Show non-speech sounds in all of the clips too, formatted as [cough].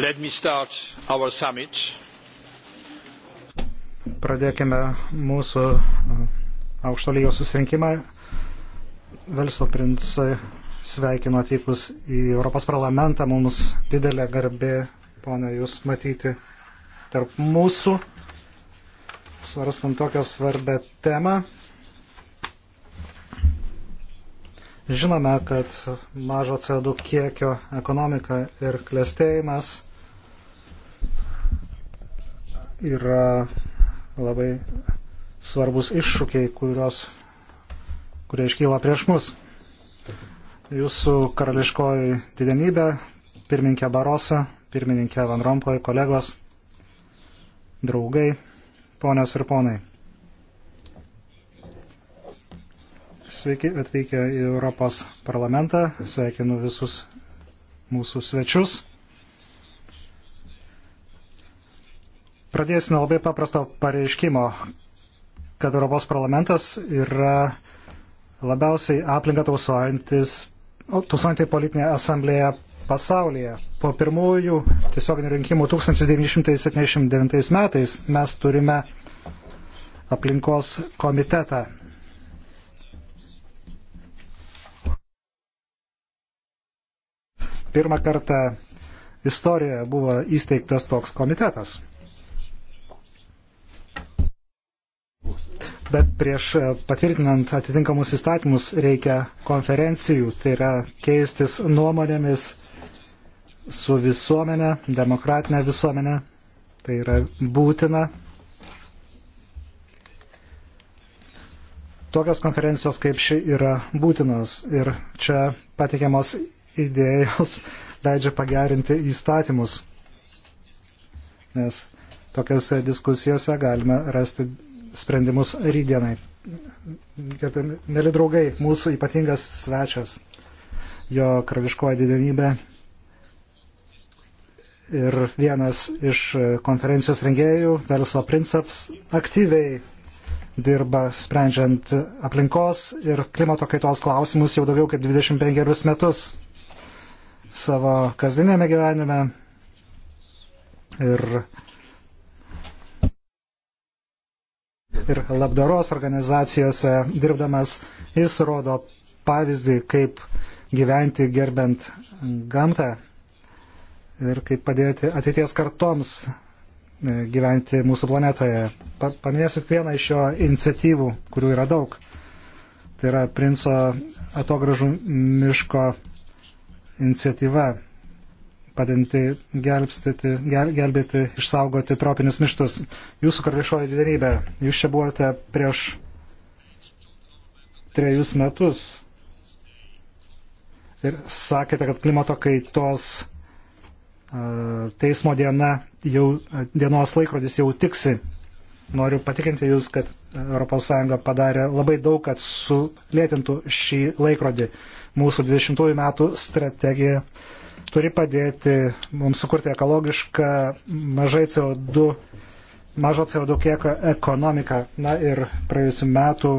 Let me start our summit. Pradėkime mūsų uh, aukšto lygio susirinkimą. Velso princai sveikinu atvykus į Europos parlamentą. Mums didelė garbė, ponė, jūs matyti tarp mūsų, svarstant tokią svarbę temą. Žinome, kad mažo CO2 kiekio ekonomika ir klėstėjimas yra labai svarbus iššūkiai, kurios, kurie iškyla prieš mus. Jūsų karališkoji didenybė, pirmininkė Barosa, pirmininkė Van Rompoj, kolegos, draugai, ponios ir ponai. Sveiki atvykę į Europos parlamentą, sveikinu visus mūsų svečius. Pradėsiu nuo labai paprasto pareiškimo, kad Europos parlamentas yra labiausiai aplinką tausojanti politinė asamblėja pasaulyje. Po pirmųjų tiesioginių rinkimų 1979 metais mes turime aplinkos komitetą. Pirmą kartą istorijoje buvo įsteigtas toks komitetas. Bet prieš e, patvirtinant atitinkamus įstatymus reikia konferencijų, tai yra keistis nuomonėmis su visuomenė, demokratinė visuomenė. Tai yra būtina. Tokios konferencijos kaip ši yra būtinos ir čia patikiamos idėjos [laughs] leidžia pagerinti įstatymus. Nes tokiuose diskusijose galime rasti sprendimus rydienai. Mėly draugai, mūsų ypatingas svečias, jo karališkoji didenybė ir vienas iš konferencijos rengėjų, Velso Princeps, aktyviai dirba sprendžiant aplinkos ir klimato kaitos klausimus jau daugiau kaip 25 metus savo kasdienėme gyvenime. Ir ir labdaros organizacijose dirbdamas, jis rodo pavyzdį, kaip gyventi gerbent gamtą ir kaip padėti ateities kartoms e, gyventi mūsų planetoje. Pa paminėsit vieną iš jo iniciatyvų, kurių yra daug. Tai yra Princo atogražų miško iniciatyva padinti gelbstyti, gel, gelbėti, išsaugoti tropinius mištus. Jūsų karališoji didenybė, jūs čia buvote prieš trejus metus ir sakėte, kad klimato kaitos teismo diena jau, dienos laikrodis jau tiksi. Noriu patikinti Jūs, kad ES padarė labai daug, kad sulėtintų šį laikrodį. Mūsų 20 metų strategija turi padėti mums sukurti ekologišką, mažai CO2, mažo CO2 kiekio ekonomiką. Na ir praėjusiu metu,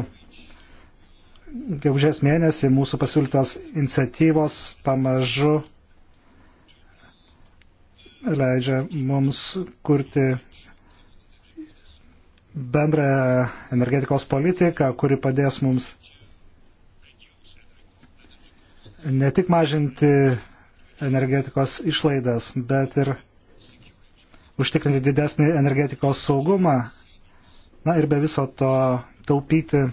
gegužės mėnesį, mūsų pasiūlytos iniciatyvos pamažu leidžia mums kurti bendrą energetikos politiką, kuri padės mums ne tik mažinti energetikos išlaidas, bet ir užtikrinti didesnį energetikos saugumą. Na ir be viso to taupyti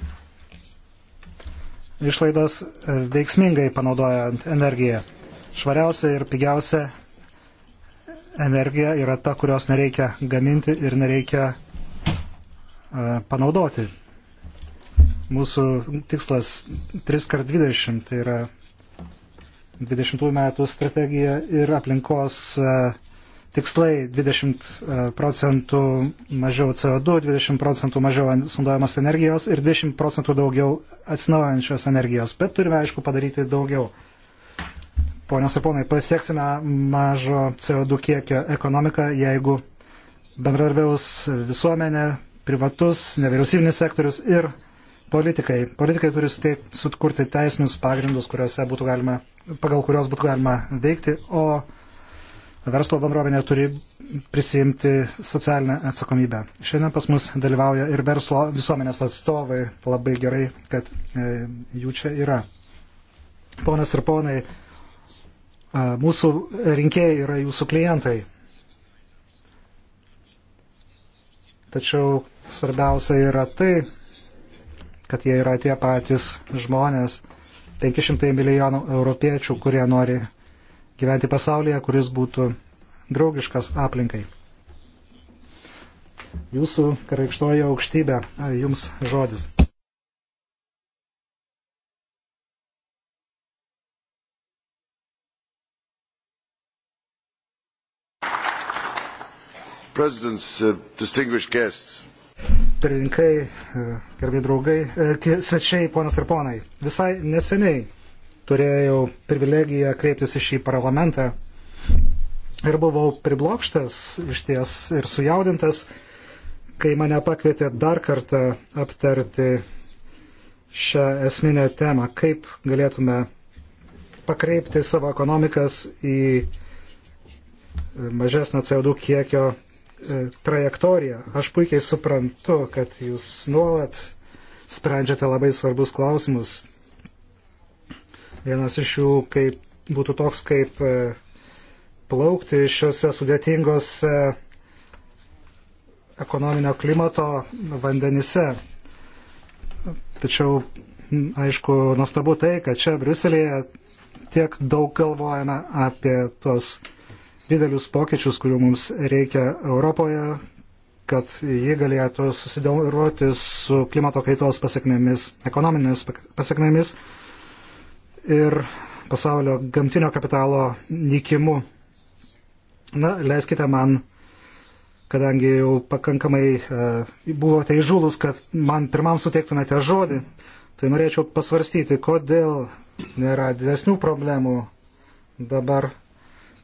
išlaidas e, veiksmingai panaudojant energiją. Švariausia ir pigiausia energija yra ta, kurios nereikia gaminti ir nereikia e, panaudoti. Mūsų tikslas 3x20 tai yra 20 metų strategija ir aplinkos e, tikslai 20 e, procentų mažiau CO2, 20 procentų mažiau sunduojamos energijos ir 20 procentų daugiau atsinaujančios energijos. Bet turime, aišku, padaryti daugiau. Ponios ir ponai, pasieksime mažo CO2 kiekio ekonomiką, jeigu bendradarbiaus visuomenė, privatus, nevyriausybinis sektorius ir politikai. Politikai turi sukurti teisinius pagrindus, būtų galima, pagal kurios būtų galima veikti, o verslo bendruomenė turi prisimti socialinę atsakomybę. Šiandien pas mus dalyvauja ir verslo visuomenės atstovai. Labai gerai, kad e, jų čia yra. Ponas ir ponai, e, mūsų rinkėjai yra jūsų klientai. Tačiau svarbiausia yra tai, kad jie yra tie patys žmonės, 500 milijonų europiečių, kurie nori gyventi pasaulyje, kuris būtų draugiškas aplinkai. Jūsų karaikštojo aukštybė, jums žodis. president's uh, distinguished guests pirmininkai, e, gerbiai draugai, e, svečiai, ponas ir ponai. Visai neseniai turėjau privilegiją kreiptis į šį parlamentą ir buvau priblokštas iš ties ir sujaudintas, kai mane pakvietė dar kartą aptarti šią esminę temą, kaip galėtume pakreipti savo ekonomikas į mažesnio CO2 kiekio E, trajektoriją. Aš puikiai suprantu, kad jūs nuolat sprendžiate labai svarbus klausimus. Vienas iš jų kaip, būtų toks, kaip e, plaukti šiuose sudėtingose ekonominio klimato vandenise. Tačiau, aišku, nuostabu tai, kad čia Briuselėje tiek daug galvojame apie tuos didelius pokyčius, kurių mums reikia Europoje, kad jie galėtų susidoroti su klimato kaitos pasiekmėmis, ekonominėmis pasiekmėmis ir pasaulio gamtinio kapitalo nykimu. Na, leiskite man, kadangi jau pakankamai uh, buvote įžūlus, kad man pirmam suteiktumėte žodį, tai norėčiau pasvarstyti, kodėl nėra didesnių problemų dabar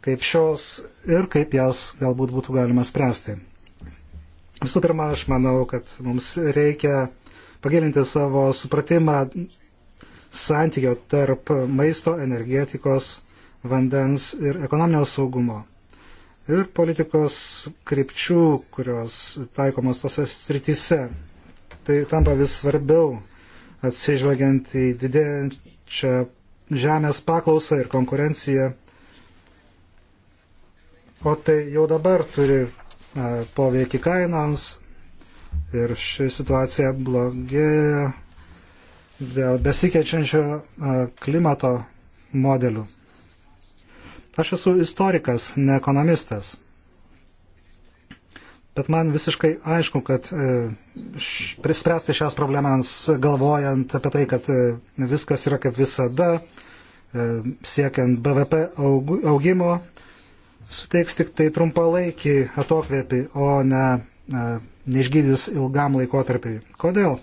kaip šios ir kaip jas galbūt būtų galima spręsti. Visų pirma, aš manau, kad mums reikia pagilinti savo supratimą santykio tarp maisto, energetikos, vandens ir ekonominio saugumo. Ir politikos krypčių, kurios taikomos tose srityse. Tai tampa vis svarbiau atsižvelgiant į didėjančią žemės paklausą ir konkurenciją o tai jau dabar turi e, poveikį kainams ir ši situacija blogėja dėl besikeičiančio e, klimato modelių. Aš esu istorikas, ne ekonomistas. Bet man visiškai aišku, kad e, prispręsti šias problemas galvojant apie tai, kad viskas yra kaip visada, siekiant BVP augimo suteiks tik tai trumpalaikį atokvėpį, o ne e, neišgydys ilgam laikotarpiai. Kodėl?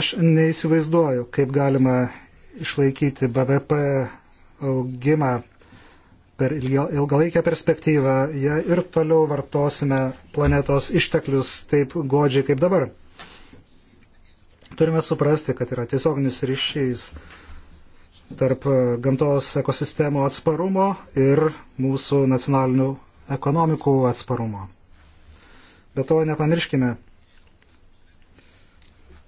Aš neįsivaizduoju, kaip galima išlaikyti BVP augimą per ilgalaikę perspektyvą, jei ir toliau vartosime planetos išteklius taip godžiai kaip dabar. Turime suprasti, kad yra tiesioginis ryšys tarp gamtos ekosistemų atsparumo ir mūsų nacionalinių ekonomikų atsparumo. Bet to nepamirškime,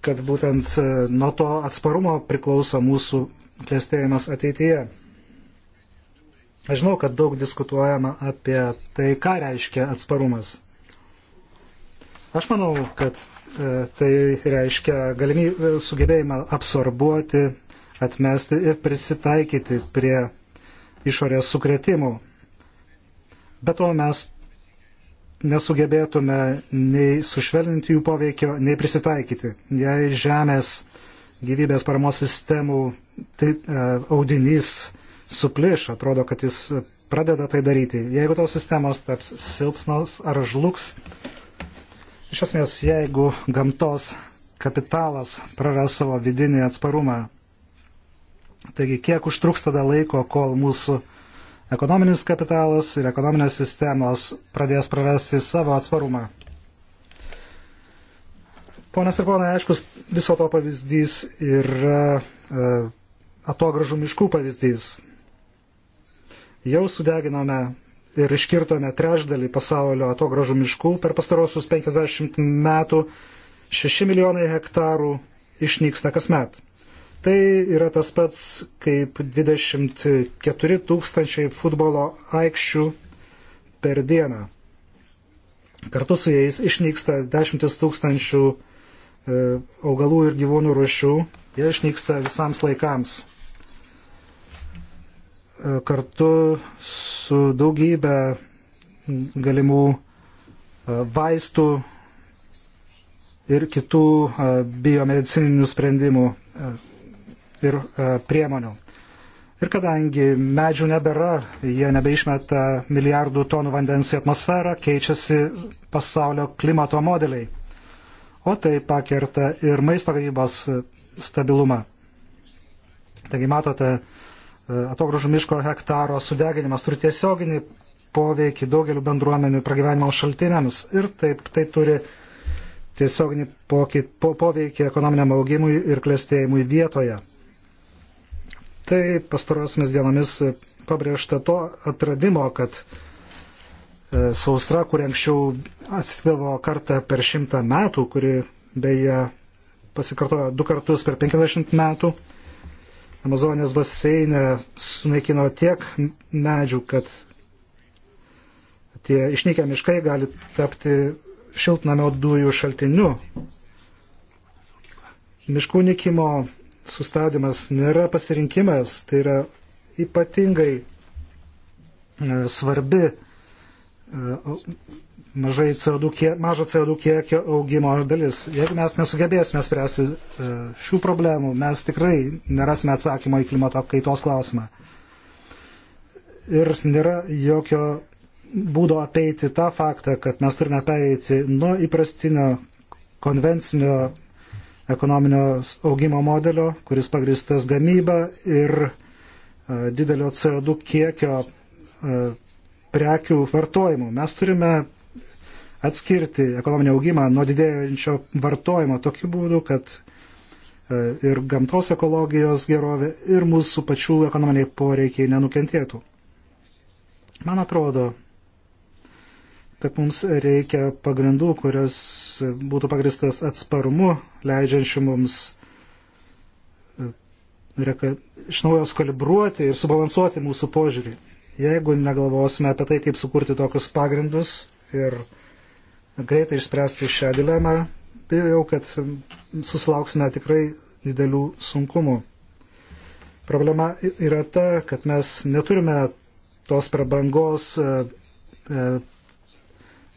kad būtent e, nuo to atsparumo priklauso mūsų klėstėjimas ateityje. Aš žinau, kad daug diskutuojama apie tai, ką reiškia atsparumas. Aš manau, kad e, tai reiškia galimybę sugebėjimą absorbuoti atmesti ir prisitaikyti prie išorės sukretimų. Bet to mes nesugebėtume nei sušvelninti jų poveikio, nei prisitaikyti. Jei žemės gyvybės paramos sistemų tai, e, audinys supliš, atrodo, kad jis pradeda tai daryti. Jeigu tos sistemos taps silpsnos ar žlugs, iš esmės, jeigu gamtos kapitalas praras savo vidinį atsparumą, Taigi, kiek užtruks tada laiko, kol mūsų ekonominis kapitalas ir ekonominės sistemos pradės prarasti savo atsparumą. Ponas ir ponai, aiškus viso to pavyzdys yra e, atogražų miškų pavyzdys. Jau sudeginome ir iškirtome trešdalį pasaulio atogražų miškų per pastarosius 50 metų 6 milijonai hektarų išnyksta kasmet. Tai yra tas pats kaip 24 tūkstančiai futbolo aikščių per dieną. Kartu su jais išnyksta dešimtis tūkstančių e, augalų ir gyvūnų rušių. Jie išnyksta visams laikams. E, kartu su daugybė galimų e, vaistų ir kitų biomedicininių sprendimų ir e, priemonių. Ir kadangi medžių nebėra, jie nebeišmeta milijardų tonų vandens į atmosferą, keičiasi pasaulio klimato modeliai. O tai pakerta ir maisto gamybos stabilumą. Taigi matote, e, atogražų miško hektaro sudeginimas turi tiesioginį poveikį daugeliu bendruomenių pragyvenimo šaltiniams ir taip tai turi tiesioginį poveikį ekonominiam augimui ir klėstėjimui vietoje. Tai pastarosiamis dienomis pabrėžta to atradimo, kad e, sausra, kuri anksčiau atsitikdavo kartą per šimtą metų, kuri beje pasikartojo du kartus per 50 metų, Amazonės baseinė sunaikino tiek medžių, kad tie išnykę miškai gali tapti šiltnamio dujų šaltiniu. Miškų nikimo sustabdymas nėra pasirinkimas, tai yra ypatingai e, svarbi e, mažai CO2 kiek, mažo CO2 kiekio augimo dalis. Jeigu mes nesugebėsime spręsti e, šių problemų, mes tikrai nerasime atsakymo į klimato kaitos klausimą. Ir nėra jokio būdo apeiti tą faktą, kad mes turime pereiti nuo įprastinio konvencinio ekonominio augimo modelio, kuris pagristas gamyba ir e, didelio CO2 kiekio e, prekių vartojimu. Mes turime atskirti ekonominį augimą nuo didėjančio vartojimo tokiu būdu, kad e, ir gamtos ekologijos gerovė, ir mūsų pačių ekonominiai poreikiai nenukentėtų. Man atrodo, kad mums reikia pagrindų, kurios būtų pagristas atsparumu, leidžiančių mums e, reka, iš naujo skalibruoti ir subalansuoti mūsų požiūrį. Jeigu negalvosime apie tai, kaip sukurti tokius pagrindus ir greitai išspręsti šią dilemą, bijau, kad susilauksime tikrai didelių sunkumų. Problema yra ta, kad mes neturime tos prabangos e, e,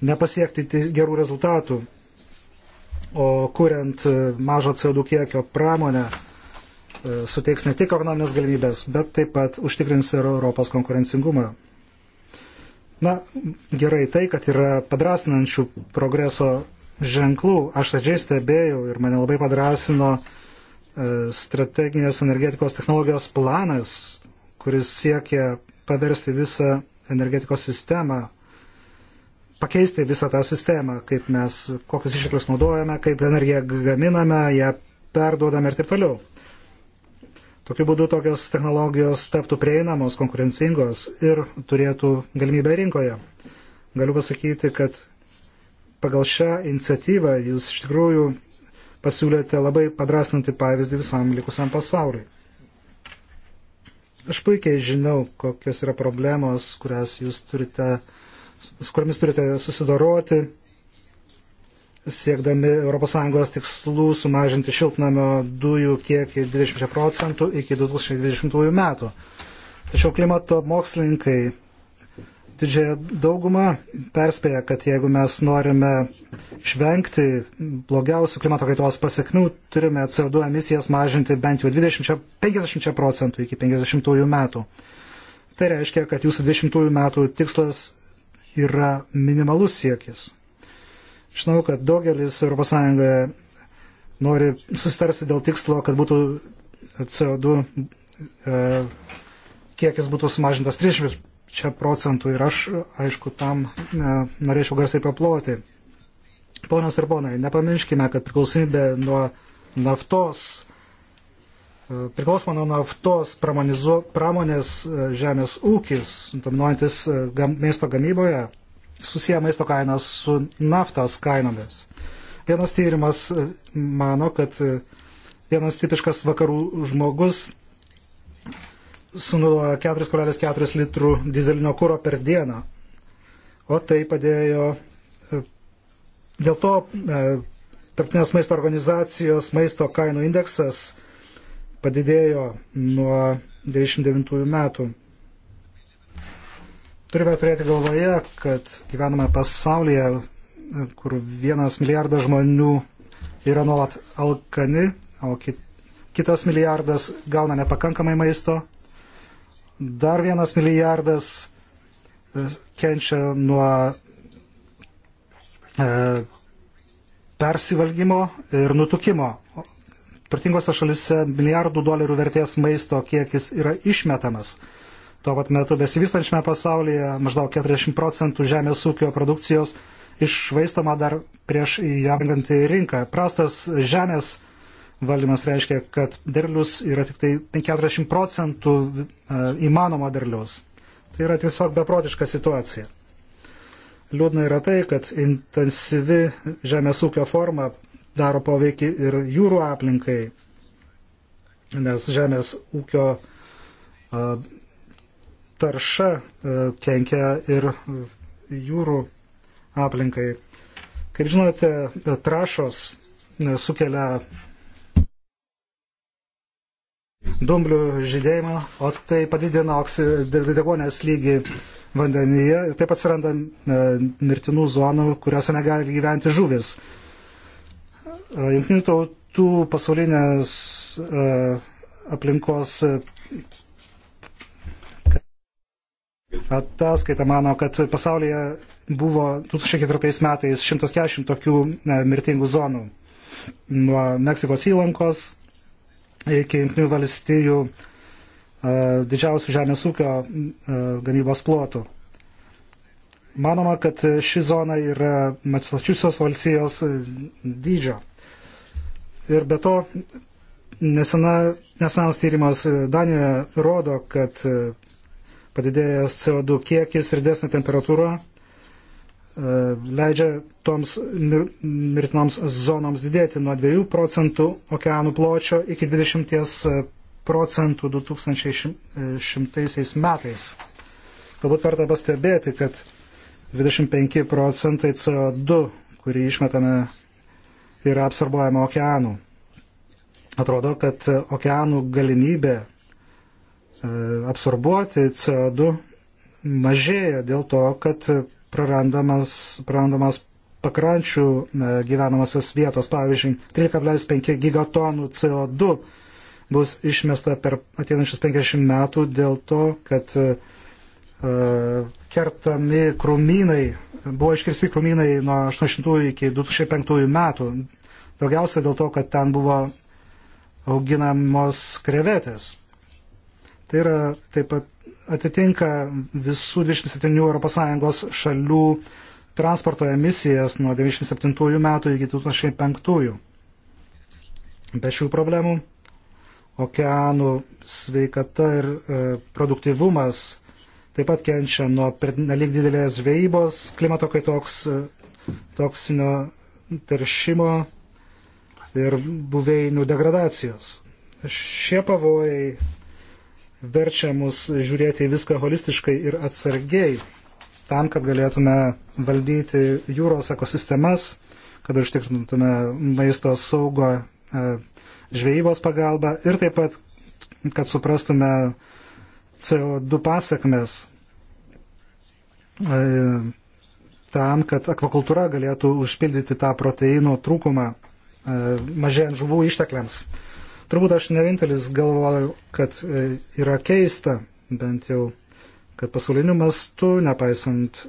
nepasiekti gerų rezultatų. O kuriant e, mažo CO2 kiekio pramonę, e, suteiks ne tik ekonominės galimybės, bet taip pat užtikrins ir Europos konkurencingumą. Na, gerai tai, kad yra padrasinančių progreso ženklų. Aš atžiai stebėjau ir mane labai padrasino e, strateginės energetikos technologijos planas, kuris siekia paversti visą energetikos sistemą pakeisti visą tą sistemą, kaip mes, kokius išteklius naudojame, kaip energiją gaminame, ją perduodame ir taip toliau. Tokiu būdu tokios technologijos taptų prieinamos, konkurencingos ir turėtų galimybę rinkoje. Galiu pasakyti, kad pagal šią iniciatyvą jūs iš tikrųjų pasiūlėte labai padrasnantį pavyzdį visam likusiam pasauliui. Aš puikiai žinau, kokios yra problemos, kurias jūs turite uh, su kuriamis turite susidoroti, siekdami ES tikslų sumažinti šiltnamio dujų kiekį 20 procentų iki 2020 metų. Tačiau klimato mokslininkai didžiąją daugumą perspėja, kad jeigu mes norime išvengti blogiausių klimato kaitos pasiekmių, turime CO2 emisijas mažinti bent jau 20, 50 procentų iki 50 metų. Tai reiškia, kad jūsų 20 metų tikslas yra minimalus siekis. Žinau, kad daugelis ES nori susitarsi dėl tikslo, kad būtų CO2 e, kiekis būtų sumažintas 30 procentų ir aš, aišku, tam e, norėčiau garsiai paploti. Ponios ir ponai, nepamirškime, kad priklausomybė nuo naftos priklausoma nuo naftos pramonės e, žemės ūkis, dominuojantis e, maisto gamyboje, susiję maisto kainas su naftos kainomis. Vienas tyrimas e, mano, kad vienas tipiškas vakarų žmogus sunaudoja 4,4 litrų dizelinio kūro per dieną, o tai padėjo dėl to Tarptinės maisto organizacijos maisto kainų indeksas padidėjo nuo 99 metų. Turime turėti galvoje, kad gyvename pasaulyje, kur vienas milijardas žmonių yra nuolat alkani, o kitas milijardas gauna nepakankamai maisto, dar vienas milijardas e, kenčia nuo e, persivalgymo ir nutukimo turtingose šalise milijardų dolerių vertės maisto kiekis yra išmetamas. Tuo pat metu besivystančiame pasaulyje maždaug 40 procentų žemės ūkio produkcijos išvaistoma dar prieš įjungantį rinką. Prastas žemės valdymas reiškia, kad derlius yra tik tai 40 procentų e, įmanoma derliaus. Tai yra tiesiog beprotiška situacija. Liūdna yra tai, kad intensyvi žemės ūkio forma daro poveikį ir jūrų aplinkai, nes žemės ūkio tarša kenkia ir jūrų aplinkai. Kaip žinote, trašos sukelia dumblių žydėjimą, o tai padidina degonės lygį vandenyje ir taip atsiranda mirtinų zonų, kuriuose negali gyventi žuvis. Junktinių tautų pasaulinės aplinkos ataskaita mano, kad pasaulyje buvo 2004 metais 140 tokių mirtingų zonų nuo Meksikos įlankos iki Junktinių valstijų didžiausių žemės ūkio gamybos plotų. Manoma, kad ši zona yra Massachusetts valstijos dydžio. Ir be to, nesena, nesenas tyrimas Danijoje rodo, kad e, padidėjęs CO2 kiekis ir desnė temperatūra e, leidžia toms mir, mirtinoms zonoms didėti nuo 2 procentų okeanų pločio iki 20 e, procentų 2100 metais. Galbūt verta pastebėti, kad 25 procentai CO2, kurį išmetame yra absorbuojama okeanų. Atrodo, kad e, okeanų galimybė e, absorbuoti CO2 mažėja dėl to, kad prarandamas, prarandamas pakrančių e, gyvenamasios vietos, pavyzdžiui, 13,5 gigatonų CO2 bus išmesta per ateinančius 50 metų dėl to, kad uh, kertami krūmynai, buvo iškirsti krūmynai nuo 80 iki 2005 metų. Daugiausia dėl to, kad ten buvo auginamos krevetės. Tai yra taip pat atitinka visų 27 ES šalių transporto emisijas nuo 1997 metų iki 2005. Be šių problemų okeanų sveikata ir e, produktivumas taip pat kenčia nuo nelik didelės žvejybos, klimato kaitoks, e, toksinio teršimo ir buveinių degradacijos. Šie pavojai verčia mus žiūrėti į viską holistiškai ir atsargiai, tam, kad galėtume valdyti jūros ekosistemas, kad užtikrintume maisto saugo e, žvejybos pagalbą ir taip pat, kad suprastume CO2 pasakmes e, tam, kad akvakultūra galėtų užpildyti tą proteinų trūkumą E, mažėjant žuvų ištekliams. Turbūt aš ne vienintelis galvoju, kad e, yra keista, bent jau, kad pasauliniu mastu, nepaisant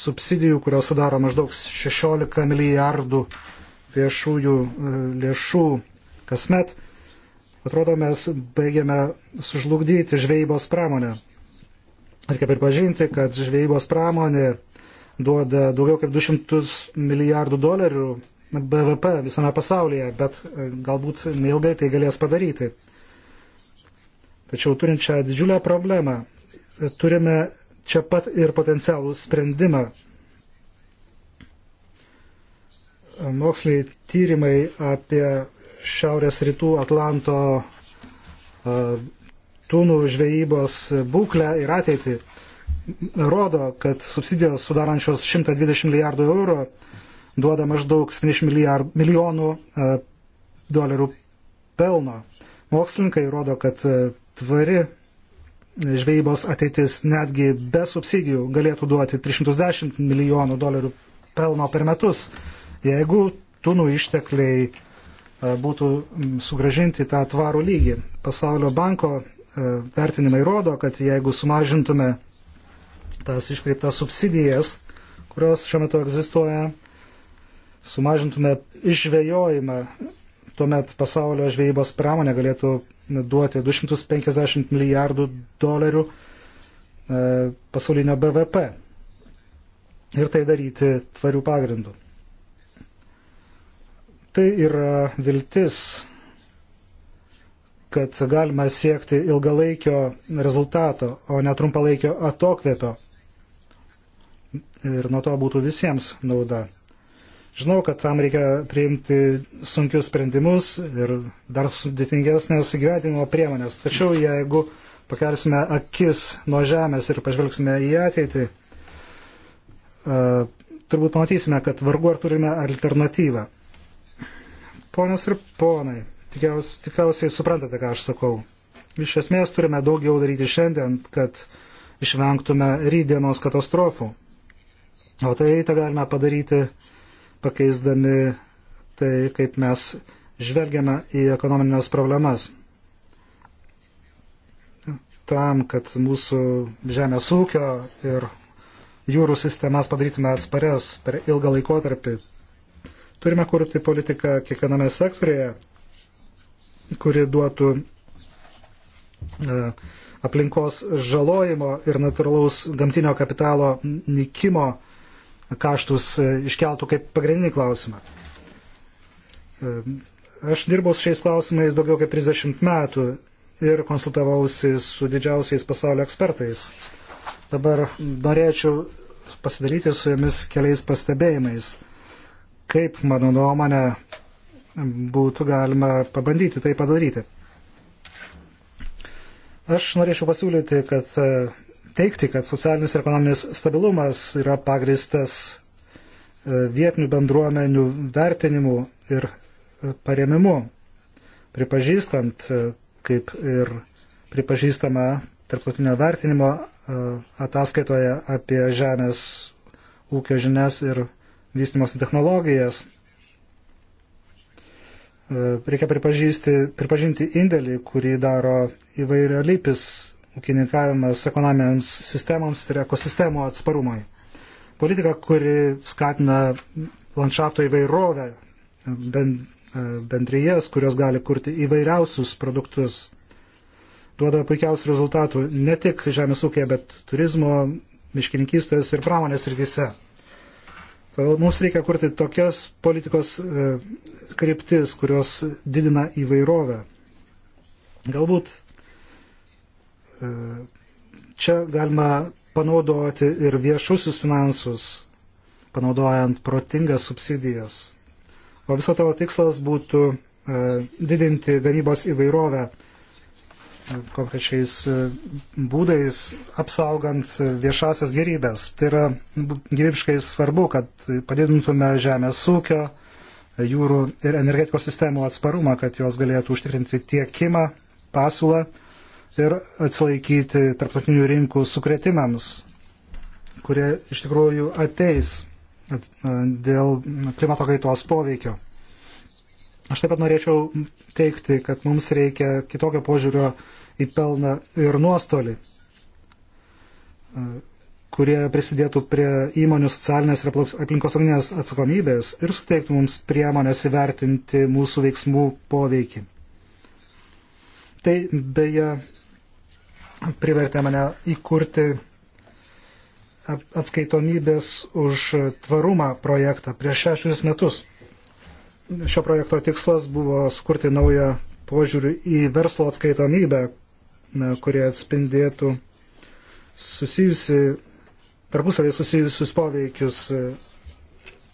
subsidijų, kurios sudaro maždaug 16 milijardų viešųjų e, lėšų kasmet, atrodo mes baigiame sužlugdyti žvejybos pramonę. Reikia pripažinti, kad žvejybos pramonė duoda daugiau kaip 200 milijardų dolerių BVP visame pasaulyje, bet e, galbūt neilgai tai galės padaryti. Tačiau turint čia didžiulę problemą, e, turime čia pat ir potencialų sprendimą. E, Moksliai tyrimai apie Šiaurės rytų Atlanto tunų žvejybos būklę ir ateitį rodo, kad subsidijos sudarančios 120 milijardų eurų duoda maždaug 70 milijard, milijonų e, dolerių pelno. Mokslininkai rodo, kad e, tvari e, žvejybos ateitis netgi be subsidijų galėtų duoti 310 milijonų dolerių pelno per metus, jeigu tunų ištekliai būtų sugražinti tą tvarų lygį. Pasaulio banko vertinimai rodo, kad jeigu sumažintume tas iškreiptas subsidijas, kurios šiuo metu egzistuoja, sumažintume išvėjojimą, tuomet pasaulio žvejybos pramonė galėtų duoti 250 milijardų dolerių e, pasaulinio BVP. Ir tai daryti tvarių pagrindų. Tai yra viltis, kad galima siekti ilgalaikio rezultato, o ne trumpalaikio atokvėpio. Ir nuo to būtų visiems nauda. Žinau, kad tam reikia priimti sunkius sprendimus ir dar sudėtingesnės įgyvendinimo priemonės. Tačiau jeigu pakelsime akis nuo žemės ir pažvelgsime į ateitį, e, turbūt pamatysime, kad vargu ar turime alternatyvą. Ponios ir ponai, tikiaus, tikriausiai suprantate, ką aš sakau. Iš esmės turime daugiau daryti šiandien, kad išvengtume rydienos katastrofų. O tai tą galime padaryti pakeisdami tai, kaip mes žvelgiame į ekonominės problemas. Tam, kad mūsų žemės ūkio ir jūrų sistemas padarytume atsparias per ilgą laikotarpį, turime kurti politiką kiekviename sektorėje, kuri duotų e, aplinkos žalojimo ir natūralaus gamtinio kapitalo nikimo uh, kaštus e, iškeltų kaip pagrindinį klausimą. E, aš dirbau su šiais klausimais daugiau kaip 30 metų ir konsultavausi su didžiausiais pasaulio ekspertais. Dabar norėčiau pasidalyti su jumis keliais pastebėjimais, kaip, mano nuomonė, būtų galima pabandyti tai padaryti. Aš norėčiau pasiūlyti, kad e, teikti, kad socialinis ir ekonominis stabilumas yra pagristas e, vietinių bendruomenių vertinimu ir e, paremimu, pripažįstant, e, kaip ir pripažįstama tarptautinio vertinimo ataskaitoje apie žemės ūkio žinias ir vystimosi technologijas. Reikia pripažinti indėlį, kurį daro įvairia lypis ūkininkavimas ekonominiams sistemams ir ekosistemo atsparumui. Politika, kuri skatina landšafto įvairovę, e, bendryjas, kurios gali kurti įvairiausius produktus, duoda puikiausių rezultatų ne tik žemės ūkėje, bet turizmo, miškininkystės ir pramonės rytise. Todėl mums reikia kurti tokias politikos e, kryptis, kurios didina įvairovę. Galbūt E, čia galima panaudoti ir viešusius finansus, panaudojant protingas subsidijas. O viso to tikslas būtų e, didinti gamybos įvairovę e, konkrečiais būdais, apsaugant viešasias gerybės. Tai yra gyvybiškai svarbu, kad padidintume žemės ūkio, jūrų ir energetikos sistemų atsparumą, kad jos galėtų užtikrinti tiekimą, pasiūlą ir atsilaikyti tarptautinių rinkų sukretimams, kurie iš tikrųjų ateis dėl klimato kaitos poveikio. Aš taip pat norėčiau teikti, kad mums reikia kitokio požiūrio į pelną ir nuostolį, kurie prisidėtų prie įmonių socialinės ir aplinkosauginės atsakomybės ir suteiktų mums priemonės įvertinti mūsų veiksmų poveikį. Tai beje privertė mane įkurti atskaitomybės už tvarumą projektą prieš šešius metus. Šio projekto tikslas buvo skurti naują požiūrį į verslo atskaitomybę, kurie atspindėtų susijusi, tarpusavį susijusius poveikius e,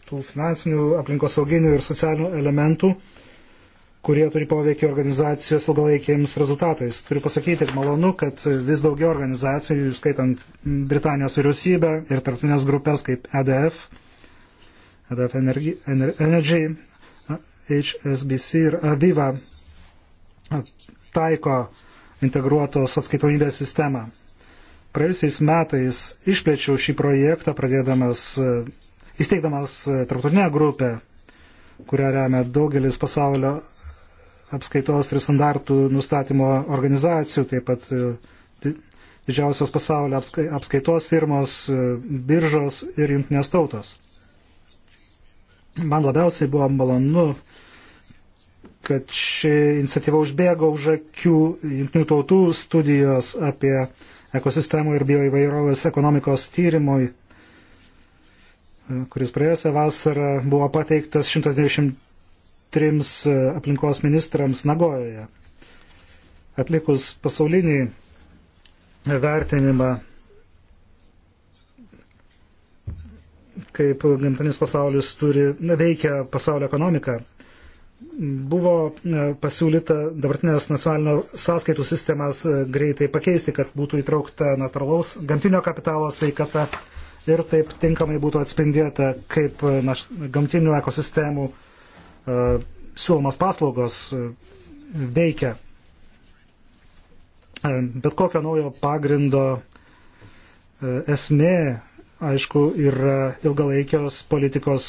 tų finansinių, aplinkosauginių ir socialinių elementų kurie turi poveikį organizacijos ilgalaikiams rezultatais. Turiu pasakyti, malonu, kad vis daugiau organizacijų, skaitant Britanijos vyriausybę ir tarptautinės grupės kaip EDF, EDF Energy, Energy HSBC ir Aviva taiko integruotos atskaitomybės sistemą. Praėjusiais metais išplėčiau šį projektą, pradėdamas, įsteigdamas tarptautinę grupę, kurią remia daugelis pasaulio apskaitos ir standartų nustatymo organizacijų, taip pat e, didžiausios pasaulio apskaitos firmos, e, biržos ir jungtinės tautos. Man labiausiai buvo malonu, kad ši iniciatyva užbėgo už akių jungtinių tautų studijos apie ekosistemų ir bioįvairovės ekonomikos tyrimui, e, kuris praėjusią vasarą buvo pateiktas 190 trims e, aplinkos ministrams Nagojoje. Atlikus pasaulinį vertinimą, kaip gamtinis pasaulis turi, veikia pasaulio ekonomiką, buvo e, pasiūlyta dabartinės nacionalinio sąskaitų sistemas e, greitai pakeisti, kad būtų įtraukta natūralaus gamtinio kapitalo sveikata ir taip tinkamai būtų atspindėta, kaip na, gamtinių ekosistemų uh, E, siūlomas paslaugos e, veikia. E, bet kokio naujo pagrindo esmė, aišku, yra ilgalaikios politikos,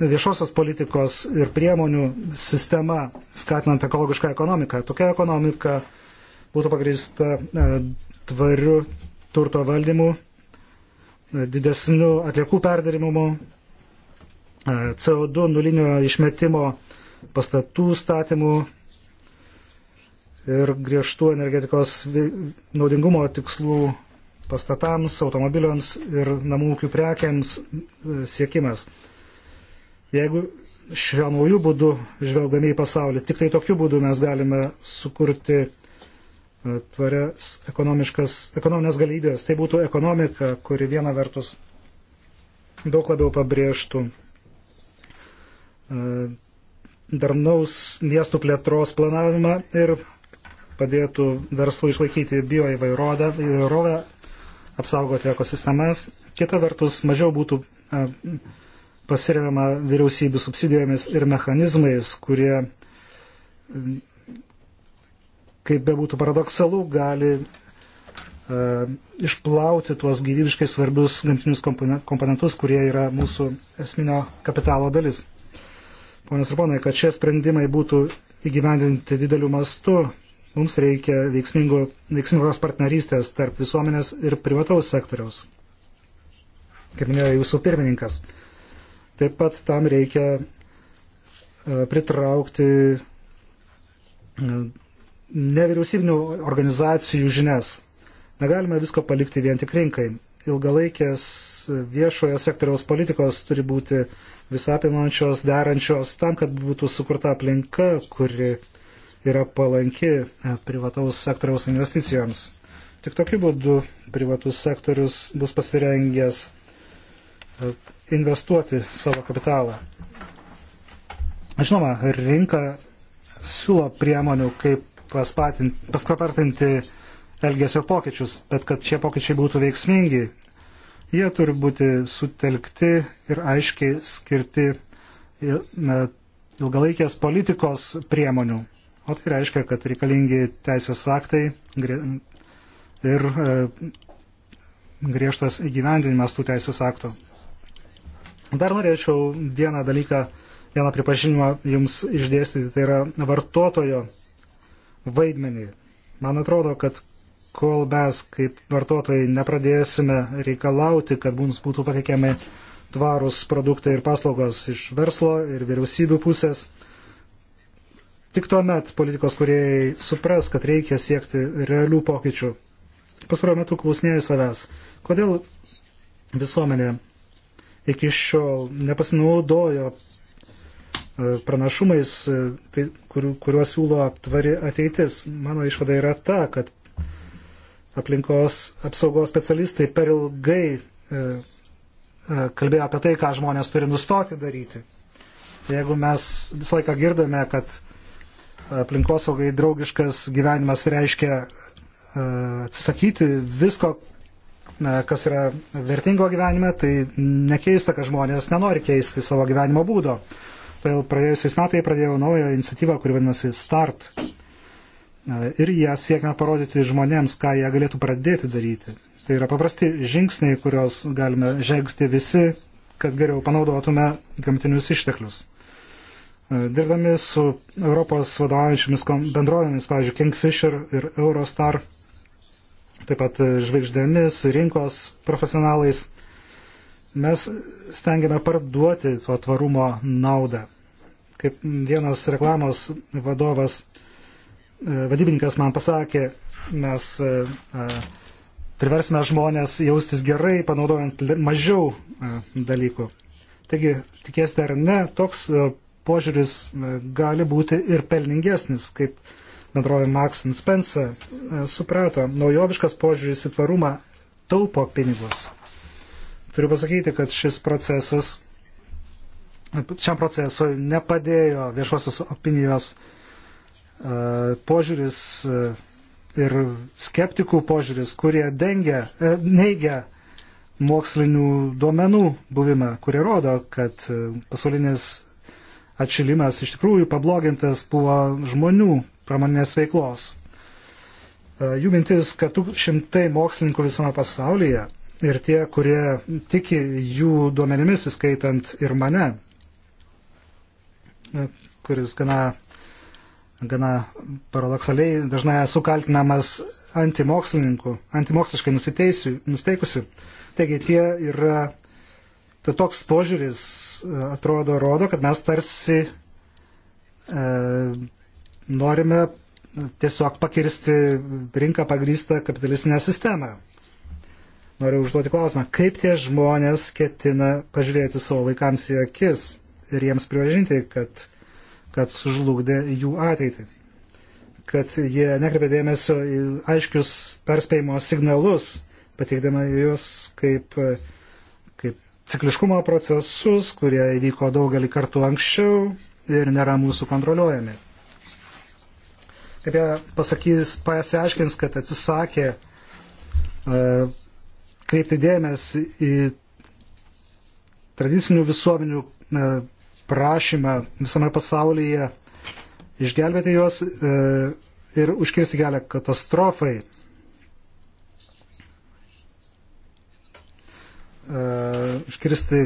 viešosios politikos ir priemonių sistema, skatinant ekologišką ekonomiką. Tokia ekonomika būtų pagrįsta tvariu turto valdymu, didesniu atliekų perdarimumu, CO2 nulinio išmetimo pastatų statymų ir griežtų energetikos naudingumo tikslų pastatams, automobiliams ir namų ūkių prekiams e, siekimas. Jeigu šiuo naujų būdu žvelgdami į pasaulį, tik tai tokiu būdu mes galime sukurti e, tvarias ekonominės galybės. Tai būtų ekonomika, kuri viena vertus daug labiau pabrėžtų E, darnaus miestų plėtros planavimą ir padėtų verslui išlaikyti bioįvairovę, apsaugoti ekosistemas. Kita vertus, mažiau būtų e, pasiremiama vyriausybių subsidijomis ir mechanizmais, kurie, kaip bebūtų paradoksalu, gali uh, išplauti tuos gyvybiškai svarbius gamtinius komponentus, kurie yra mūsų esminio kapitalo dalis ponios ir ponai, kad šie sprendimai būtų įgyvendinti dideliu mastu, mums reikia veiksmingos partnerystės tarp visuomenės ir privataus sektoriaus, kaip minėjo jūsų pirmininkas. Taip pat tam reikia e, pritraukti e, nevyriausybinių organizacijų žinias. Negalime visko palikti vien tik rinkai ilgalaikės viešojo sektoriaus politikos turi būti visapimančios, derančios tam, kad būtų sukurta aplinka, kuri yra palanki e, privataus sektoriaus investicijoms. Tik tokiu būdu privatus sektorius bus pasirengęs e, investuoti savo kapitalą. Žinoma, rinka siūlo priemonių, kaip paspartinti elgesio pokyčius, bet kad šie pokyčiai būtų veiksmingi, jie turi būti sutelkti ir aiškiai skirti ilgalaikės politikos priemonių. O tai reiškia, kad reikalingi teisės aktai ir e, griežtas įgyvendinimas tų teisės aktų. Dar norėčiau vieną dalyką, vieną pripažinimą jums išdėstyti, tai yra vartotojo vaidmenį. Man atrodo, kad kol mes kaip vartotojai nepradėsime reikalauti, kad mums būtų pateikiami tvarūs produktai ir paslaugos iš verslo ir vyriausybių pusės. Tik tuomet politikos kuriejai supras, kad reikia siekti realių pokyčių. Pastaruoju metu klausinėjau savęs, kodėl visuomenė iki šiol nepasinaudojo e, pranašumais, e, tai, kur, kuriuos siūlo aptvari ateitis. Mano išvada yra ta, kad aplinkos apsaugos specialistai per ilgai e, e, kalbėjo apie tai, ką žmonės turi nustoti daryti. Jeigu mes visą laiką girdame, kad aplinkosaugai draugiškas gyvenimas reiškia e, atsisakyti visko, kas yra vertingo gyvenime, tai nekeista, kad žmonės nenori keisti savo gyvenimo būdo. Todėl praėjusiais metais pradėjau naują iniciatyvą, kuri vadinasi START. E, ir jie siekiame parodyti žmonėms, ką jie galėtų pradėti daryti. Tai yra paprasti žingsniai, kuriuos galime žengsti visi, kad geriau panaudotume gamtinius išteklius. E, dirbdami su Europos vadovaujančiamis bendrovėmis, pavyzdžiui, Kingfisher ir Eurostar, taip pat žvaigždėmis, rinkos profesionalais, mes stengiame parduoti to tvarumo naudą. Kaip vienas reklamos vadovas E, vadybininkas man pasakė, mes e, e, priversime žmonės jaustis gerai, panaudojant mažiau dalykų. Taigi, tikėsite ar ne, toks požiūris gali būti ir pelningesnis, kaip bendrovė Max Spencer suprato, naujoviškas požiūris į tvarumą taupo pinigus. Turiu pasakyti, kad šis procesas, šiam procesui nepadėjo viešosios opinijos uh, E, požiūris e, ir skeptikų požiūris, kurie dengia, e, neigia mokslinių duomenų buvimą, kurie rodo, kad pasaulinis atšilimas iš tikrųjų pablogintas buvo žmonių pramoninės veiklos. Jų mintis, kad šimtai mokslininkų visame pasaulyje ir tie, kurie tiki jų duomenimis, įskaitant ir mane, kuris gana gana paradoksaliai dažnai esu kaltinamas antimokslininkų, antimoksliškai nusiteikusių. Taigi tie yra, tai toks požiūris e, atrodo, rodo, kad mes tarsi e, norime tiesiog pakirsti rinką pagrįstą kapitalistinę sistemą. Noriu užduoti klausimą, kaip tie žmonės ketina pažiūrėti savo vaikams į akis ir jiems pripažinti, kad kad sužlugdė jų ateitį, kad jie nekreipė dėmesio į aiškius perspėjimo signalus, pateikdama juos kaip, kaip cikliškumo procesus, kurie įvyko daugelį kartų anksčiau ir nėra mūsų kontroliuojami. Kaip jie pasakys, pasiaiškins, kad atsisakė uh, kreipti dėmesį į tradicinių visuomenių uh, prašymą visame pasaulyje išgelbėti juos e, ir užkirsti kelią katastrofai. E, užkirsti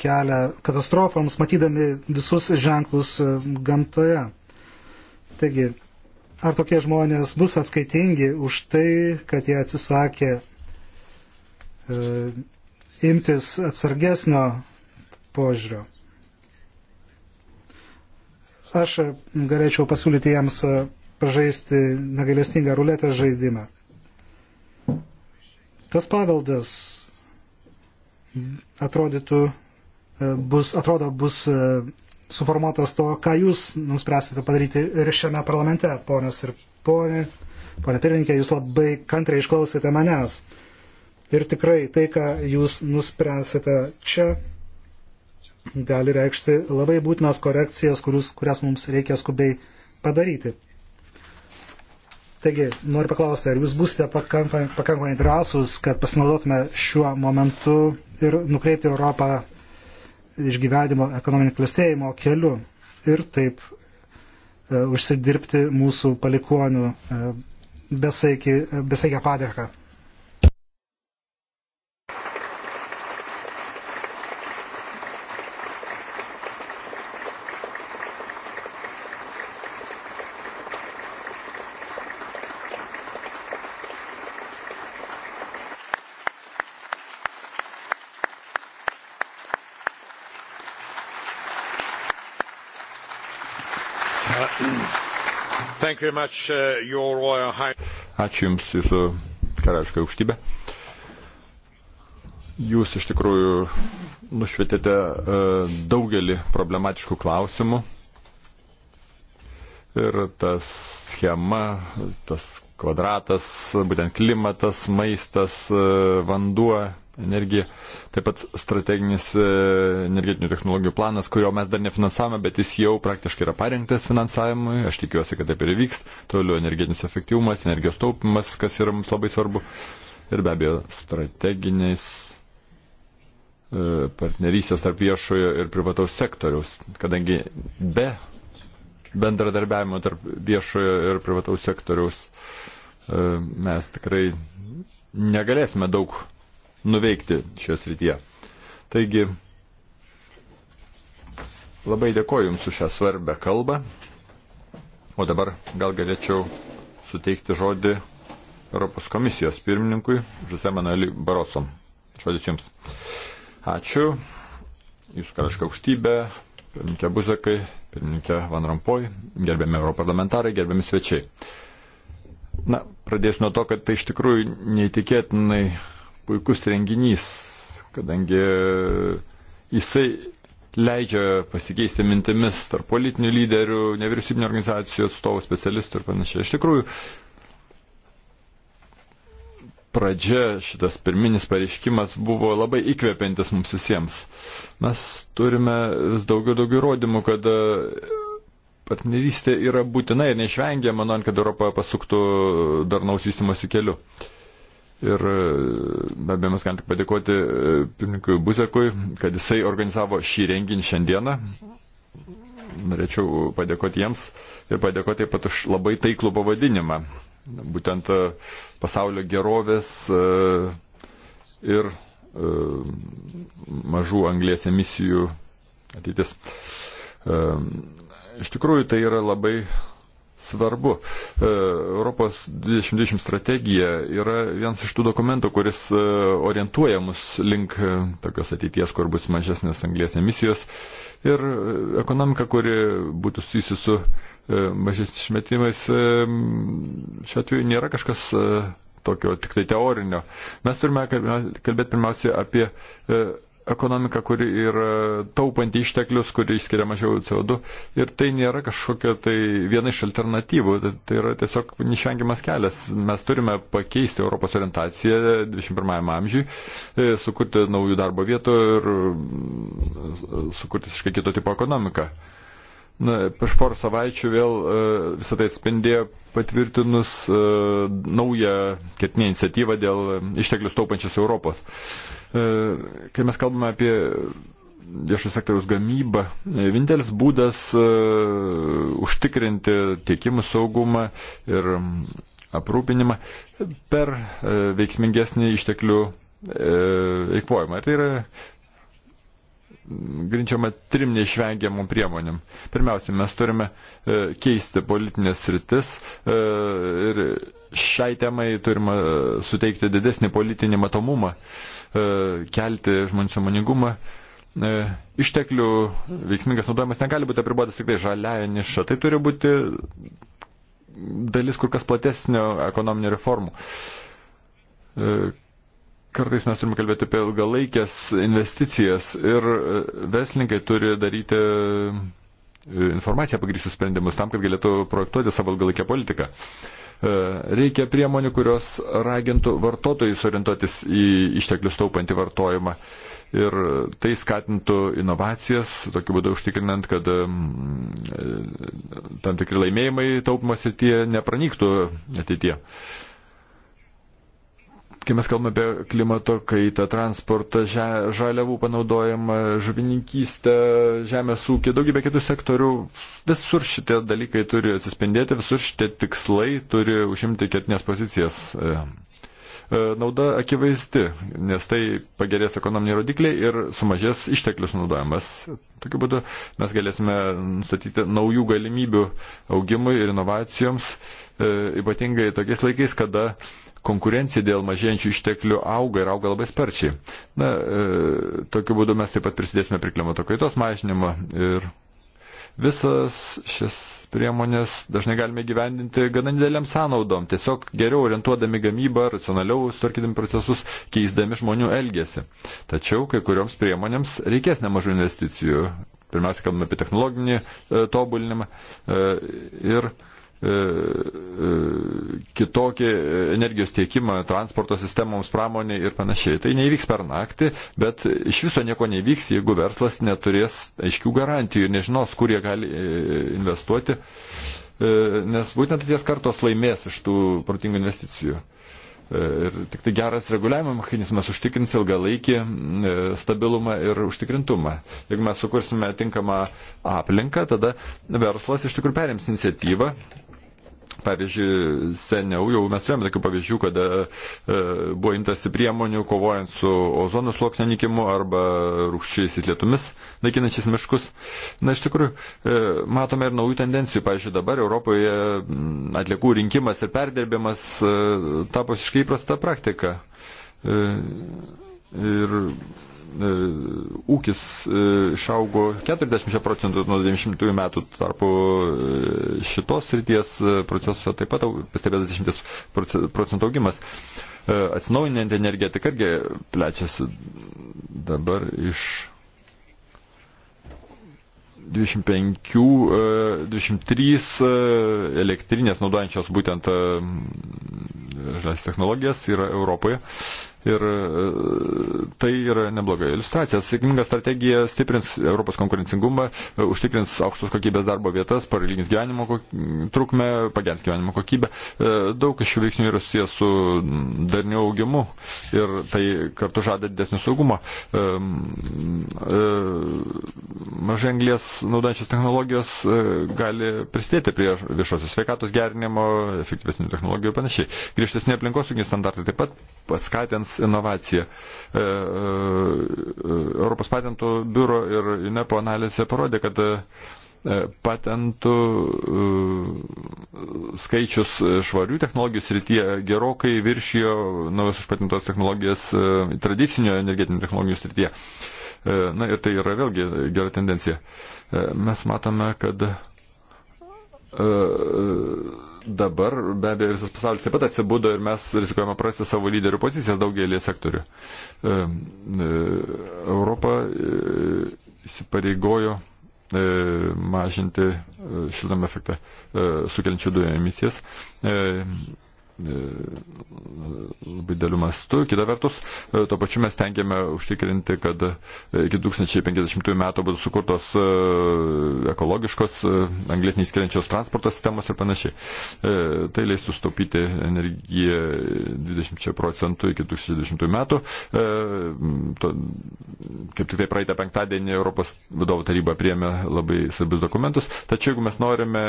kelią katastrofoms, matydami visus ženklus e, gamtoje. Taigi, ar tokie žmonės bus atskaitingi už tai, kad jie atsisakė imtis atsargesnio požiūrio. Aš galėčiau pasiūlyti jiems pažaisti negalestingą ruletės žaidimą. Tas paveldas atrodytų, e, bus, atrodo, bus e, suformuotas to, ką jūs nuspręsite padaryti ir šiame parlamente, ponios ir ponė. Pone pirmininkė, jūs labai kantriai išklausėte manęs. Ir tikrai tai, ką jūs nuspręsite čia, gali reikšti labai būtinas korekcijas, kurius, kurias mums reikia skubiai padaryti. Taigi, noriu paklausti, ar jūs būsite pakankamai, pakankamai drąsūs, kad pasinaudotume šiuo momentu ir nukreipti Europą išgyvenimo ekonominio klestėjimo keliu ir taip e, užsidirbti mūsų palikonių e, besaikę padėką. Much, uh, Ačiū Jums, Jūsų karališkai aukštybė. Jūs iš tikrųjų nušvietėte uh, daugelį problematiškų klausimų. Ir tas schema, tas kvadratas, būtent klimatas, maistas, e, vanduo energiją. Taip pat strateginis e, energetinių technologijų planas, kurio mes dar nefinansavome, bet jis jau praktiškai yra parengtas finansavimui. Aš tikiuosi, kad taip ir vyks. Toliau energetinis efektyvumas, energijos taupimas, kas yra mums labai svarbu. Ir be abejo, strateginis e, partnerystės tarp viešojo ir privataus sektoriaus, kadangi be bendradarbiavimo tarp viešojo ir privataus sektoriaus e, mes tikrai negalėsime daug nuveikti šios rytyje. Taigi, labai dėkoju Jums už šią svarbę kalbą. O dabar gal galėčiau suteikti žodį Europos komisijos pirmininkui Žuse Manueliui Barosom. Žodis Jums. Ačiū. Jūsų karaška aukštybė, pirmininkė Buzekai, pirmininkė Van Rampoj, gerbiami europarlamentarai, gerbiami svečiai. Na, pradėsiu nuo to, kad tai iš tikrųjų neįtikėtinai puikus renginys, kadangi jisai leidžia pasikeisti mintimis tarp politinių lyderių, nevyriausybinio organizacijų atstovų, specialistų ir panašiai. Iš tikrųjų, pradžia, šitas pirminis pareiškimas buvo labai įkvepiantis mums visiems. Mes turime vis daugiau daugiau įrodymų, kad e, partnerystė yra būtina ir neišvengiama, norint, kad Europa pasuktų darnaus vystimosi keliu. Uh, Ir e, be abejo, mes galime tik padėkoti e, pirmininkui Buzekui, kad jisai organizavo šį renginį šiandieną. Norėčiau padėkoti jiems ir padėkoti taip pat už labai taiklų pavadinimą. Būtent e, pasaulio gerovės ir mažų anglės emisijų ateitis. Iš tikrųjų, tai yra labai svarbu. E, Europos 2020 strategija yra vienas iš tų dokumentų, kuris e, orientuoja mus link e, tokios ateities, kur bus mažesnės anglės emisijos ir ekonomika, kuri būtų susijusi su mažesnis išmetimais, šiuo atveju nėra kažkas tokio tik tai teorinio. Mes turime kalbėti pirmiausia apie ekonomika, kuri yra taupanti išteklius, kuri išskiria mažiau CO2 ir tai nėra kažkokia tai viena iš alternatyvų, tai, tai yra tiesiog neišvengiamas kelias. Mes turime pakeisti Europos orientaciją 21 amžiui, e, sukurti naujų darbo vietų ir e, sukurti visiškai kito tipo ekonomiką. Na, prieš porą savaičių vėl e, visą tai atspindėjo patvirtinus naują ketinę iniciatyvą dėl išteklius taupančios Europos. Uh, E, kai mes kalbame apie viešo sektoriaus gamybą, e, vienintelis būdas e, užtikrinti tiekimų saugumą ir aprūpinimą per veiksmingesnį išteklių eikvojimą. Ir tai yra grinčiama trim neišvengiamom priemonėm. Pirmiausia, mes turime keisti politinės sritis ir šiai temai turime suteikti didesnį politinį matomumą, e, kelti žmonių samoningumą. E, išteklių veiksmingas naudojimas negali būti apribotas tik tai žaliaja niša. Tai turi būti dalis kur kas platesnio ekonominio reformų e, kartais mes turime kalbėti apie ilgalaikės investicijas ir verslininkai turi daryti informaciją pagrįstus sprendimus tam, kad galėtų projektuoti savo ilgalaikę politiką. Uh, E, reikia priemonių, kurios ragintų vartotojus orientuotis į išteklius taupantį vartojimą. Ir tai skatintų inovacijas, tokiu būdu užtikrinant, kad mm, e, tam tikri laimėjimai taupimo srityje nepranyktų ateitie kai mes kalbame apie klimato kaitą, transportą, žaliavų panaudojimą, žuvininkystę, žemės ūkį, daugybę kitų sektorių, visur šitie dalykai turi atsispindėti, visur šitie tikslai turi užimti ketinės pozicijas. E, e, nauda akivaizdi, nes tai pagerės ekonominiai rodikliai ir sumažės išteklius naudojimas. Tokiu būdu mes galėsime nustatyti naujų galimybių augimui ir inovacijoms, e, ypatingai tokiais laikais, kada uh, konkurencija dėl mažėjančių išteklių auga ir auga labai sparčiai. Na, e, tokiu būdu mes taip pat prisidėsime prie klimato kaitos mažinimo ir visas šis priemonės dažnai galime gyvendinti gana dideliam sąnaudom, tiesiog geriau orientuodami gamybą, racionaliau sutvarkydami procesus, keisdami žmonių elgesį. Tačiau kai kurioms priemonėms reikės nemažų investicijų. Pirmiausia, kalbame apie technologinį e, tobulinimą e, ir e, E, e, kitokį energijos tiekimą transporto sistemoms, pramoniai ir panašiai. Tai nevyks per naktį, bet iš viso nieko nevyks, jeigu verslas neturės aiškių garantijų ir nežinos, kur jie gali e, investuoti, nes būtent ties kartos laimės iš tų protingų investicijų. Ir tik tai geras reguliavimo mechanizmas užtikrins ilgalaikį stabilumą ir užtikrintumą. Jeigu mes sukursime tinkamą aplinką, tada verslas iš tikrųjų perims iniciatyvą Pavyzdžiui, seniau jau mes turėjome tokių pavyzdžių, kada e, buvo imtasi priemonių kovojant su ozono sluoksnio nykimu arba rūkščiais įtlietumis, naikinančiais miškus. Na, iš tikrųjų, e, matome ir naujų tendencijų. Pavyzdžiui, dabar Europoje atliekų rinkimas ir perdirbimas e, tapo visiškai įprasta praktika. E, ir E, ūkis e, išaugo 40 procentų nuo 90 metų, tarpu e, šitos ryties procesuose taip pat pastebėtas 10 procentų augimas. Atsinaujinanti energetika irgi plečiasi dabar iš 25, 23 elektrinės naudojančios būtent žalias technologijas yra Europoje. Ir e, tai yra nebloga iliustracija. Sėkminga strategija stiprins Europos konkurencingumą, e, užtikrins aukštos kokybės darbo vietas, paralygins gyvenimo trukmę, pagerins gyvenimo kokybę. E, daug iš šių veiksnių yra susijęs su darniu augimu ir tai kartu žada didesnį saugumą. Mažai anglės naudančios technologijos gali prisidėti prie viešosios sveikatos gerinimo, efektyvesnių technologijų ir panašiai. Griežtesni aplinkosauginiai standartai taip pat paskatins inovacija. E, e, Europos patentų biuro ir UNEPO analizė parodė, kad e, patentų skaičius švarių technologijų srityje gerokai viršijo naujas užpatentos technologijas tradicinio energetinių technologijų srityje. Na ir tai yra vėlgi gera tendencija. Mes matome, kad dabar be abejo visas pasaulis taip pat atsibudo ir mes rizikuojame prasti savo lyderių pozicijas daugelį sektorių. E, e, Europa e, įsipareigojo mažinti šiltnamio efektą sukeliančių dujų emisijas. E, labai dėlių mastų. Kita vertus, e, to pačiu mes tengiame užtikrinti, kad e, iki 2050 metų būtų sukurtos ekologiškos, anglės neįskiriančios transporto sistemos ir panašiai. Tai leistų staupyti energiją 20 procentų iki 2020 metų. Kaip tik tai praeitą penktadienį Europos vadovų taryba priėmė labai svarbius dokumentus. Tačiau jeigu mes norime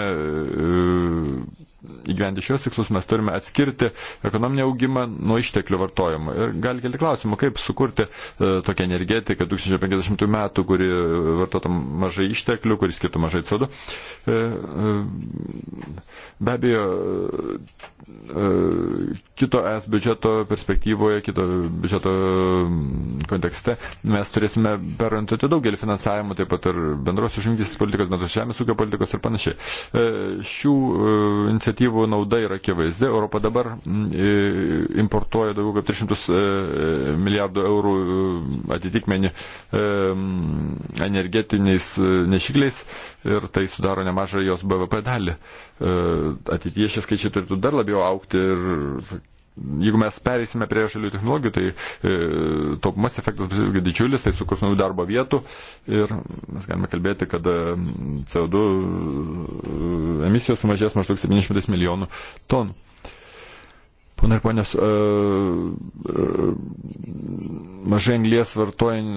įgyventi šios tikslus, mes turime atskirti ekonominį augimą nuo išteklių vartojimo. Ir gali kelti klausimą, kaip sukurti e, tokią energetiką 2050 metų, kuri vartotų mažai išteklių, kuri skirtų mažai CO2. E, e, be abejo, e, kito es biudžeto perspektyvoje, kito biudžeto kontekste mes turėsime perorientuoti daugelį finansavimų, taip pat ir bendros užimtis politikos, bendros žemės ūkio politikos ir panašiai. E, šių e, iniciatyvų iniciatyvų nauda yra akivaizdi. Europa dabar mm, importuoja daugiau kaip 300 e, milijardų eurų e, atitikmenį e, mm, energetiniais nešikliais ir tai sudaro nemažą jos BVP dalį. Ateityje šie skaičiai turėtų dar labiau aukti ir jeigu mes pereisime prie šalių technologijų, tai e, taupumas efektas bus irgi didžiulis, tai sukurs naujų darbo vietų ir mes galime kalbėti, kad e, CO2 e, emisijos sumažės maždaug 700 milijonų tonų. Pana ir ponės, e, e, mažai anglies vartojant e,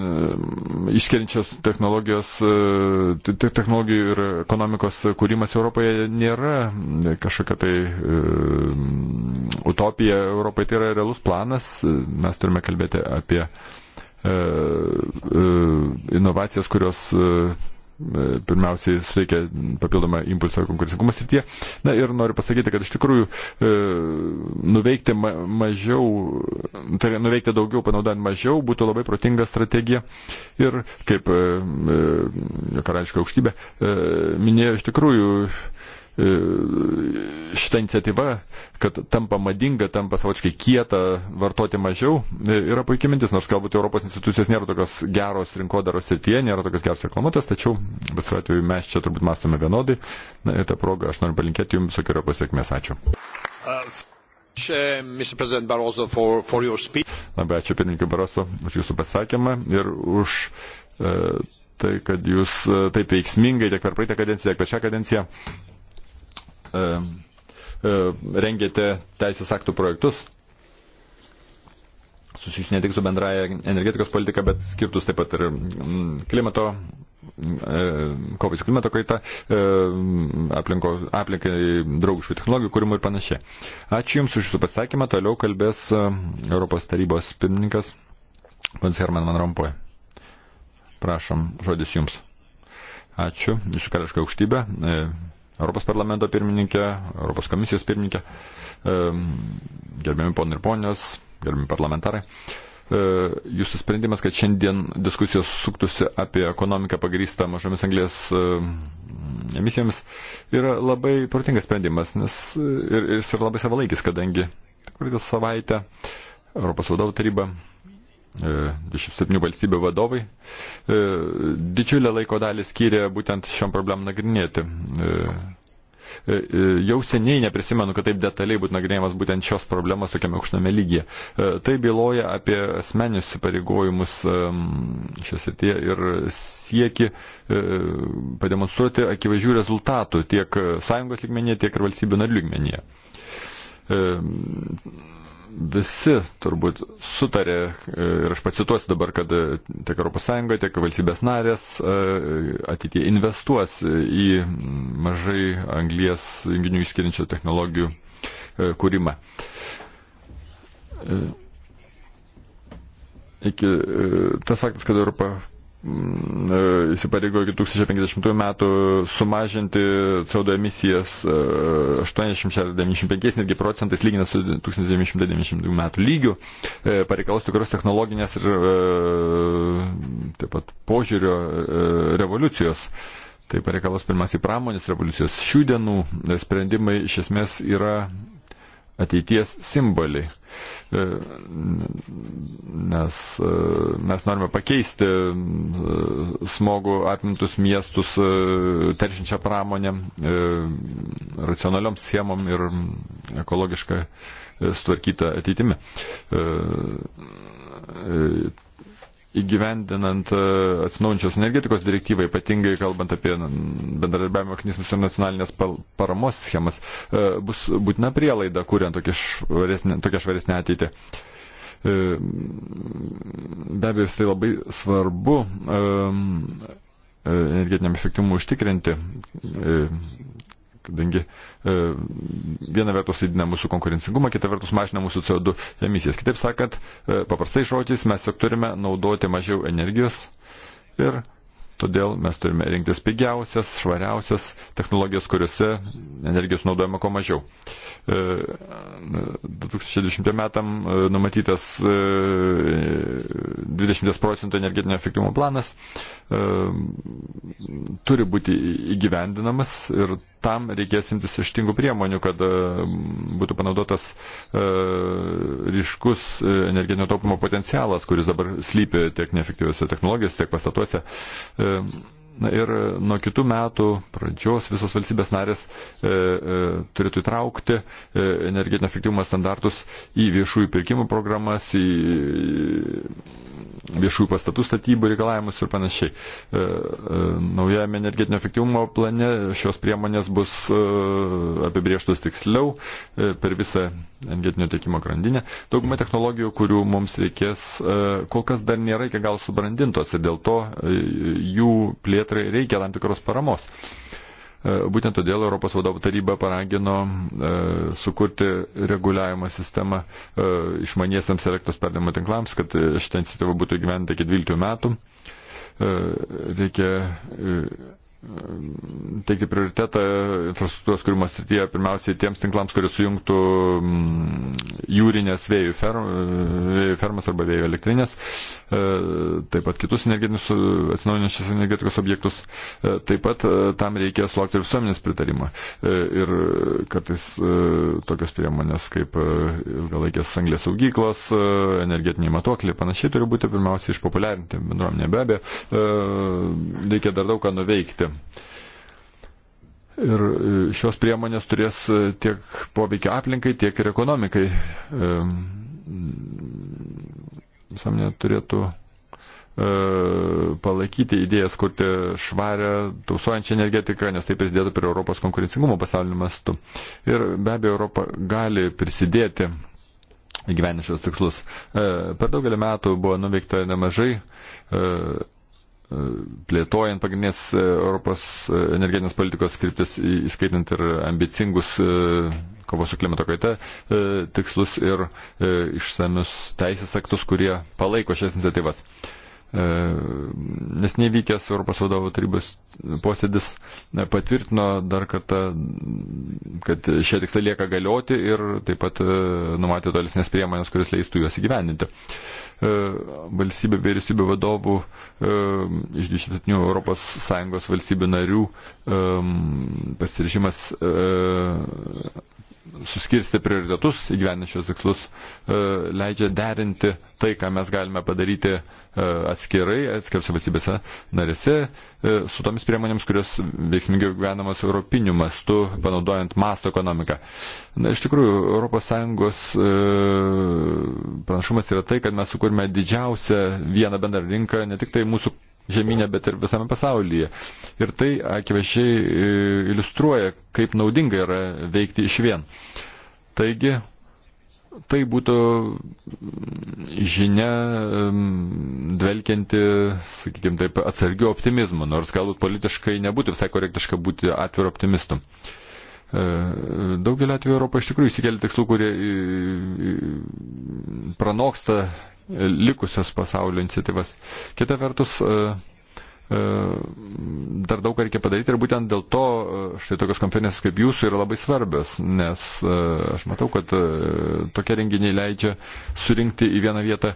išskiriančios technologijos, technologijų ir ekonomikos kūrimas Europoje nėra kažkokia tai utopija. Europai tai yra realus planas. Mes turime kalbėti apie inovacijas, kurios E, pirmiausiai suteikia papildomą impulsą konkurencingumo srityje. Na ir noriu pasakyti, kad iš tikrųjų e, nuveikti ma mažiau, tai yra nuveikti daugiau, panaudojant mažiau, būtų labai protinga strategija. Ir kaip e, karališka aukštybė minėjo, iš tikrųjų E, šitą iniciatyvą, kad tampa madinga, tampa savočkai kieta vartoti mažiau, e, yra puikia mintis, nors galbūt Europos institucijos nėra tokios geros rinkodaros srityje, nėra tokios geros reklamuotės, tačiau bet kuriuo atveju mes čia turbūt mąstome vienodai. Na ir tą progą aš noriu palinkėti Jums visokio pasiekmės. Ačiū. Uh. Labai ačiū pirmininkai Baroso už jūsų pasakymą ir už e, tai, kad jūs e, taip veiksmingai tiek per praeitą kadenciją, tiek per šią kadenciją E, rengėte teisės aktų projektus susijusius ne tik su bendraja energetikos politika, bet skirtus taip pat ir mm, klimato mm, e, kovai su klimato kaita, e, aplinko, aplinkai draugiškų technologijų kūrimų ir panašiai. Ačiū Jums už Jūsų pasakymą, toliau kalbės Europos tarybos pirmininkas Pons Herman Van Rompuy. Prašom, žodis Jums. Ačiū, Jūsų karališkai aukštybė. Europos parlamento pirmininkė, Europos komisijos pirmininkė, gerbiami ponai ir ponios, gerbiami parlamentarai. E, jūsų sprendimas, kad šiandien diskusijos suktųsi apie ekonomiką pagrįstą mažomis anglės emisijomis, yra labai protingas sprendimas, nes e, ir, ir jis yra labai savalaikis, kadangi praeitą savaitę Europos vadovų taryba 27 e, valstybių vadovai e, didžiulę laiko dalį skyrė būtent šiom problemam nagrinėti. E, jau seniai neprisimenu, kad taip detaliai būtų nagrinėjamas būtent šios problemos tokiame aukštame lygyje. Tai byloja apie asmenius įpareigojimus šiose tie ir sieki pademonstruoti akivaizdžių rezultatų tiek sąjungos lygmenyje, tiek ir valstybių narių lygmenyje visi turbūt sutarė, e, ir aš pacituosiu dabar, kad e, tiek ES, tiek valstybės narės e, ateitie investuos į mažai anglies junginių išskiriančių technologijų kūrimą. Iki, tas faktas, kad Europa įsipareigojo iki 2050 metų sumažinti CO2 emisijas 80-95 e, netgi procentais lyginant su 1992 metų lygiu, e, pareikalaus tikros technologinės ir e, taip pat požiūrio revoliucijos. Tai pareikalos pirmiausiai pramonės revoliucijos. Šių dienų sprendimai iš esmės yra ateities simboliai. E, nes e, mes norime pakeisti e, smogų apimtus miestus teršinčią pramonę racionaliom schemom ir ekologišką sutvarkytą ateitimi įgyvendinant e, atsinaujančios energetikos direktyvą, ypatingai kalbant apie bendradarbiavimo mechanizmus ir nacionalinės paramos schemas, e, bus būtina prielaida, kuriant tokią švaresnę, tokią švaresnę ateitį. E, be abejo, tai labai svarbu energetiniam efektyvumui užtikrinti, kadangi e, viena vertus didina mūsų konkurencingumą, kita vertus mažina mūsų CO2 emisijas. Kitaip sakant, e, paprastai žodžiais mes jau turime naudoti mažiau energijos ir Todėl mes turime rinktis pigiausias, švariausias technologijas, kuriuose energijos naudojama ko mažiau. 2020 e, metam e, numatytas 20 e, procentų energetinio efektyvumo planas turi būti įgyvendinamas ir tam reikės imtis ištingų priemonių, kad būtų panaudotas ryškus energetinio taupimo potencialas, kuris dabar slypi tiek neefektyviuose technologijose, tiek pastatuose. E, Na ir nuo kitų metų pradžios visos valstybės narės e, e, turėtų įtraukti e, energetinio efektyvumo standartus į viešųjų pirkimų programas, į, viešųjų pastatų statybų reikalavimus ir panašiai. E, e, Naujame energetinio efektyvumo plane šios priemonės bus e, apibrieštos tiksliau per visą energetinio tiekimo grandinę. Dauguma technologijų, kurių mums reikės, kol kas dar nėra iki galo subrandintos ir dėl to jų plėtrai reikia tam tikros paramos. E, būtent todėl Europos vadovų taryba paragino e, sukurti reguliavimo sistemą e, išmaniesiams elektros perdimo tinklams, kad šitą iniciatyvą būtų gyventa iki 12 metų. Reikia teikti prioritetą infrastruktūros kūrimo srityje pirmiausiai tiems tinklams, kurie sujungtų mm, jūrinės vėjų, ferm, vėjų fermas arba vėjų elektrinės, e, taip pat kitus energetinius atsinaujinančius energetikos objektus. E, taip pat e, tam reikia sulaukti ir visuomenės pritarimą. Ir kartais tokios priemonės kaip ilgalaikės anglės saugyklos, energetiniai matuokliai, panašiai turi būti pirmiausiai išpopuliarinti bendruomenė. Be abejo, reikia dar daug ką nuveikti Ir e, šios priemonės turės e, tiek poveikia aplinkai, tiek ir ekonomikai. E, visuomenė turėtų palaikyti idėjas kurti švarę, tausojančią energetiką, nes tai prisidėtų prie Europos konkurencingumo pasaulio mastu. Ir be abejo, Europa gali prisidėti įgyvenišios tikslus. Per daugelį metų buvo nuveikta nemažai plėtojant pagrindinės e, Europos e, energetinės politikos skriptis, įskaitant ir ambicingus e, kovos su klimato kaita tikslus ir išsamius teisės aktus, kurie palaiko šias iniciatyvas. E, nes nevykęs Europos vadovų tarybos posėdis e, patvirtino dar kartą, kad šie tikslai lieka galioti ir taip pat e, numatė tolesnės priemonės, kuris leistų juos įgyveninti. Valstybė vyriausybė vadovų iš 27 ES valstybių narių pasirižimas suskirsti prioritetus, įgyveninti šios tikslus, e, leidžia derinti tai, ką mes galime padaryti e, atskirai, atskirose valstybėse narėse, e, su tomis priemonėms, kurios veiksmingiau gyvenamos europiniu mastu, panaudojant masto ekonomiką. Na, iš tikrųjų, ES pranašumas yra tai, kad mes sukūrime didžiausią vieną bendrą rinką, ne tik tai mūsų žemynė, bet ir visame pasaulyje. Ir tai akivaizdžiai e, iliustruoja, kaip naudinga yra veikti iš vien. Taigi, tai būtų žinia dvelkianti, sakykime taip, atsargių optimizmų, nors galbūt politiškai nebūtų visai korektiška būti atviru optimistu. E, Daugelį atvejų Europą iš tikrųjų įsikėlė tikslų, kurie e, pranoksta likusias pasaulio iniciatyvas. Kita vertus, e, E, dar daug ką reikia padaryti ir būtent dėl to e, štai tokios konferencijos kaip jūsų yra labai svarbios, nes e, aš matau, kad tokie renginiai leidžia surinkti į vieną vietą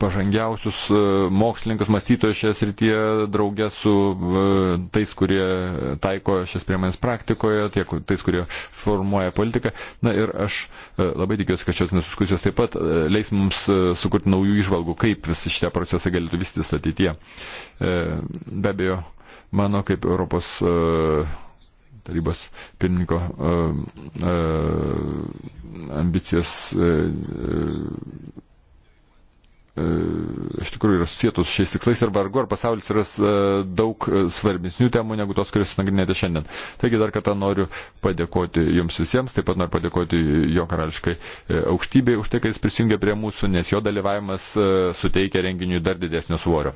pažangiausius mokslininkus, mąstytojus šią srityje draugę su tais, kurie taiko šias priemonės praktikoje, tiek tais, kurie formuoja politiką. Na ir aš labai tikiuosi, kad šios diskusijos taip pat leis mums sukurti naujų išvalgų, kaip visi šitie procesai galėtų vis vystys ateitie. E, be abejo, mano kaip Europos e, tarybos pirmininko e, ambicijos E, iš tikrųjų yra susijęs su šiais tikslais ir vargu ar pasaulis yra e, daug e, svarbesnių temų negu tos, kurias nagrinėjate šiandien. Taigi dar kartą noriu padėkoti jums visiems, taip pat noriu padėkoti jo karališkai aukštybei už tai, kad jis prisijungė prie mūsų, nes jo dalyvavimas suteikia renginiui dar didesnio svorio.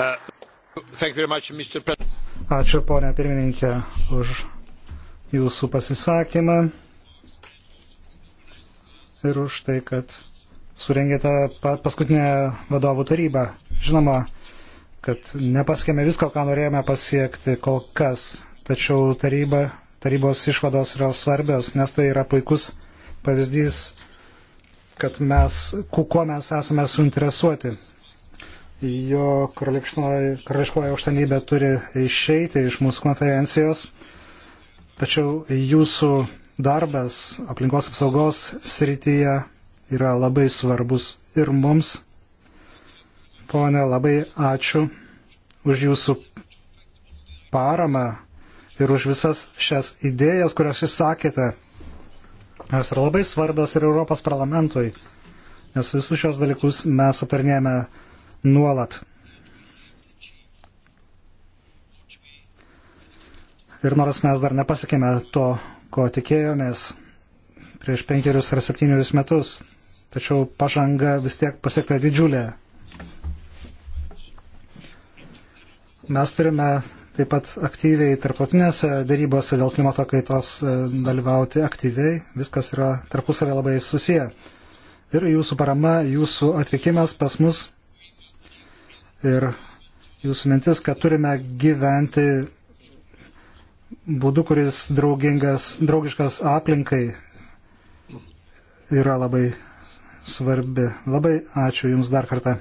Uh, Ačiū, ponia pirmininkė, už jūsų pasisakymą ir už tai, kad surengėte paskutinę vadovų tarybą. Žinoma, kad nepaskėme visko, ką norėjome pasiekti kol kas, tačiau taryba, tarybos išvados yra svarbios, nes tai yra puikus pavyzdys, kad mes, kuo mes esame suinteresuoti. Jo karališkoji aukštanybė turi išeiti iš mūsų konferencijos, tačiau jūsų darbas aplinkos apsaugos srityje yra labai svarbus ir mums. Pone, labai ačiū už jūsų paramą ir už visas šias idėjas, kurias išsakėte. Jos yra labai svarbios ir Europos parlamentui, nes visus šios dalykus mes aptarnėjame nuolat. Ir nors mes dar nepasiekėme to ko tikėjomės prieš penkerius ar septynerius metus. Tačiau pažanga vis tiek pasiekta didžiulė. Mes turime taip pat aktyviai tarptautinėse darybose dėl klimato kaitos e, dalyvauti aktyviai. Viskas yra tarpusavė labai susiję. Ir jūsų parama, jūsų atvykimas pas mus ir jūsų mintis, kad turime gyventi būdu, kuris draugiškas aplinkai yra labai svarbi. Labai ačiū Jums dar kartą.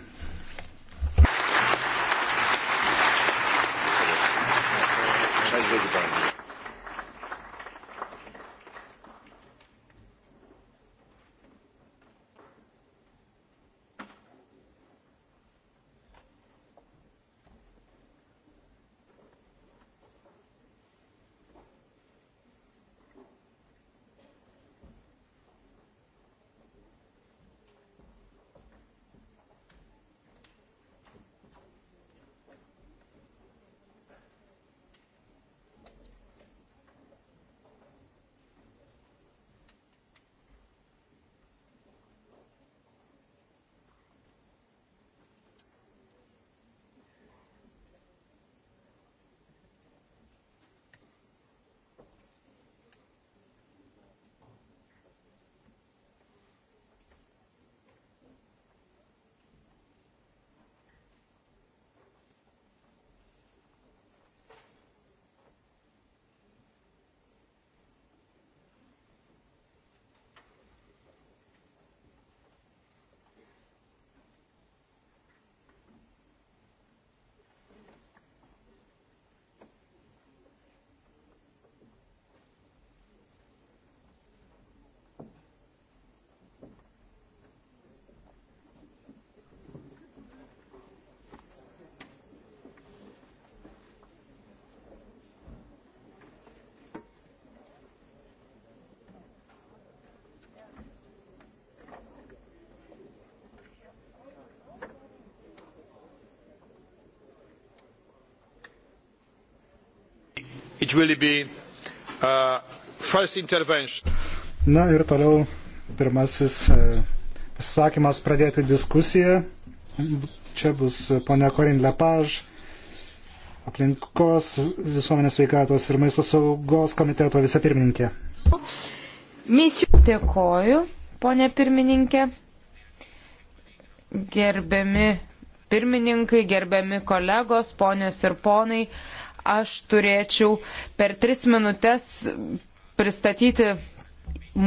it will be uh, first intervention. Na ir toliau pirmasis e, pasisakymas pradėti diskusiją. Čia bus ponia Korin Lepaž, aplinkos visuomenės veikatos ir maisto saugos komiteto vicepirmininkė. Misijų dėkoju, ponė pirmininkė. Gerbiami pirmininkai, gerbiami kolegos, ponios ir ponai, aš turėčiau per tris minutės pristatyti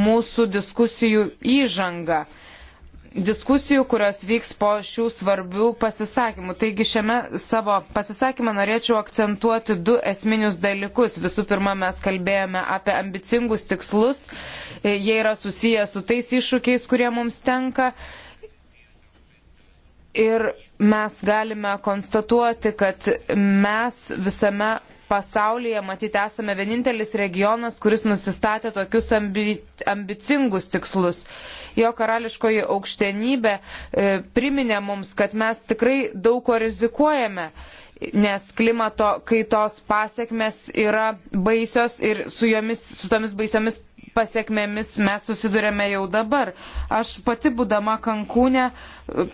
mūsų diskusijų įžangą. Diskusijų, kurios vyks po šių svarbių pasisakymų. Taigi šiame savo pasisakymą norėčiau akcentuoti du esminius dalykus. Visų pirma, mes kalbėjome apie ambicingus tikslus. Jie yra susiję su tais iššūkiais, kurie mums tenka. Ir mes galime konstatuoti, kad mes visame pasaulyje matyti esame vienintelis regionas, kuris nusistatė tokius ambi ambicingus tikslus. Jo karališkoji aukštenybė e, priminė mums, kad mes tikrai daug ko rizikuojame nes klimato kaitos pasiekmes yra baisios ir su, jomis, su tomis baisiomis pasiekmėmis mes susidurėme jau dabar. Aš pati būdama Kankūne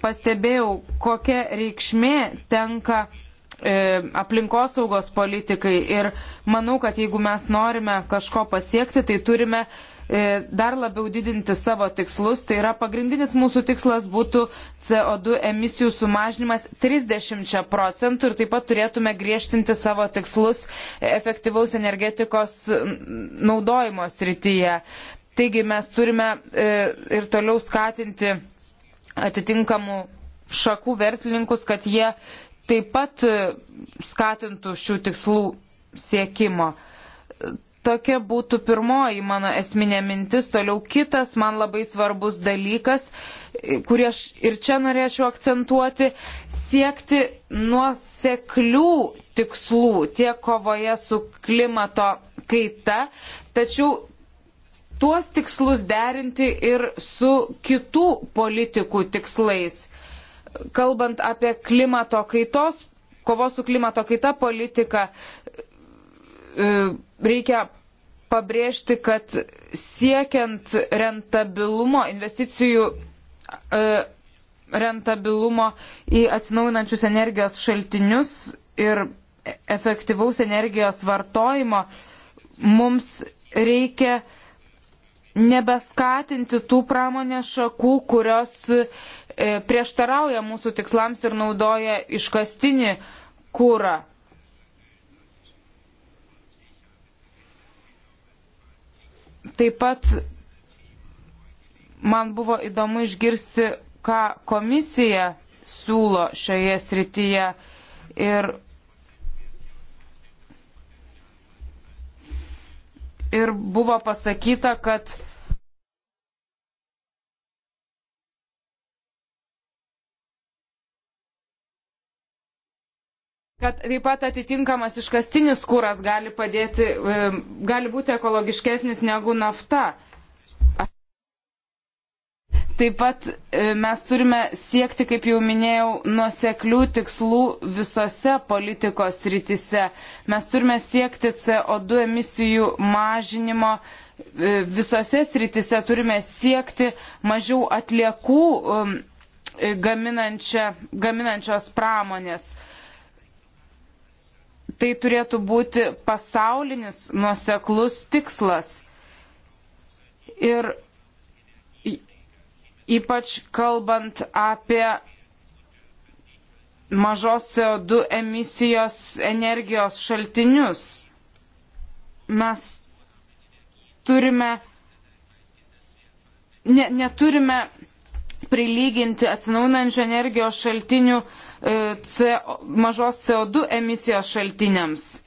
pastebėjau, kokia reikšmė tenka e, aplinkosaugos politikai ir manau, kad jeigu mes norime kažko pasiekti, tai turime E, dar labiau didinti savo tikslus. Tai yra pagrindinis mūsų tikslas būtų CO2 emisijų sumažinimas 30 procentų ir taip pat turėtume griežtinti savo tikslus efektyvaus energetikos naudojimo srityje. Taigi mes turime e, ir toliau skatinti atitinkamų šakų verslininkus, kad jie taip pat e, skatintų šių tikslų siekimo. Tokia būtų pirmoji mano esminė mintis. Toliau kitas man labai svarbus dalykas, kurį aš ir čia norėčiau akcentuoti - siekti nuoseklių tikslų tiek kovoje su klimato kaita, tačiau tuos tikslus derinti ir su kitų politikų tikslais. Kalbant apie klimato kaitos, kovos su klimato kaita politiką, e, reikia pabrėžti, kad siekiant rentabilumo, investicijų e, rentabilumo į atsinaujinančius energijos šaltinius ir efektyvaus energijos vartojimo, mums reikia nebeskatinti tų pramonės šakų, kurios e, prieštarauja mūsų tikslams ir naudoja iškastinį kūrą. Taip pat man buvo įdomu išgirsti, ką komisija siūlo šioje srityje ir ir buvo pasakyta, kad kad taip pat atitinkamas iškastinis kūras gali, padėti, e, gali būti ekologiškesnis negu nafta. Taip pat e, mes turime siekti, kaip jau minėjau, nuoseklių tikslų visose politikos rytise. Mes turime siekti CO2 emisijų mažinimo e, visose sritise, turime siekti mažiau atliekų gaminančios pramonės tai turėtų būti pasaulinis nuoseklus tikslas. Ir ypač kalbant apie mažos CO2 emisijos energijos šaltinius, mes turime, ne, neturime prilyginti atsinaunančių energijos šaltinių uh, E, CO, mažos CO2 emisijos šaltiniams.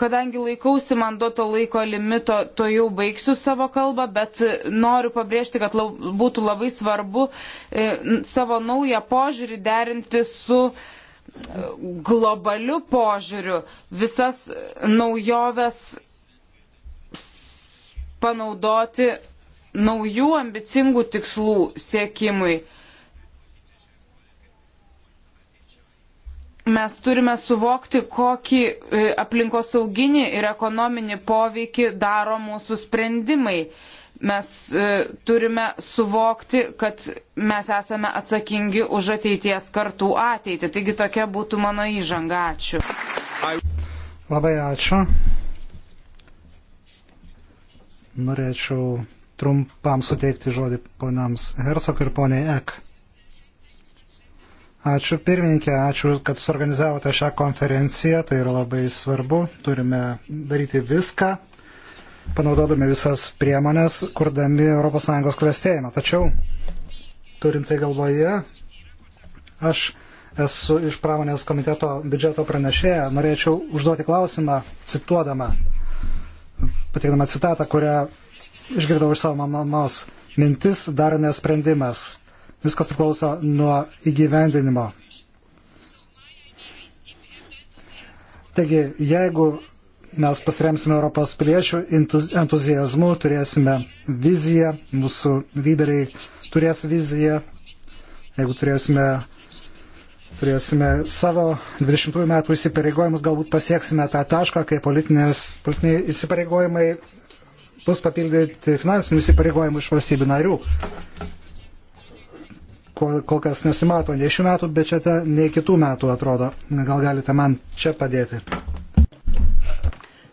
Kadangi laikausi man duoto laiko limito, to jau baigsiu savo kalbą, bet noriu pabrėžti, kad lau, būtų labai svarbu e, savo naują požiūrį derinti su e, globaliu požiūriu. Visas naujoves panaudoti naujų ambicingų tikslų siekimui. mes turime suvokti, kokį e, aplinkosauginį ir ekonominį poveikį daro mūsų sprendimai. Mes e, turime suvokti, kad mes esame atsakingi už ateities kartų ateitį. Taigi tokia būtų mano įžanga. Ačiū. Labai ačiū. Norėčiau trumpam suteikti žodį poniams Hersok ir poniai Ek. Ačiū pirmininkė, ačiū, kad suorganizavote šią konferenciją, tai yra labai svarbu, turime daryti viską, panaudodami visas priemonės, kurdami ES klėstėjimą. Tačiau, turint tai galvoje, aš esu iš pramonės komiteto biudžeto pranešėja, norėčiau užduoti klausimą, cituodama, pateikdama citatą, kurią išgirdau iš savo mamos, mintis dar nesprendimas Viskas priklauso nuo įgyvendinimo. Taigi, jeigu mes pasiremsime Europos piliečių entuzijazmu, turėsime viziją, mūsų lyderiai turės viziją, jeigu turėsime, turėsime savo 20 metų įsipareigojimus, galbūt pasieksime tą tašką, kai politiniai įsipareigojimai bus papildyti finansinių įsipareigojimų iš valstybių narių kol, kol kas nesimato nei šių metų biudžete, nei kitų metų atrodo. Gal galite man čia padėti?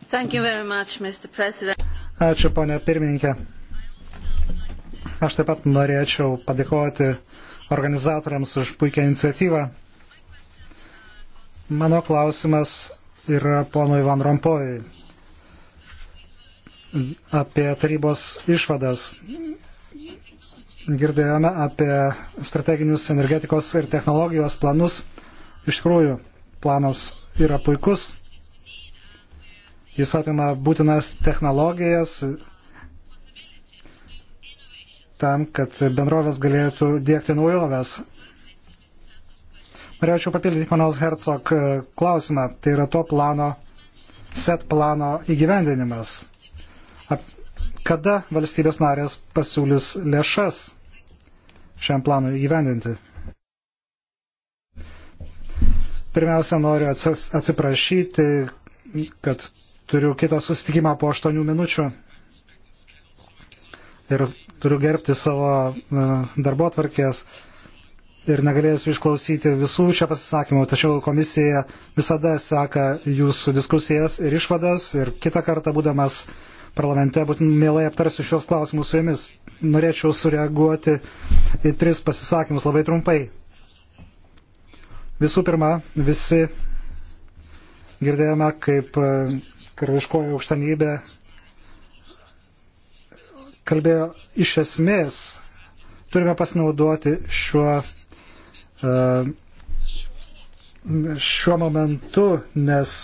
Much, Ačiū, ponė pirmininkė. Aš taip pat norėčiau padėkoti organizatoriams už puikią iniciatyvą. Mano klausimas yra ponui Van Rompojui apie tarybos išvadas girdėjome apie strateginius energetikos ir technologijos planus. Iš tikrųjų, planas yra puikus. Jis apima būtinas technologijas tam, kad bendrovės galėtų dėkti naujoves. Norėčiau papildyti panos Hercog e, klausimą. Tai yra to plano, set plano įgyvendinimas. Kada valstybės narės pasiūlys lėšas šiam planui įgyvendinti. Pirmiausia, noriu atsiprašyti, kad turiu kitą susitikimą po 8 minučių ir turiu gerbti savo e, darbo atvarkės ir negalėsiu išklausyti visų čia pasisakymų, tačiau komisija visada seka jūsų diskusijas ir išvadas ir kitą kartą būdamas parlamente, būtent mielai aptarsiu šios klausimus su jumis. Norėčiau sureaguoti į tris pasisakymus labai trumpai. Visų pirma, visi girdėjome, kaip e, karališkoji aukštanybė kalbėjo iš esmės, turime pasinaudoti šiuo, e, šiuo momentu, nes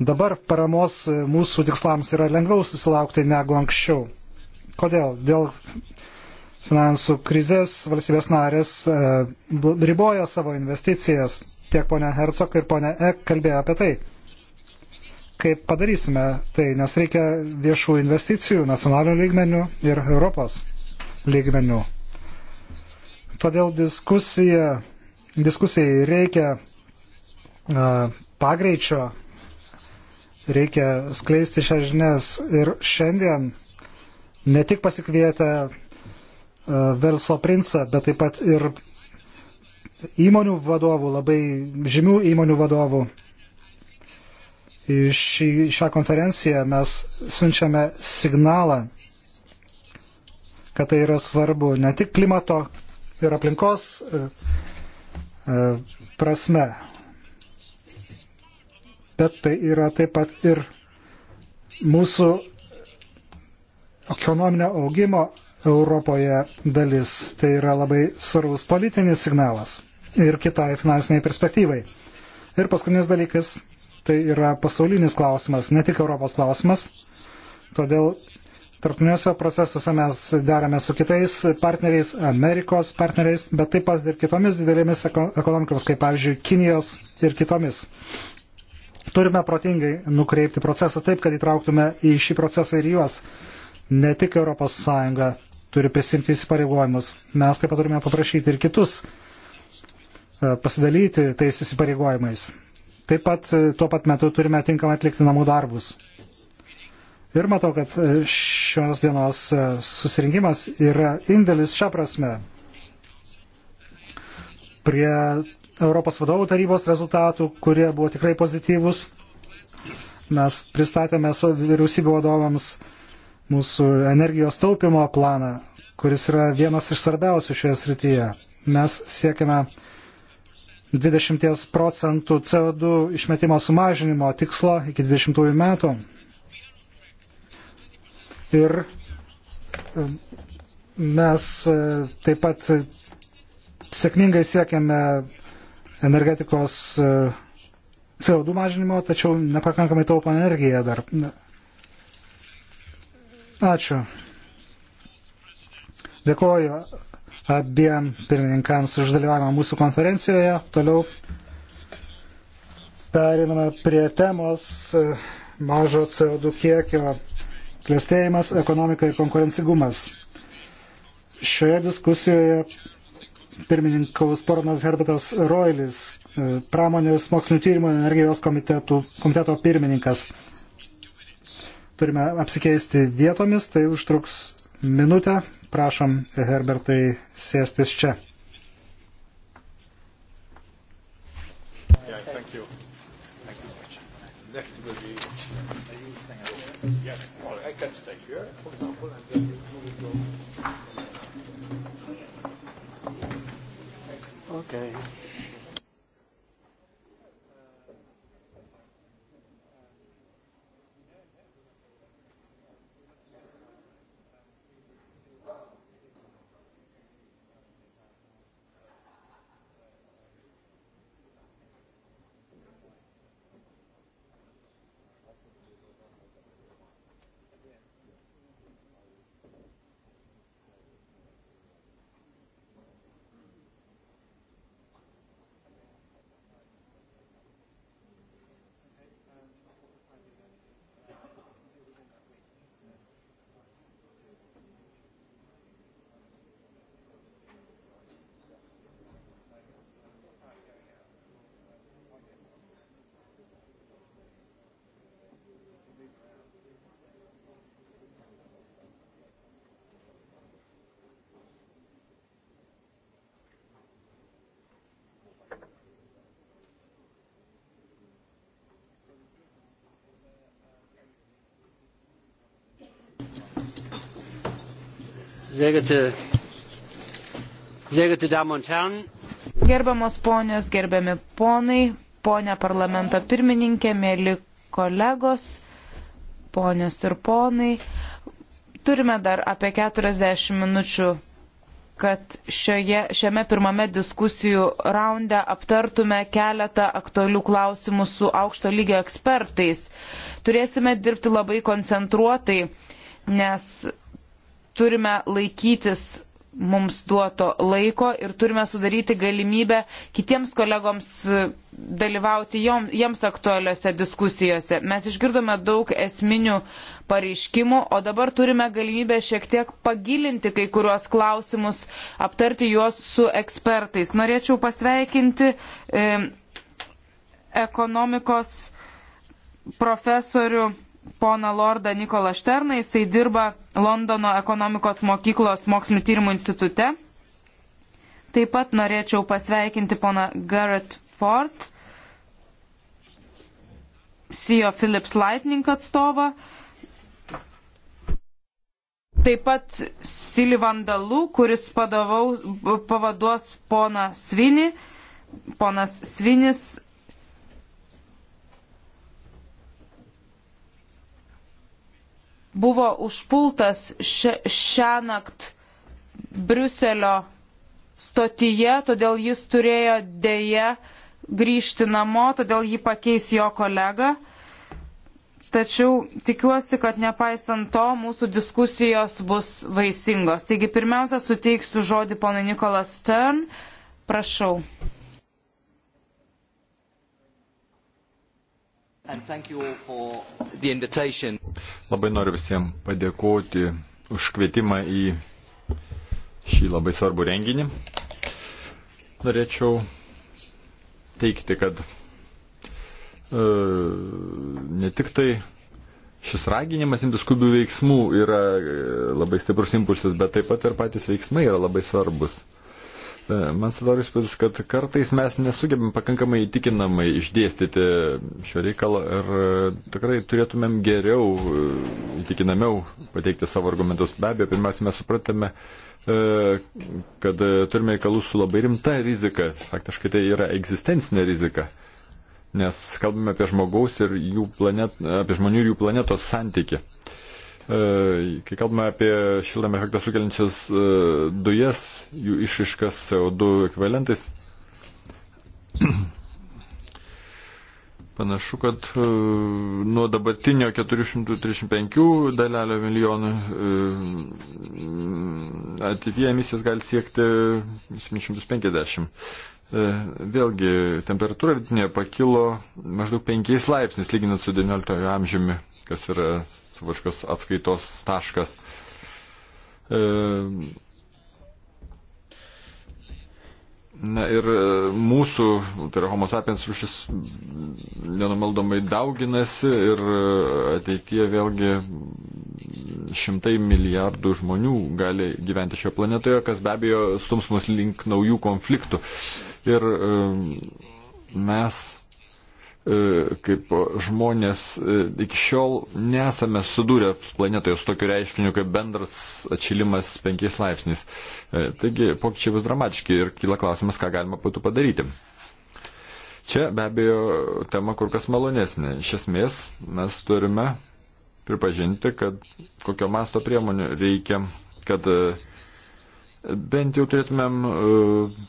Dabar paramos e, mūsų tikslams yra lengviau susilaukti negu anksčiau. Kodėl? Dėl finansų krizės valstybės narės e, riboja savo investicijas. Tiek ponia Hercog ir ponia Ek kalbėjo apie tai. Kaip padarysime tai, nes reikia viešų investicijų nacionalinių lygmenių ir Europos lygmenių. Todėl diskusija, diskusijai reikia e, pagreičio Reikia skleisti šią žinias ir šiandien ne tik pasikvietę e, verslo princą, bet taip pat ir įmonių vadovų, labai žymių įmonių vadovų. Į šį, šią konferenciją mes siunčiame signalą, kad tai yra svarbu ne tik klimato ir aplinkos e, e, prasme bet tai yra taip pat ir mūsų ekonominio augimo Europoje dalis. Tai yra labai svarbus politinis signalas ir kitai finansiniai perspektyvai. Ir paskutinis dalykas - tai yra pasaulinis klausimas, ne tik Europos klausimas. Todėl tarptautiniuose procesuose mes darome su kitais partneriais, Amerikos partneriais, bet taip pat ir kitomis didelėmis ekonomikos, kaip pavyzdžiui Kinijos ir kitomis turime protingai nukreipti procesą taip, kad įtrauktume į šį procesą ir juos. Ne tik ES turi prisimti įsipareigojimus, mes taip pat turime paprašyti ir kitus e, pasidalyti tais įsipareigojimais. Taip pat e, tuo pat metu turime tinkamai atlikti namų darbus. Ir matau, kad e, šios dienos susirinkimas yra indėlis šią prasme prie Europos vadovų tarybos rezultatų, kurie buvo tikrai pozityvus. Mes pristatėme vyriausybių vadovams mūsų energijos taupimo planą, kuris yra vienas iš svarbiausių šioje srityje. Mes siekime 20 procentų CO2 išmetimo sumažinimo tikslo iki 20 metų. Ir mes e, taip pat sėkmingai siekiame energetikos e, CO2 mažinimo, tačiau nepakankamai taupo energiją dar. Ačiū. Dėkoju abiem pirmininkams už dalyvavimą mūsų konferencijoje. Toliau periname prie temos e, mažo CO2 kiekio klėstėjimas, ekonomika ir konkurencigumas. Šioje diskusijoje pirmininkaus poranas Herbertas Roilis, e, pramonės mokslinių tyrimų energijos komitetų, komiteto pirmininkas. Turime apsikeisti vietomis, tai užtruks minutę. Prašom Herbertai sėstis čia. Sehr geehrte, sehr geehrte Damen und Herren. Gerbiamos ponios, gerbiami ponai, ponia parlamento pirmininkė, mėly kolegos, ponios ir ponai. Turime dar apie 40 minučių, kad šioje, šiame pirmame diskusijų raunde aptartume keletą aktualių klausimų su aukšto lygio ekspertais. Turėsime dirbti labai koncentruotai, nes turime laikytis mums duoto laiko ir turime sudaryti galimybę kitiems kolegoms e, dalyvauti jom, jiems aktualiuose diskusijose. Mes išgirdome daug esminių pareiškimų, o dabar turime galimybę šiek tiek pagilinti kai kuriuos klausimus, aptarti juos su ekspertais. Norėčiau pasveikinti e, ekonomikos profesorių poną Lordą Nikolą Šterną, jisai dirba Londono ekonomikos mokyklos mokslinio tyrimų institute. Taip pat norėčiau pasveikinti poną Garrett Ford, CEO Philips Lightning atstovą. Taip pat Sili Vandalų, kuris padavau, pavaduos poną Svinį. Ponas Svinis buvo užpultas šią naktį Briuselio stotyje, todėl jis turėjo dėje grįžti namo, todėl jį pakeis jo kolega. Tačiau tikiuosi, kad nepaisant to mūsų diskusijos bus vaisingos. Taigi pirmiausia, suteiksiu žodį ponui Nikolas Stern. Prašau. Labai noriu visiems padėkoti už kvietimą į šį labai svarbų renginį. Norėčiau teikti, kad e, ne tik tai šis raginimas imtis skubių veiksmų yra e, labai stiprus impulsas, bet taip pat ir patys veiksmai yra labai svarbus. E, E, man sudaro įspūdis, kad kartais mes nesugebim pakankamai įtikinamai išdėstyti šio reikalo ir e, tikrai turėtumėm geriau, e, įtikinamiau pateikti savo argumentus. Be abejo, pirmiausia, mes supratėme, kad turime reikalų su labai rimta rizika. Faktiškai tai yra egzistencinė rizika. Nes kalbame apie žmogaus ir jų planet, apie žmonių ir jų planetos santyki. Uh, E, kai kalbame apie šiltame efektą sukeliančias e, dujas, jų išiškas CO2 ekvivalentais, [clears throat] panašu, kad e, nuo dabartinio 435 dalelio milijonų ateityje emisijos gali siekti 750 vėlgi temperatūra vidutinė pakilo maždaug 5 laipsniais lyginant su XIX amžiumi kas yra savaškas atskaitos taškas. E, Na ir e, mūsų, tai yra homo sapiens rūšis, nenumaldomai dauginasi ir e, ateityje vėlgi šimtai milijardų žmonių gali gyventi šioje planetoje, kas be abejo stums mus link naujų konfliktų. Ir e, mes E, kaip žmonės e, iki šiol nesame sudūrę planetoje su tokiu reiškiniu kaip bendras atšilimas penkiais laipsniais. E, taigi pokyčiai bus dramatiški ir kyla klausimas, ką galima būtų padaryti. Čia be abejo tema kur kas malonesnė. Iš esmės mes turime pripažinti, kad kokio masto priemonių reikia, kad bent jau turėtumėm uh,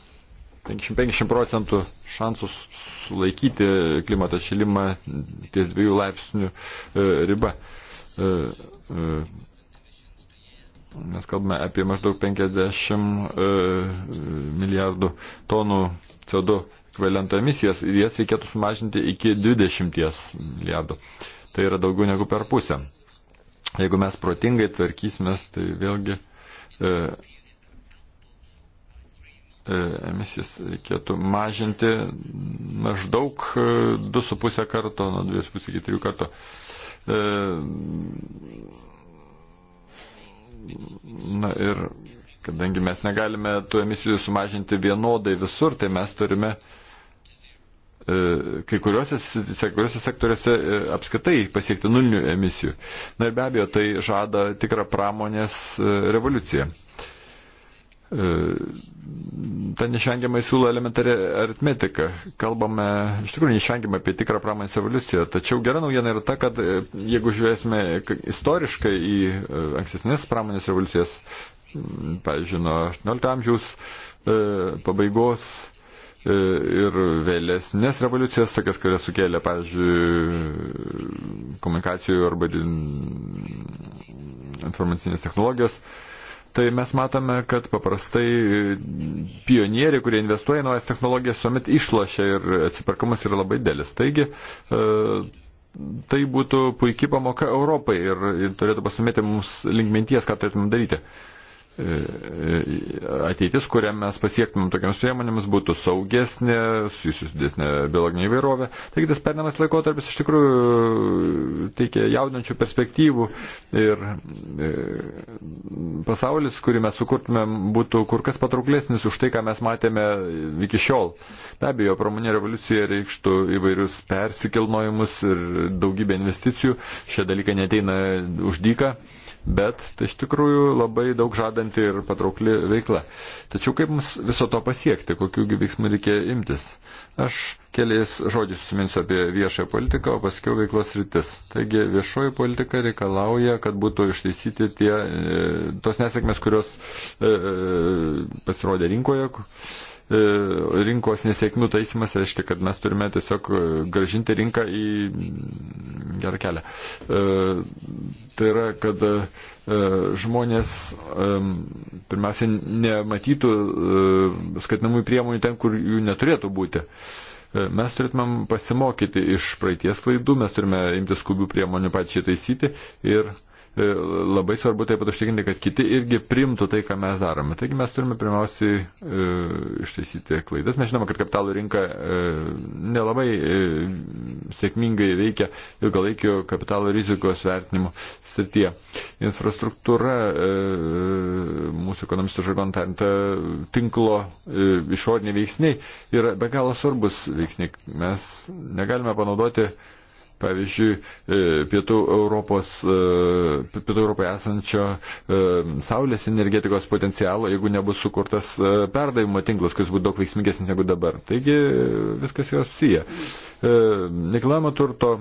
50-50 procentų šansus sulaikyti klimato šilimą ties dviejų laipsnių e, riba. E, e, mes kalbame apie maždaug 50 e, milijardų tonų CO2 ekvivalento emisijas ir jas reikėtų sumažinti iki 20 milijardų. Tai yra daugiau negu per pusę. Jeigu mes protingai tvarkysime, tai vėlgi e, E, emisijas reikėtų mažinti maždaug 2,5 e, karto, nuo 2,5 iki 3 karto. E, na ir kadangi mes negalime tų emisijų sumažinti vienodai visur, tai mes turime kai kuriuose, kai kuriuose sektoriuose apskaitai pasiekti nulinių emisijų. Na ir be abejo, tai žada tikrą pramonės revoliuciją. Uh, E, ta neišvengiamai siūlo elementarią aritmetiką. Kalbame iš tikrųjų neišvengiamai apie tikrą pramonės evoliuciją. Tačiau gera naujiena yra ta, kad e, jeigu žiūrėsime istoriškai į e, ankstesnės pramonės revoliucijas, pavyzdžiui, nuo 18 amžiaus pabaigos ir vėlesnės revoliucijas, tokias, kurias sukėlė, pavyzdžiui, komunikacijų arba informacinės technologijos, tai mes matome, kad paprastai e, pionieriai, kurie investuoja į naujas technologijas, suomet išlošia ir atsiperkamas yra labai dėlis. Taigi, e, tai būtų puikiai pamoka Europai ir, ir turėtų pasimėti mums linkminties, ką turėtume daryti. E, e, ateitis, kurią mes pasiektumėm tokiams priemonėms, būtų saugesnė, susijusius didesnė biologinė įvairovė. Taigi tas perinamas laikotarpis iš tikrųjų teikia jaudinančių perspektyvų ir e, pasaulis, kurį mes sukurtumėm, būtų kur kas patrauklesnis už tai, ką mes matėme iki šiol. Be abejo, pramonė revoliucija reikštų įvairius persikilnojimus ir daugybę investicijų. Šie dalykai neteina uždyką bet tai iš tikrųjų labai daug žadanti ir patraukli veikla. Tačiau kaip mums viso to pasiekti, kokiųgi veiksmų reikia imtis? Aš keliais žodžiais susiminsiu apie viešąją politiką, o paskiau veiklos rytis. Taigi viešoji politika reikalauja, kad būtų ištaisyti tie, e, tos nesėkmės, kurios e, e pasirodė rinkoje E, rinkos nesėkmių taisimas reiškia, kad mes turime tiesiog e, gražinti rinką į gerą kelią. E, tai yra, kad žmonės pirmiausia nematytų skatinamųjų priemonių ten, kur jų neturėtų būti. Mes turėtumėm pasimokyti iš praeities klaidų, mes turime imti skubių priemonių pačiai taisyti ir uh, E, labai svarbu taip pat užtikrinti, kad kiti irgi primtų tai, ką mes darome. Taigi mes turime pirmiausiai e, ištaisyti klaidas. Mes žinome, kad kapitalų rinka e, nelabai e, sėkmingai veikia ilgalaikio kapitalo rizikos vertinimo srityje. Infrastruktūra, e, mūsų ekonomistų žargon tariant, tinklo e, išoriniai veiksniai yra be galo svarbus veiksniai. Mes negalime panaudoti e, Pavyzdžiui, e, pietų, Europos, e, pietų Europoje esančio e, saulės energetikos potencialo, jeigu nebus sukurtas perdavimo tinklas, kuris būtų daug veiksmingesnis negu dabar. Taigi viskas yra susiję. Nekilnojamo turto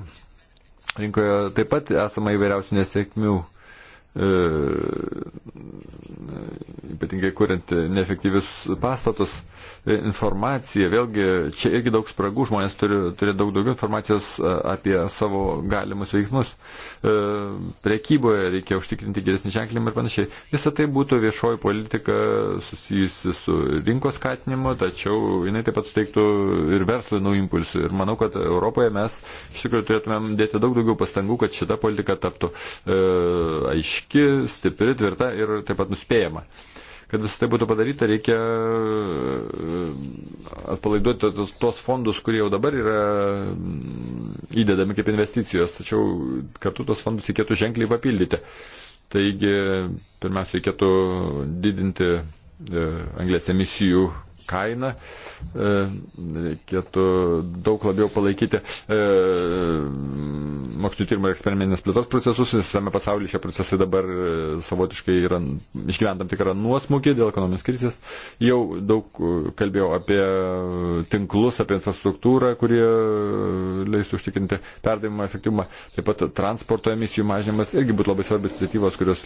rinkoje taip pat esama įvairiausių nesėkmių. E, ypatingai kuriant neefektyvius pastatus, e, informacija, vėlgi čia irgi daug spragų, žmonės turi, turi daug daugiau informacijos e, apie savo galimus veiksmus. Prekyboje reikia užtikrinti geresnį ženklimą ir panašiai. Visą tai būtų viešoji politika susijusi su rinkos skatinimu, tačiau jinai taip pat suteiktų ir verslui naujų impulsų. Ir manau, kad Europoje mes iš tikrųjų turėtumėm dėti daug daugiau pastangų, kad šita politika taptų e, aiškiai aiški, stipri, tvirta ir taip pat nuspėjama. Kad visą tai būtų padaryta, reikia e, atpalaiduoti tos fondus, kurie jau dabar yra mm, įdedami kaip investicijos, tačiau kartu tos fondus reikėtų ženkliai papildyti. Taigi, pirmiausia, reikėtų didinti E, anglės emisijų kainą, e, reikėtų daug labiau palaikyti e, mokslinio tyrimo ir eksperimentinės plėtos procesus. Visame pasaulyje šie procesai dabar savotiškai yra išgyventam tikrą nuosmukį dėl ekonominės krizės. Jau daug kalbėjau apie tinklus, apie infrastruktūrą, kurie leistų užtikrinti perdavimą efektyvumą. Taip pat transporto emisijų mažinimas irgi būtų labai svarbios iniciatyvos, kurios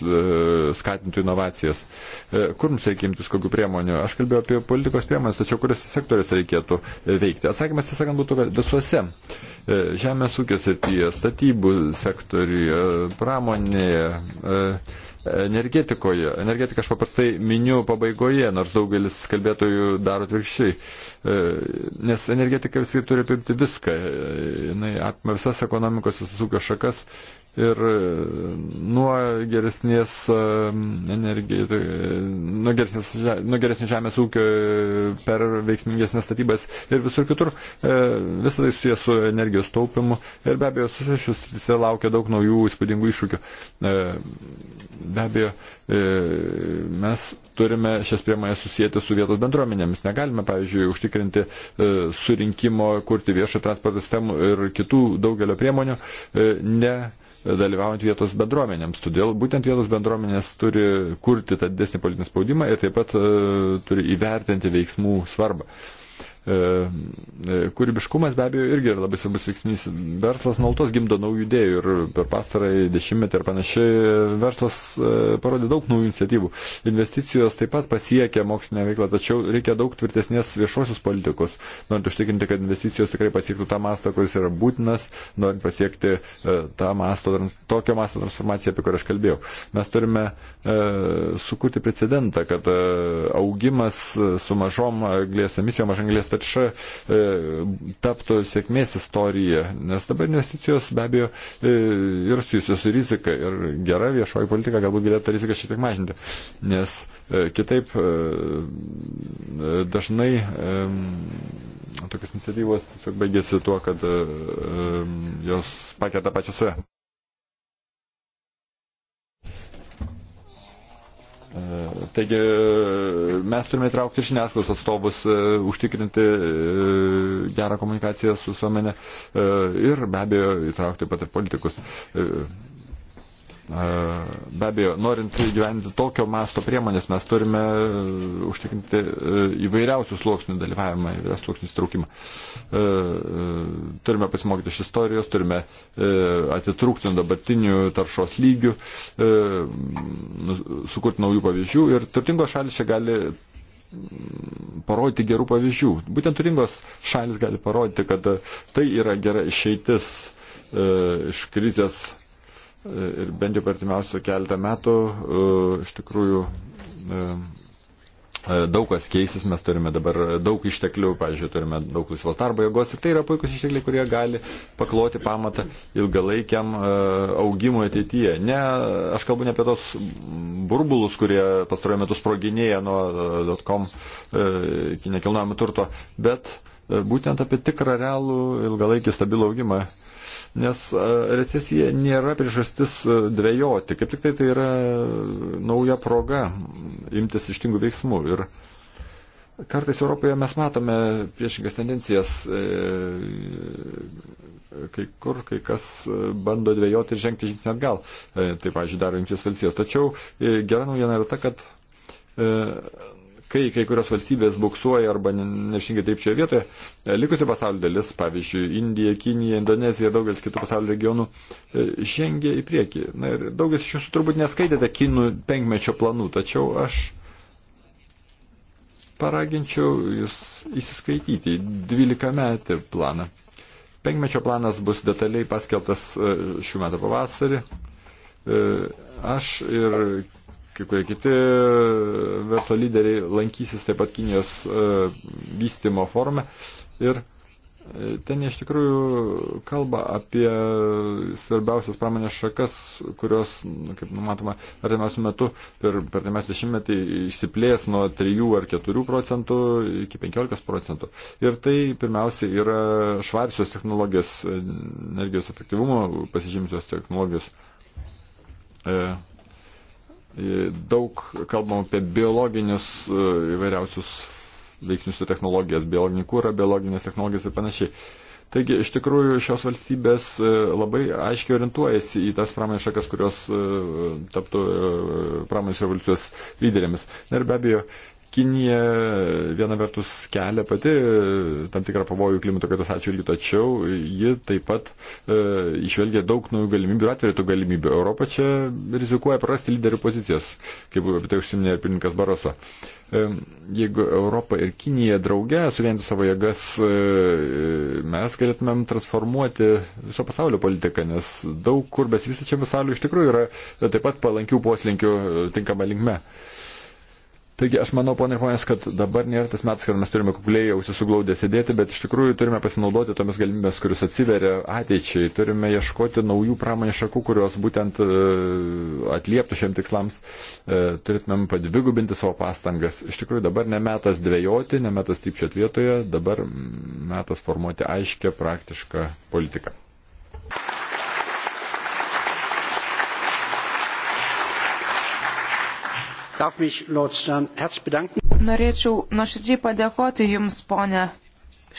skatintų inovacijas. Kur mums reikia imtis kažkokių priemonių. Aš kalbėjau apie politikos priemonės, tačiau kuriuose sektoriuose reikėtų veikti. Atsakymas, tiesą sakant, būtų, kad visuose e, žemės ūkio srityje, statybų sektoriuje, pramonėje, e, energetikoje. Energetiką aš paprastai miniu pabaigoje, nors daugelis kalbėtojų daro atvirkščiai. E, nes energetika visai turi apimti viską. Jis apima visas ekonomikos, visas ūkio šakas ir e, nuo geresnės e, energijos, tai, nuo, geresnės, nuo geresnės žemės ūkio e, per veiksmingesnės statybas ir visur kitur. Visą tai susijęs su energijos taupimu ir be abejo susišius visi laukia daug naujų įspūdingų iššūkių. Be abejo, mes turime šias priemonės susijęti su vietos bendruomenėmis. Negalime, pavyzdžiui, užtikrinti surinkimo, kurti viešo transporto sistemų ir kitų daugelio priemonių. Ne dalyvaujant vietos bendruomenėms. Todėl būtent vietos bendruomenės turi kurti tą didesnį politinį spaudimą ir taip pat e, turi įvertinti veiksmų svarbą. Uh, E, e, kūrybiškumas be abejo irgi yra labai svarbus veiksnys. Verslas nuolatos gimdo naujų idėjų ir per pastarąjį dešimtmetį ir panašiai verslas e, parodė daug naujų iniciatyvų. Investicijos taip pat pasiekia mokslinę veiklą, tačiau reikia daug tvirtesnės viešosios politikos, norint užtikrinti, kad investicijos tikrai pasiektų tą mastą, kuris yra būtinas, norint pasiekti tą masto, tokio masto transformaciją, apie kurią aš kalbėjau. Mes turime sukurti precedentą, kad augimas su mažom anglės emisijom, mažanglės ESTČ taptų sėkmės istorija, nes dabar investicijos be abejo ir e, susijusios su rizika ir gera viešoji politika galbūt galėtų tą riziką šiek tiek mažinti, nes e, kitaip e, dažnai tokios iniciatyvos tiesiog baigėsi tuo, kad jos pakerta pačią save. E, taigi e, mes turime įtraukti žiniasklaidos atstovus, e, užtikrinti gerą komunikaciją su visuomenė ir be abejo įtraukti pat ir politikus. Be abejo, norint įgyvendinti tokio masto priemonės, mes turime e, užtikrinti e, įvairiausių sluoksnių dalyvavimą, įvairiausių sluoksnių įtraukimą. E, turime pasimokyti iš istorijos, turime atitrūkti nuo dabartinių taršos lygių, nu, sukurti naujų pavyzdžių ir turtingos šalis čia gali parodyti gerų pavyzdžių. Būtent turingos šalis gali parodyti, kad tai yra gera išeitis iš krizės ir bent jau per timiausią keletą metų e, iš tikrųjų e, e, daug kas keisis, mes turime dabar daug išteklių, pavyzdžiui, turime daug laisvos darbo jėgos ir tai yra puikus ištekliai, kurie gali pakloti pamatą ilgalaikiam augimui ateityje. Ne, aš kalbu ne apie tos burbulus, kurie pastarojame metu sproginėja nuo dotcom iki nekilnojamo turto, bet būtent apie tikrą realų ilgalaikį stabilų augimą nes recesija nėra priežastis dvėjoti, kaip tik tai tai yra nauja proga imtis ištingų veiksmų. Ir kartais Europoje mes matome priešingas tendencijas, e, kai kur kai kas e, bando dvėjoti ir žengti žingsnį atgal, e, tai pažiūrėjau, daro Junktinės valstijos. Tačiau gera naujiena yra ta, kad kai kai kurios valstybės buksuoja arba nešingai taip šioje vietoje, e, likusi pasaulio dalis, pavyzdžiui, Indija, Kinija, Indonezija, daugelis kitų pasaulio regionų e, žengia į priekį. Na ir daugelis iš jūsų turbūt neskaitėte kinų penkmečio planų, tačiau aš paraginčiau jūs įsiskaityti į 12 metį planą. Penkmečio planas bus detaliai paskelbtas e, šių metų pavasarį. Aš ir kai kurie kiti e, verslo lyderiai lankysis taip pat Kinijos e, vystimo forume. Ir e, ten iš tikrųjų kalba apie svarbiausias pramonės šakas, kurios, nu, kaip numatoma, artimiausių metų per, per artimiausią dešimtmetį išsiplės nuo 3 ar 4 procentų iki 15 procentų. Ir tai pirmiausia yra švarsios technologijos, energijos efektyvumo pasižymėtos technologijos. E, daug kalbam apie biologinius e, įvairiausius veiksnius ir technologijas, biologinį kūrą, biologinės technologijas ir panašiai. Taigi, iš tikrųjų, šios valstybės e, labai aiškiai orientuojasi į tas pramonės šakas, kurios e, taptų pramonės revoliucijos lyderėmis. Na ir be abejo, Kinija viena vertus kelia pati e, tam tikrą pavojų klimato kaitos atžvilgių, tačiau ji taip pat e, išvelgia daug naujų galimybių ir atveria tų galimybių. Europa čia rizikuoja prarasti lyderių pozicijas, kaip apie tai užsiminė ir pirmininkas Baroso. E, jeigu Europa ir Kinija drauge suvienytų savo jėgas, e, mes galėtumėm transformuoti viso pasaulio politiką, nes daug kur besivystačiam pasauliu iš tikrųjų yra taip pat palankių poslinkių e, tinkama linkme. E, Taigi aš manau, ponai žmonės, kad dabar nėra tas metas, kad mes turime kukliai užsisuglaudę sėdėti, bet iš tikrųjų turime pasinaudoti tomis galimybės, kuris atsiveria ateičiai. Turime ieškoti naujų pramonės šakų, kurios būtent e, atlieptų šiem tikslams. E, turėtumėm padvigubinti savo pastangas. Iš tikrųjų dabar nemetas dvėjoti, nemetas taip čia vietoje, dabar metas formuoti aiškę praktišką politiką. Norėčiau nuoširdžiai padėkoti Jums, ponė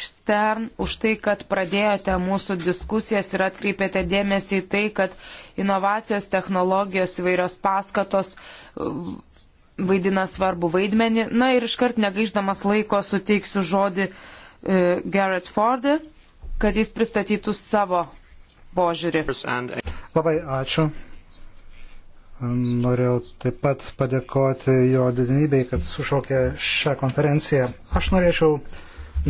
Štern, už tai, kad pradėjote mūsų diskusijas ir atkreipėte dėmesį į tai, kad inovacijos, technologijos, įvairios paskatos vaidina svarbu vaidmenį. Na ir iškart negaiždamas laiko suteiksiu žodį e, Garrett Fordui, kad jis pristatytų savo požiūrį. Labai ačiū. Norėjau taip pat padėkoti jo didinybei, kad sušaukė šią konferenciją. Aš norėčiau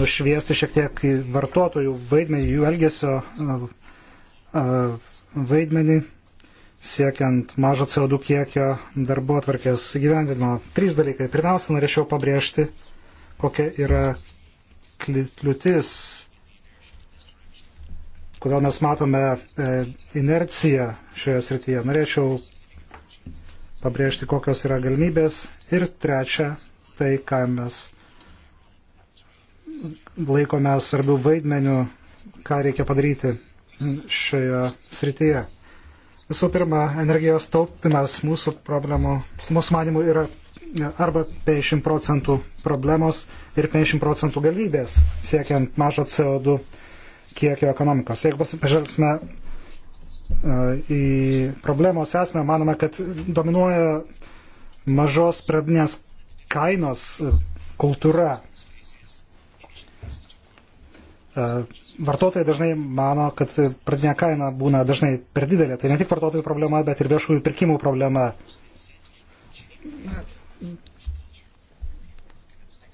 nušviesti šiek tiek vartotojų vaidmenį, jų elgesio vaidmenį, siekiant mažo CO2 kiekio darbo atvarkės gyvendinimo. Trys dalykai. Pirmiausia, norėčiau pabrėžti, kokia yra kliūtis, kodėl mes matome e, inerciją šioje srityje. Norėčiau pabrėžti, kokios yra galimybės. Ir trečia, tai, ką mes laikome svarbių vaidmenių, ką reikia padaryti šioje srityje. Visų pirma, energijos taupimas mūsų problemų, mūsų manimų yra arba 50 procentų problemos ir 50 procentų galimybės siekiant mažo CO2 kiekio ekonomikos. Jeigu pažvelgsime į problemos esmę, manome, kad dominuoja mažos pradinės kainos kultūra. E, vartotojai dažnai mano, kad pradinė kaina būna dažnai per didelė. Tai ne tik vartotojų problema, bet ir viešųjų pirkimų problema.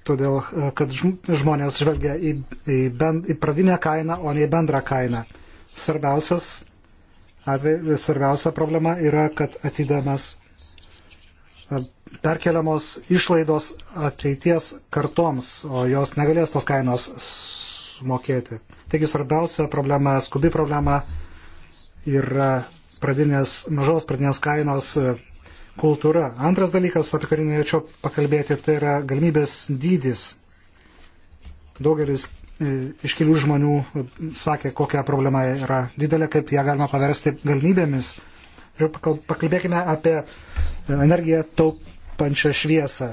Todėl, e, kad žmonės žvelgia į, į, bend, į pradinę kainą, o ne į bendrą kainą. Svarbiausias atveju svarbiausia problema yra, kad atidamas e, perkeliamos išlaidos ateities kartoms, o jos negalės tos kainos sumokėti. Taigi svarbiausia problema, skubi problema yra pradinės, mažos pradinės kainos e, kultūra. Antras dalykas, apie kurį norėčiau pakalbėti, tai yra galimybės dydis. Daugelis E, iškelių žmonių e, sakė, kokia problema yra didelė, kaip ją galima paversti galimybėmis. Ir pakalbėkime apie e, energiją taupančią šviesą.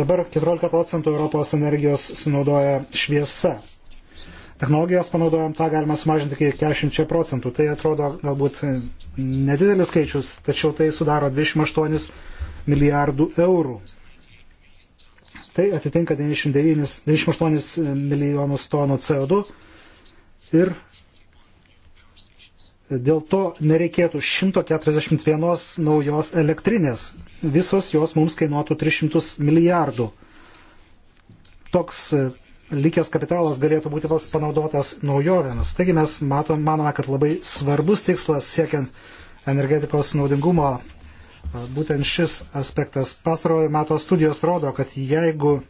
Dabar 14 procentų Europos energijos sunaudoja šviesa. Technologijos panaudojam tą galima sumažinti iki 40 procentų. Tai atrodo galbūt nedidelis skaičius, tačiau tai sudaro 28 milijardų eurų. Tai atitinka 99, 98 milijonus tonų CO2 ir dėl to nereikėtų 141 naujos elektrinės. Visos jos mums kainuotų 300 milijardų. Toks e, likęs kapitalas galėtų būti panaudotas naujovėmis. Taigi mes matom, manome, kad labai svarbus tikslas siekiant energetikos naudingumo būtent šis aspektas. Pastarojo meto studijos rodo, kad jeigu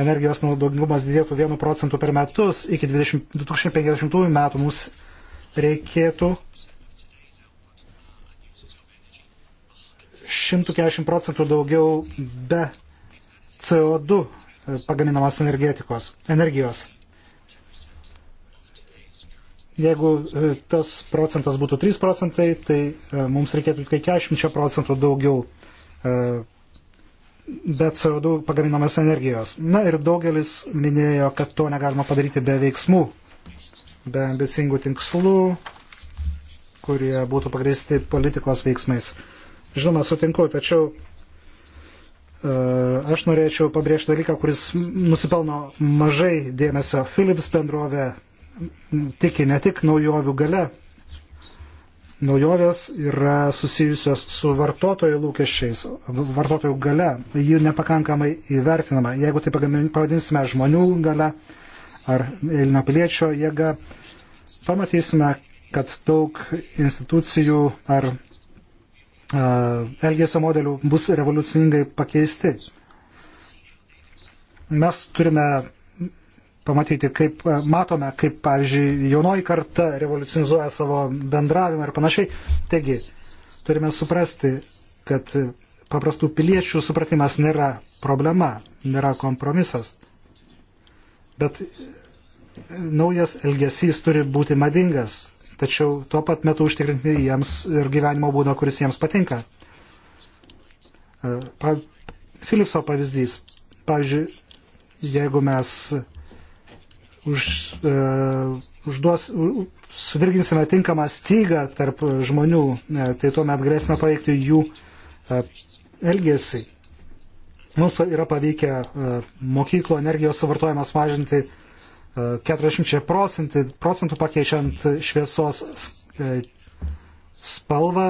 energijos naudingumas didėtų 1 procentų per metus iki 20, 2050 metų, mums reikėtų 140 procentų daugiau be CO2 e, pagaminamos energetikos, energijos jeigu e, tas procentas būtų 3 procentai, tai e, mums reikėtų tik 40 procentų daugiau e, be CO2 pagaminamos energijos. Na ir daugelis minėjo, kad to negalima padaryti be veiksmų, be ambicingų tinkslų, kurie būtų pagrįsti politikos veiksmais. Žinoma, sutinku, tačiau aš norėčiau pabrėžti dalyką, kuris nusipelno mažai dėmesio Philips bendrovė tiki ne tik naujovių gale. Naujovės yra susijusios su vartotojų lūkesčiais, vartotojų gale. Ji nepakankamai įvertinama. Jeigu tai pavadinsime žmonių gale ar eilinio piliečio jėga, pamatysime, kad daug institucijų ar a, elgesio modelių bus revoliucingai pakeisti. Mes turime pamatyti, kaip e, matome, kaip, pavyzdžiui, jaunoji karta revoliucionizuoja savo bendravimą ir panašiai. Taigi, turime suprasti, kad paprastų piliečių supratimas nėra problema, nėra kompromisas. Bet e, naujas elgesys turi būti madingas, tačiau tuo pat metu užtikrinti jiems ir gyvenimo būdą, kuris jiems patinka. E, pa, Filipso pavyzdys. Pavyzdžiui, jeigu mes už, uh, užduos, uh, sudirginsime tinkamą stygą tarp žmonių, uh, tai tuomet galėsime paveikti jų uh, elgesį. Mums yra pavykę uh, mokyklo energijos suvartojimas mažinti uh, 40 procentų, procentų pakeičiant šviesos uh, spalvą,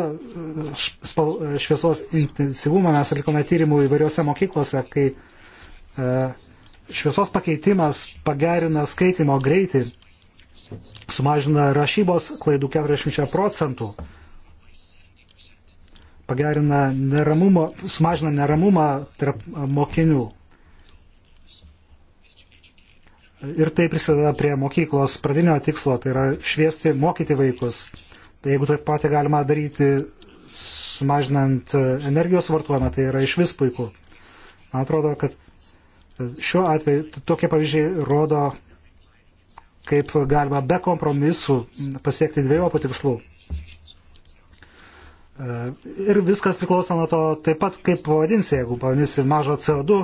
spal, šviesos intensyvumą. Mes atlikome tyrimų įvairiose mokyklose, kai uh, šviesos pakeitimas pagerina skaitimo greitį, sumažina rašybos klaidų 40 procentų, pagerina neramumo, sumažina neramumą tarp mokinių. Ir tai prisideda prie mokyklos pradinio tikslo, tai yra šviesti, mokyti vaikus. Tai jeigu tai patį galima daryti sumažinant energijos vartojimą, tai yra iš vis puiku. Man atrodo, kad Šiuo atveju tokie pavyzdžiai rodo, kaip galima be kompromisų pasiekti dviejopų tikslų. E, ir viskas priklauso nuo to taip pat, kaip pavadinsi, jeigu pavadinsi mažo CO2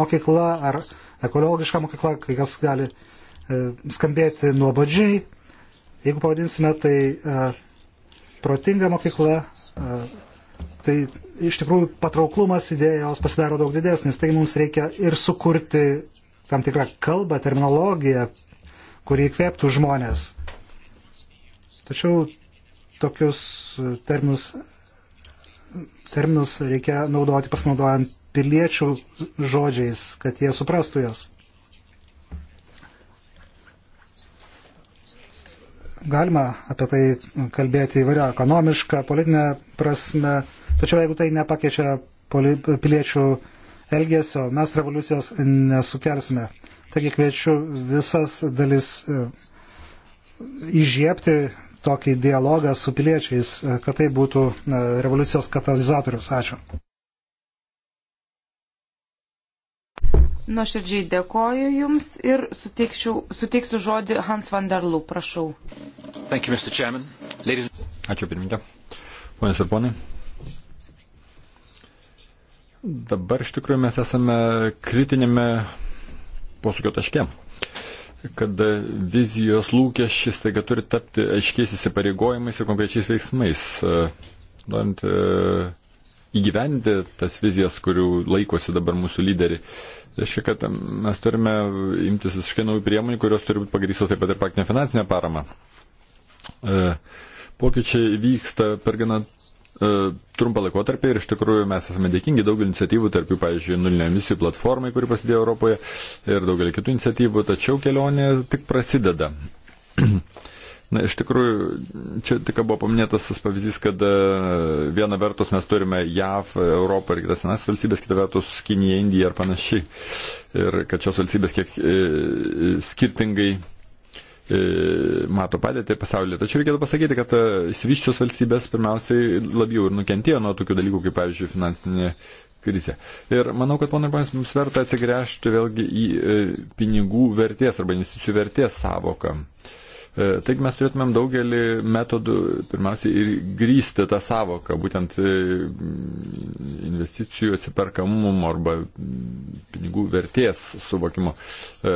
mokykla ar ekologiška mokykla, kai kas gali e, skambėti nuobodžiai. Jeigu pavadinsime tai e, protinga mokykla, tai iš tikrųjų patrauklumas idėjos pasidaro daug didesnis. Tai mums reikia ir sukurti tam tikrą kalbą, terminologiją, kurį įkvėptų žmonės. Tačiau tokius terminus, terminus reikia naudoti pasinaudojant piliečių žodžiais, kad jie suprastų jas. galima apie tai kalbėti įvairia ekonomiška, politinė prasme, tačiau jeigu tai nepakeičia piliečių elgesio, mes revoliucijos nesukelsime. Taigi kviečiu visas dalis e, įžiepti tokį dialogą su piliečiais, e, kad tai būtų e, revoliucijos katalizatorius. Ačiū. Nuoširdžiai dėkoju Jums ir suteiksiu žodį Hans van der Loo, prašau. Thank you, Ladies... Ačiū pirmininkė. Ponios ir ponai. Dabar iš tikrųjų mes esame kritinėme posūkio taške, kad vizijos lūkesčiai staiga turi tapti aiškiais įsipareigojimais ir konkrečiais veiksmais, norint e, įgyvendinti tas vizijas, kurių laikosi dabar mūsų lyderiai. Tai reiškia, kad mes turime imtis visiškai naujų priemonių, kurios turi būti pagrįstos taip pat ir praktinė finansinė parama. E, pokyčiai vyksta per gana e, trumpą laikotarpį ir iš tikrųjų mes esame dėkingi daug iniciatyvų, tarp jų, pavyzdžiui, nulinio emisijų platformai, kuri prasidėjo Europoje ir daugelį kitų iniciatyvų, tačiau kelionė tik prasideda. [clears throat] Na, iš tikrųjų, čia tik buvo paminėtas tas pavyzdys, kad e, viena vertus mes turime JAV, Europą ir kitas senas valstybės, kita vertus Kinija, Indija ir panašiai. Ir kad šios valstybės kiek e, skirtingai e, mato padėtį pasaulyje. Tačiau reikėtų pasakyti, kad e, išsivyščios valstybės pirmiausiai labiau ir nukentėjo nuo tokių dalykų, kaip pavyzdžiui, finansinė krizė. Ir manau, kad ponai Bonis mums verta atsigręžti vėlgi į e, pinigų vertės arba investicijų vertės savoką. E, taigi mes turėtumėm daugelį metodų, pirmiausia, ir grįsti tą savoką, būtent e, investicijų atsiperkamumo arba pinigų vertės suvokimo. E,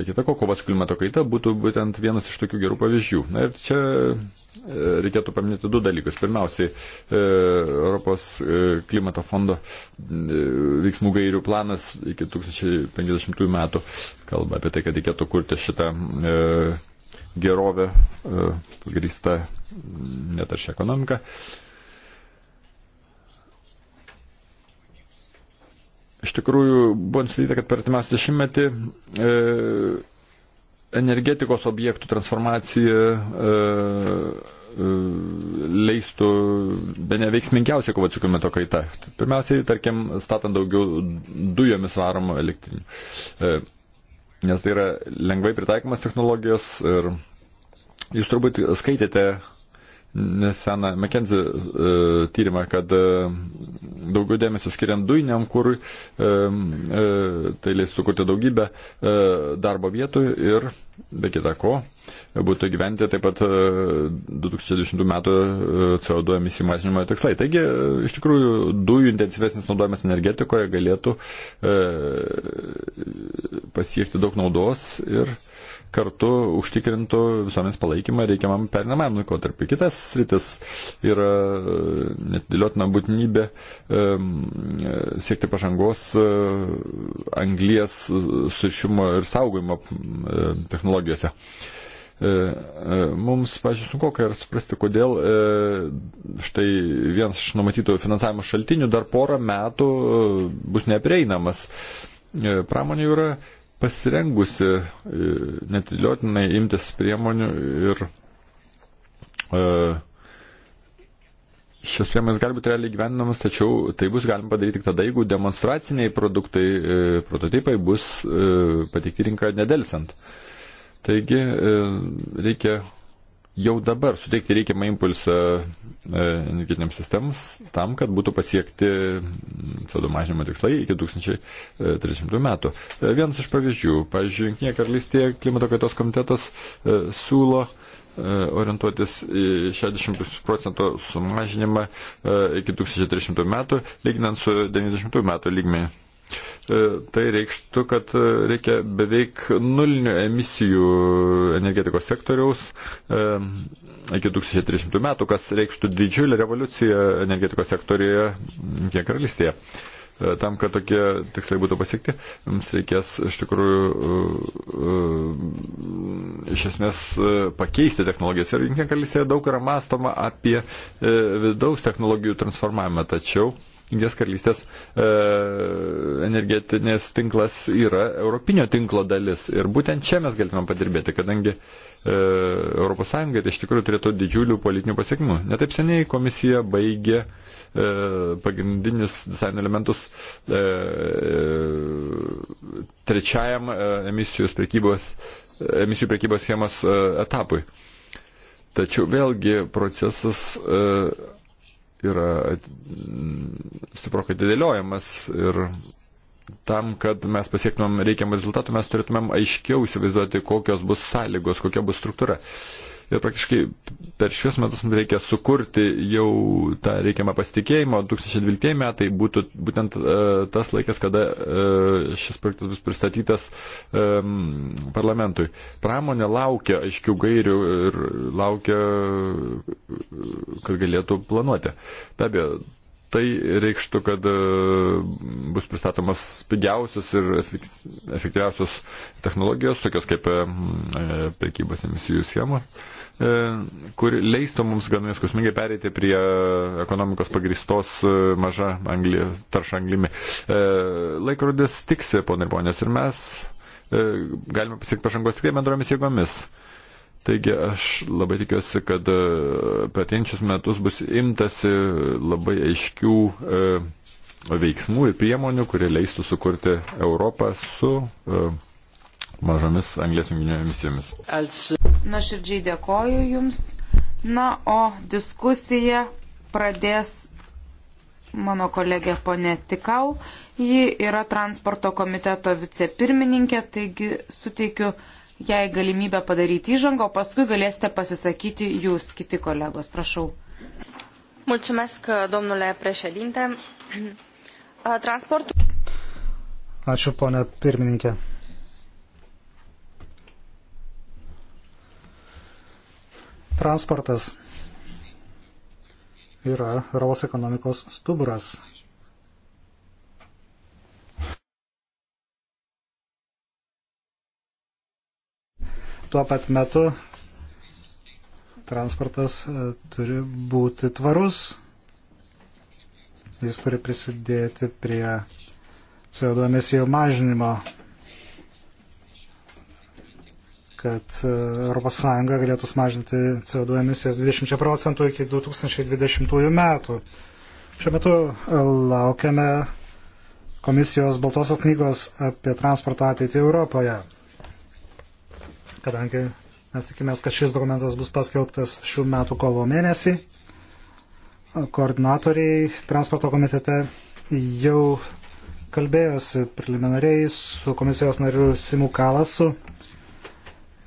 be kita ko, kovas klimato kaita būtų būtent vienas iš tokių gerų pavyzdžių. Na ir čia reikėtų paminėti du dalykus. Pirmiausiai, Europos klimato fondo veiksmų gairių planas iki 2050 metų kalba apie tai, kad reikėtų kurti šitą e, gerovę e, pagrįstą netaršę ekonomiką. Iš tikrųjų, buvo nustatyta, kad per artimiausią dešimtmetį e, energetikos objektų transformacija e, e, leistų be neveiksmingiausiai kovoti su klimato kaita. Pirmiausiai, tarkim, statant daugiau dujomis varomų elektrinių. E, nes tai yra lengvai pritaikomas technologijos ir jūs turbūt skaitėte neseną McKenzie e, tyrimą, kad e, daugiau dėmesio skiriant duiniam kūrui, e, e, tai leis sukurti daugybę e, darbo vietų ir, be kita ko, būtų gyventi taip pat e, 2020 m. CO2 emisijų mažinimo tikslai. Taigi, e, iš tikrųjų, dujų intensyvesnis naudojimas energetikoje galėtų e, pasiekti daug naudos ir e, kartu užtikrintų visuomenės palaikymą reikiamam perinamajam laikotarpiu. Kitas sritis yra e, netidėliotina būtinybė e, e, siekti pažangos anglies surišimo ir saugojimo technologijose mums, pažiūrėjau, sunku ir suprasti, kodėl štai vienas iš numatytų finansavimo šaltinių dar porą metų bus neprieinamas. Pramonė yra pasirengusi e, netiliotinai imtis priemonių ir e, šios priemonės gali būti realiai gyvenamas, tačiau tai bus galima padaryti tik tada, jeigu demonstraciniai produktai, e, prototipai bus e, pateikti rinką nedelsiant. Taigi e, reikia jau dabar suteikti reikiamą impulsą e, energetiniams sistemams tam, kad būtų pasiekti mm, CO2 mažinimo tikslai iki 2030 e, metų. E, vienas iš pavyzdžių, pavyzdžiui, Junktinė karalystė klimato kaitos komitetas siūlo orientuotis į 60 procentų sumažinimą iki 2030 metų, lyginant su 90 metų lygmenį. E, tai reikštų, kad e, reikia beveik nulinių emisijų energetikos sektoriaus e, iki 2300 metų, kas reikštų didžiulį revoliuciją energetikos sektorijoje Junktinėje karalystėje. Tam, kad tokie tikslai būtų pasiekti, mums reikės iš tikrųjų iš esmės pakeisti technologijas. Ir Junktinė karalystėje daug yra mąstoma apie vidaus technologijų transformavimą, tačiau Indijos karalystės e, energetinės tinklas yra europinio tinklo dalis. Ir būtent čia mes galėtume padirbėti, kadangi e, ES tai iš tikrųjų turėtų didžiulių politinių pasiekmių. Netaip seniai komisija baigė e, pagrindinius dizaino elementus e, trečiajam e, emisijos prekybos, emisijų prekybos schemos e, etapui. Tačiau vėlgi procesas. E, yra stiprokai dėliojamas ir tam, kad mes pasiektumėm reikiamą rezultatą, mes turėtumėm aiškiau įsivaizduoti, kokios bus sąlygos, kokia bus struktūra. Uh, Ir praktiškai per šios metus mums reikia sukurti jau tą reikiamą pasitikėjimą. 2012 metai būtų būtent e, tas laikas, kada e, šis projektas bus pristatytas e, parlamentui. Pramonė laukia aiškių gairių ir laukia, kad galėtų planuoti. Be abejo, tai reikštų, kad e, bus pristatomas pigiausios ir efektyviausios technologijos, tokios kaip e, e, prekybos emisijų schemos. E, kur leistų mums gan neskusmingai pereiti prie ekonomikos pagristos e, maža angli, tarša anglimi. E, laikrodis tiksi, ponai ir ponės, ir mes galime pasiekti pažangos tik bendromis jėgomis. Taigi aš labai tikiuosi, kad per atėjančius metus bus imtasi labai aiškių e, veiksmų ir priemonių, kurie leistų sukurti Europą su e, mažomis anglės junginio emisijomis. Nuoširdžiai dėkoju Jums. Na, o diskusiją pradės mano kolegė ponė Tikau. Ji yra transporto komiteto vicepirmininkė, taigi suteikiu jai galimybę padaryti įžangą, o paskui galėsite pasisakyti Jūs, kiti kolegos. Prašau. Mulțumesc, domnule președinte. [clears throat] Transportul. Ačiū, ponė pirmininkė. Transportas yra Europos ekonomikos stuburas. Tuo pat metu transportas e, turi būti tvarus, jis turi prisidėti prie CO2 emisijų mažinimo kad ES galėtų sumažinti CO2 emisijas 20 procentų iki 2020 metų. Šiuo metu e, laukiame komisijos Baltosios knygos apie transporto ateitį Europoje, kadangi mes tikimės, kad šis dokumentas bus paskelbtas šių metų kovo mėnesį. E, koordinatoriai transporto komitete jau kalbėjosi preliminariai su komisijos nariu Simu Kalasu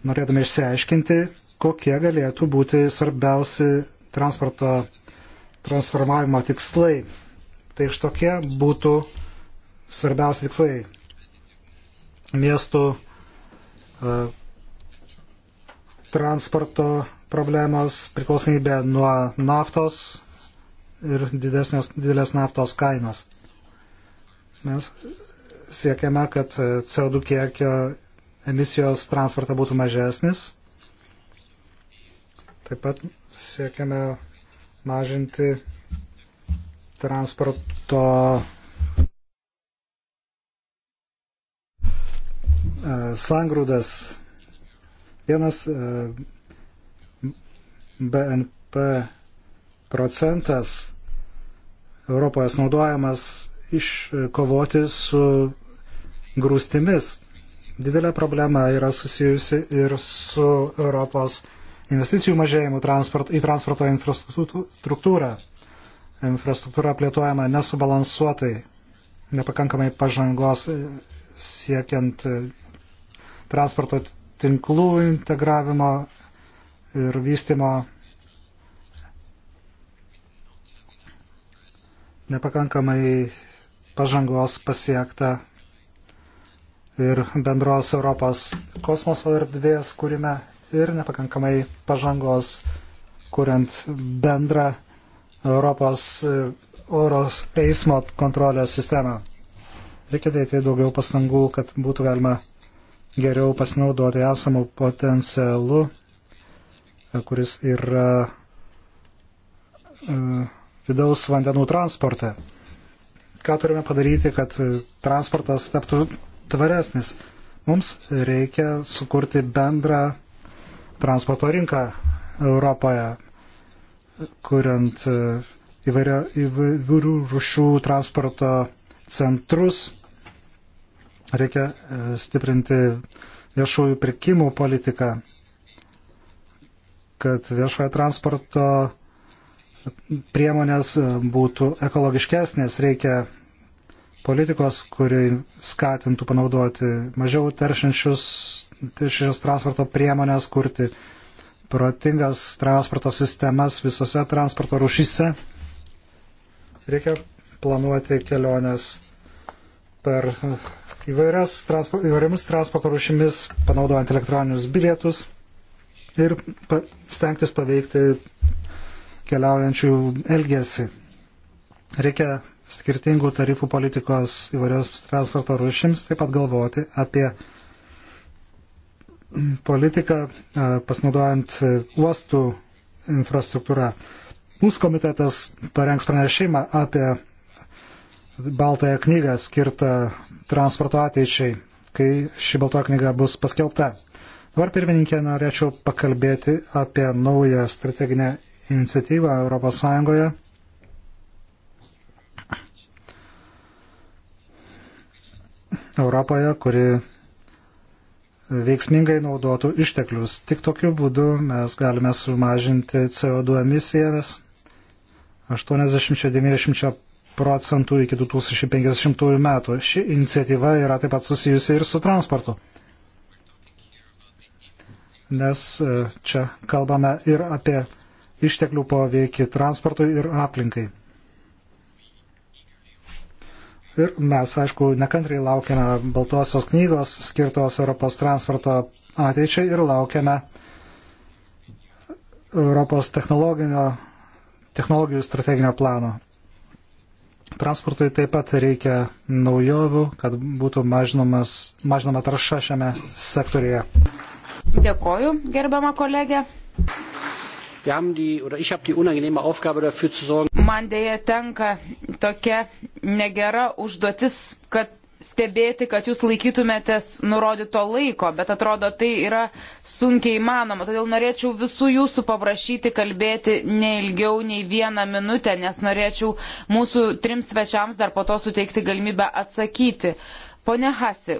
norėdami išsiaiškinti, kokie galėtų būti svarbiausi transporto transformavimo tikslai. Tai iš tokie būtų svarbiausi tikslai miestų uh, transporto problemos, priklausomybė nuo naftos ir didesnės, didelės naftos kainos. Mes siekiame, kad e, CO2 kiekio emisijos transportą būtų mažesnis. Taip pat siekiame mažinti transporto e, sangrūdas. Vienas e, BNP procentas Europoje naudojamas iškovoti e, su grūstimis. Didelė problema yra susijusi ir su Europos investicijų mažėjimu transport, į transporto infrastruktūrą. Infrastruktūra plėtojama nesubalansuotai, nepakankamai pažangos siekiant transporto tinklų integravimo ir vystimo nepakankamai pažangos pasiekta ir bendros Europos kosmoso erdvės kūrime ir nepakankamai pažangos kuriant bendrą Europos e, oro eismo kontrolės sistemą. Reikia dėti daugiau pastangų, kad būtų galima geriau pasinaudoti esamų potencialų, e, kuris yra e, vidaus vandenų transporte. Ką turime padaryti, kad transportas taptų tvaresnis. Mums reikia sukurti bendrą transporto rinką Europoje, kuriant e, įvairio, įvairių rušių transporto centrus. Reikia e, stiprinti viešųjų pirkimų politiką, kad viešojo transporto priemonės e, būtų ekologiškesnės. Reikia politikos, kuri skatintų panaudoti mažiau teršiančius, teršiančius transporto priemonės, kurti protingas transporto sistemas visose transporto rušyse. Reikia planuoti keliones per įvairias transporto, įvairiamis transporto rušimis, panaudojant elektroninius bilietus ir pa, stengtis paveikti keliaujančių elgesį. Reikia skirtingų tarifų politikos įvairios transporto rušims, taip pat galvoti apie politiką pasinaudojant e, uostų infrastruktūrą. Mūsų komitetas parengs pranešimą apie Baltąją knygą skirtą transporto ateičiai, kai ši Baltoja knyga bus paskelbta. Dabar pirmininkė norėčiau pakalbėti apie naują strateginę iniciatyvą ES Europoje, kuri veiksmingai naudotų išteklius. Tik tokiu būdu mes galime sumažinti CO2 emisijas 80-90 procentų iki 2050 metų. Ši iniciatyva yra taip pat susijusi ir su transportu. Nes e, čia kalbame ir apie išteklių poveikį transportui ir aplinkai. Ir mes, aišku, nekantrai laukiame Baltosios knygos skirtos Europos transporto ateičiai ir laukiame Europos technologijų strateginio plano. Transportui taip pat reikia naujovių, kad būtų mažinama tarša šiame sektorėje. Dėkoju, gerbama kolegė. Wir haben die, oder ich habe die unangenehme Aufgabe dafür zu sorgen. Man dėja tenka tokia negera užduotis, kad stebėti, kad jūs laikytumėtės nurodyto laiko, bet atrodo, tai yra sunkiai įmanoma. Todėl norėčiau visų jūsų paprašyti kalbėti neilgiau nei vieną minutę, nes norėčiau mūsų trims svečiams dar po to suteikti galimybę atsakyti. Pone Hasi,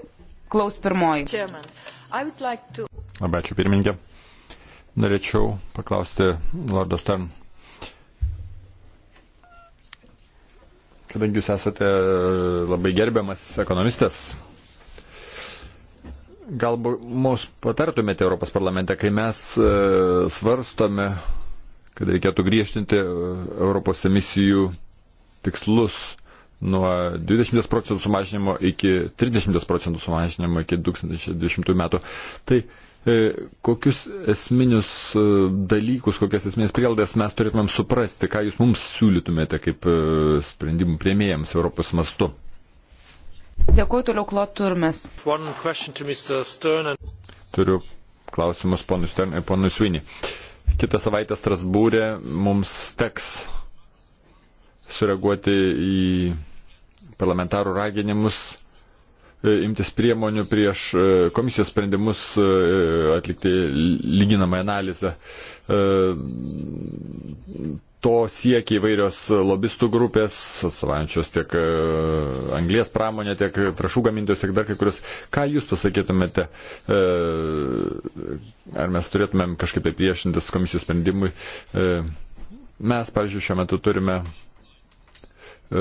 klaus pirmoji. Labai like to... ačiū pirmininkė norėčiau paklausti Lordo Stern. Kadangi jūs esate labai gerbiamas ekonomistas, galbūt mus patartumėte Europos parlamente, kai mes e, svarstome, kad reikėtų griežtinti e, Europos emisijų tikslus nuo 20 procentų sumažinimo iki 30 procentų sumažinimo iki 2020 metų. Tai E, kokius esminius e, dalykus, kokias esminės prielaidas mes turėtumėm suprasti, ką jūs mums siūlytumėte kaip e, sprendimų prieimėjams Europos mastu. Dėkuoju toliau, Klot Turmes. Turiu klausimus ponui Stern ir ponui Svinį. Kitą savaitę Strasbūrė mums teks sureaguoti į parlamentarų raginimus E, imtis priemonių prieš e, komisijos sprendimus e, atlikti lyginamą analizę. To siekia įvairios lobistų grupės, savarančios tiek anglės pramonė, tiek trašų gamintojus, tiek dar kai kurios. Ką jūs pasakytumėte, ar mes turėtumėm kažkaip tai priešintis komisijos sprendimui? Mes, pavyzdžiui, šiuo metu turime E,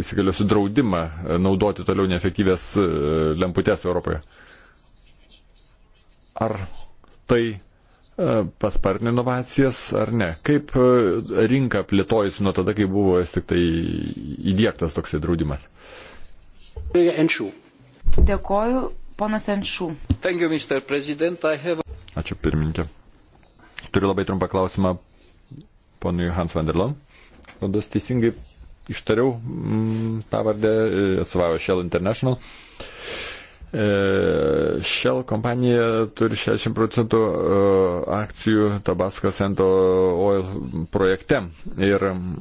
įsigaliosiu draudimą e, naudoti toliau neefektyvės e, lemputės Europoje. Ar tai paspartina inovacijas ar ne? Kaip rinka plėtojasi nuo tada, kai buvo vis tik tai įdėktas toksai draudimas? Dėkoju, ponas Enšų. Ačiū pirmininkė. Turiu labai trumpą klausimą ponui Hans van der Lom. Rodos teisingai ištariau mm, pavardę, e, atstovauja Shell International. E, Shell kompanija turi 60 procentų e, akcijų Tabasco Sento Oil projekte. Ir mm,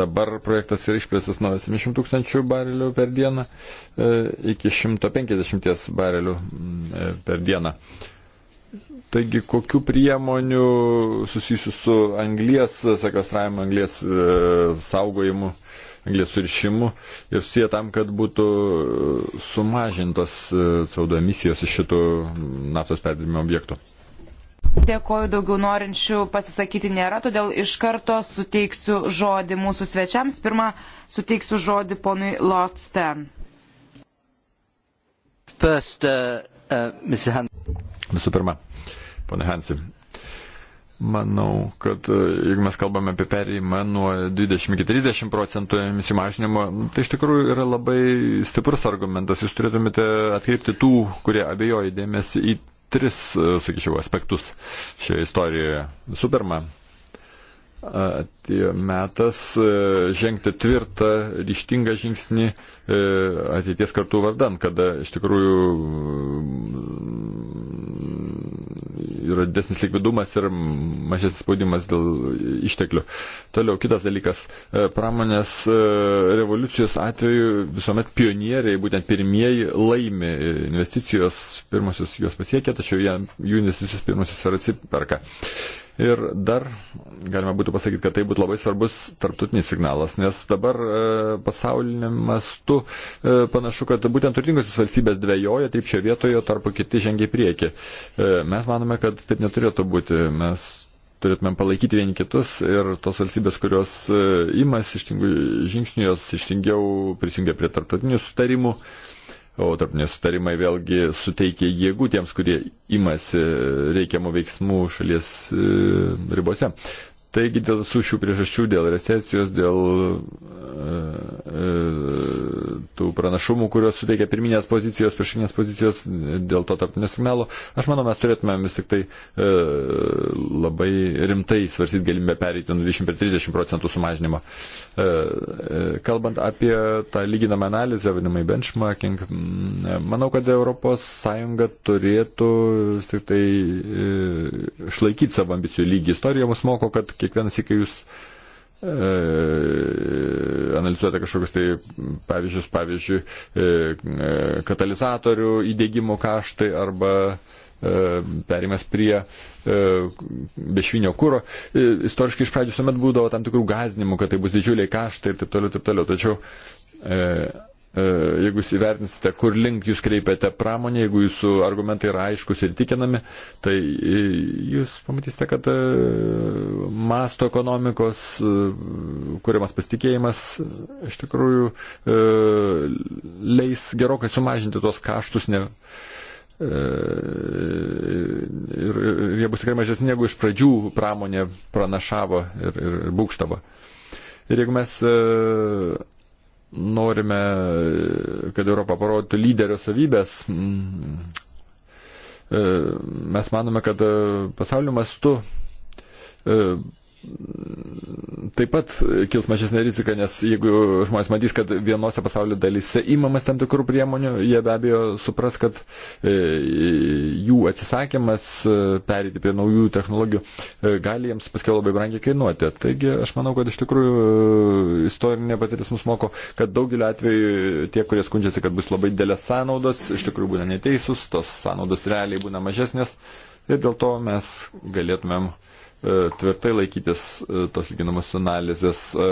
dabar projektas yra išplėstas nuo 700 tūkstančių barelių per dieną iki 150 barelių mm, per dieną. E, Taigi, kokiu priemoniu susijusiu su anglies, sekwestravimo anglies e, saugojimu, anglies surišimu ir susiję tam, kad būtų sumažintos e, CO2 emisijos iš šitų naftos perdirbimo objektų. Dėkoju, daugiau norinčių pasisakyti nėra, todėl iš karto suteiksiu žodį mūsų svečiams. Pirmą suteiksiu žodį ponui Lotsten. First, uh, uh, Visų pirma, uh, Pone Hansi, manau, kad e, jeigu mes kalbame apie perėjimą nuo 20 iki 30 procentų emisijų mažinimo, tai iš tikrųjų yra labai stiprus argumentas. Jūs turėtumėte atkreipti tų, kurie abejoja dėmesį į tris, e, sakyčiau, aspektus šioje istorijoje. Visų pirma, atėjo metas e, žengti tvirtą, ryštingą žingsnį ateities kartų vardan, kada iš tikrųjų yra desnis likvidumas ir mažesnis spaudimas dėl išteklių. Toliau, kitas dalykas. E, pramonės e, revoliucijos atveju visuomet pionieriai, būtent pirmieji laimi. Investicijos pirmosios juos pasiekia, tačiau jie, jų investicijos pirmosios ir atsiperka. Ir dar galima būtų pasakyti, kad tai būtų labai svarbus tarptautinis signalas, nes dabar e, pasauliniam mastu e, panašu, kad būtent turtingosios valstybės dvėjoja, taip čia vietoje, tarpu kiti žengia į priekį. E, mes manome, kad taip neturėtų būti. Mes turėtumėm palaikyti vieni kitus ir tos valstybės, kurios e, imas žingsnių, jos ištingiau prisijungia prie tarptautinių sutarimų. E, o tarpiniai sutarimai vėlgi suteikia jėgų tiems, kurie imasi reikiamų veiksmų šalies e, ribose. Taigi dėl su šių priežasčių, dėl recesijos, dėl tų pranašumų, kurios suteikia pirminės pozicijos, priešinės pozicijos dėl to tarptinio signalo. Aš manau, mes turėtume vis tik tai e, labai rimtai svarsyti galimybę pereiti nuo 20 prie 30 procentų sumažinimo. E, e, kalbant apie tą lyginamą analizę, vadinamai benchmarking, manau, kad ES turėtų vis tik tai išlaikyti savo ambicijų lygį. Istorija mus moko, kad kiekvienas, kai jūs uh, E, analizuojate kažkokius tai pavyzdžius, pavyzdžiui, e, e, katalizatorių įdėgymo kaštai arba perimas prie bešvinio kūro. Istoriškai iš pradžių visuomet būdavo tam tikrų gazdinimų, kad tai bus didžiuliai kaštai ir taip toliau, taip toliau. Tačiau E, jeigu jūs įvertinsite, kur link jūs kreipiate pramonę, jeigu jūsų argumentai yra aiškus ir tikinami, tai e, jūs pamatysite, kad e, masto ekonomikos kuriamas pasitikėjimas iš tikrųjų leis gerokai sumažinti tuos kaštus. Ne, Ir, ir jie bus tikrai mažesni negu iš pradžių pramonė pranašavo ir, ir būkštavo. Ir jeigu mes norime, kad Europa parodytų lyderio savybės, mm. e, mes manome, kad e, pasaulio mastu e, taip pat e, kils mažesnė rizika, nes jeigu žmonės matys, kad vienose pasaulio dalyse įmamas tam tikrų priemonių, jie be abejo supras, kad e, jų atsisakymas e, perėti prie naujų technologijų gali jiems paskui labai brangiai kainuoti. Taigi aš manau, kad iš tikrųjų istorinė patirtis mus moko, kad daugeliu atveju tie, kurie skundžiasi, kad bus labai didelės sąnaudos, iš tikrųjų būna neteisus, tos sąnaudos realiai būna mažesnės ir dėl to mes galėtumėm uh, E, tvirtai laikytis e, tos lyginamos analizės e,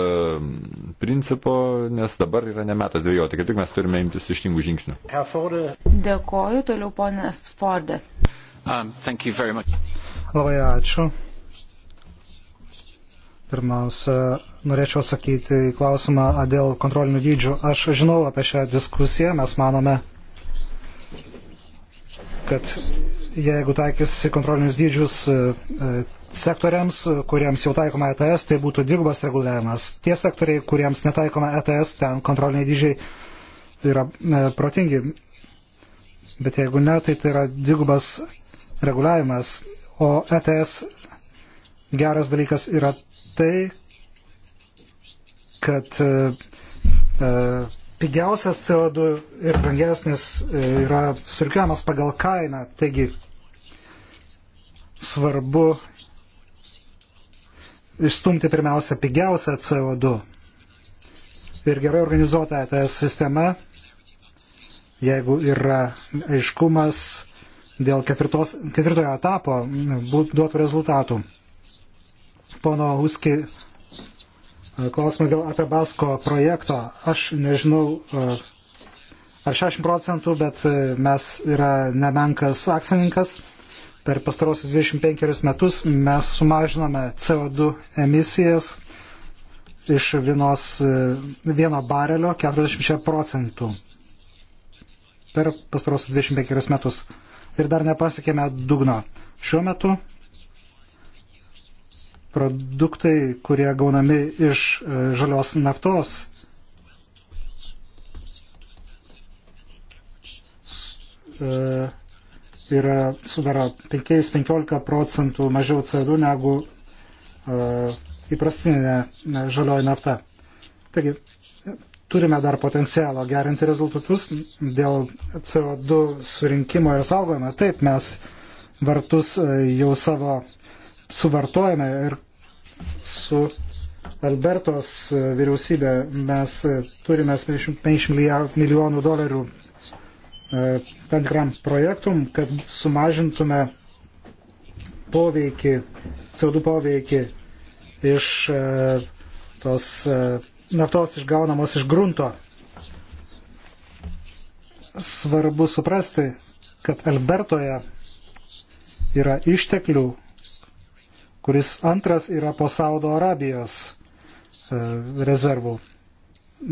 principo, nes dabar yra nemetas dvėjoti, kaip tik mes turime imtis ištingų žingsnių. Dėkoju, toliau ponės Forde. Um, Labai ačiū. Pirmiausia, norėčiau atsakyti į klausimą dėl kontrolinių dydžių. Aš žinau apie šią diskusiją, mes manome, kad jeigu taikys kontrolinius dydžius sektoriams, kuriems jau taikoma ETS, tai būtų dvigubas reguliavimas. Tie sektoriai, kuriems netaikoma ETS, ten kontroliniai dydžiai yra e, protingi. Bet jeigu ne, tai tai yra dvigubas reguliavimas. O ETS geras dalykas yra tai, kad e, e, pigiausias CO2 ir brangesnis e, yra surkiamas pagal kainą. Taigi svarbu išstumti pirmiausia pigiausią CO2. Ir gerai organizuota e ta sistema, jeigu yra aiškumas dėl ketvirtos, ketvirtojo etapo, būt, duotų rezultatų. Pono Huski e, klausimas dėl Atabasko projekto. Aš nežinau, e, ar 60 procentų, bet mes yra nemenkas akcininkas per pastarosius 25 metus mes sumažinome CO2 emisijas iš vienos, e, vieno barelio 40 procentų per pastarosius 25 metus ir dar nepasiekėme dugno. Šiuo metu produktai, kurie gaunami iš e, žalios naftos, e, yra, sudaro 5-15 procentų mažiau CO2 negu uh, įprastinė žalioji nafta. Taigi, turime dar potencialo gerinti rezultatus dėl CO2 surinkimo ir saugojimo. Taip, mes vartus e, jau savo suvartojame ir su Albertos e, vyriausybė mes turime 50 milijonų dolerių E, tam tikram projektum, kad sumažintume poveikį, CO2 poveikį iš e, tos e, naftos išgaunamos iš grunto. Svarbu suprasti, kad Albertoje yra išteklių, kuris antras yra po Saudo Arabijos rezervų.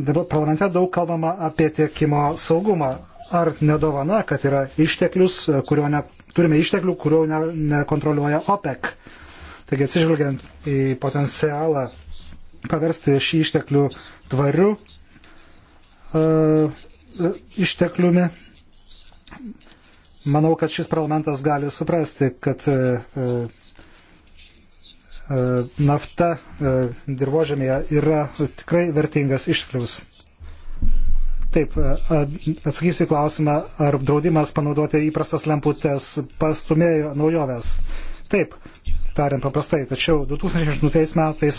Dabar parlamente daug kalbama apie tiekimo saugumą ar nedovana, kad yra išteklius, kurio ne, turime išteklių, kurio ne, nekontroliuoja OPEC. Taigi atsižvelgiant į potencialą paversti šį išteklių tvariu uh, ištekliumi, manau, kad šis parlamentas gali suprasti, kad uh, nafta dirbožėmėje yra tikrai vertingas išteklius. Taip, e, atsakysiu į klausimą, ar draudimas panaudoti įprastas lemputės pastumėjo naujoves. Taip, tariant paprastai, tačiau 2008 metais e,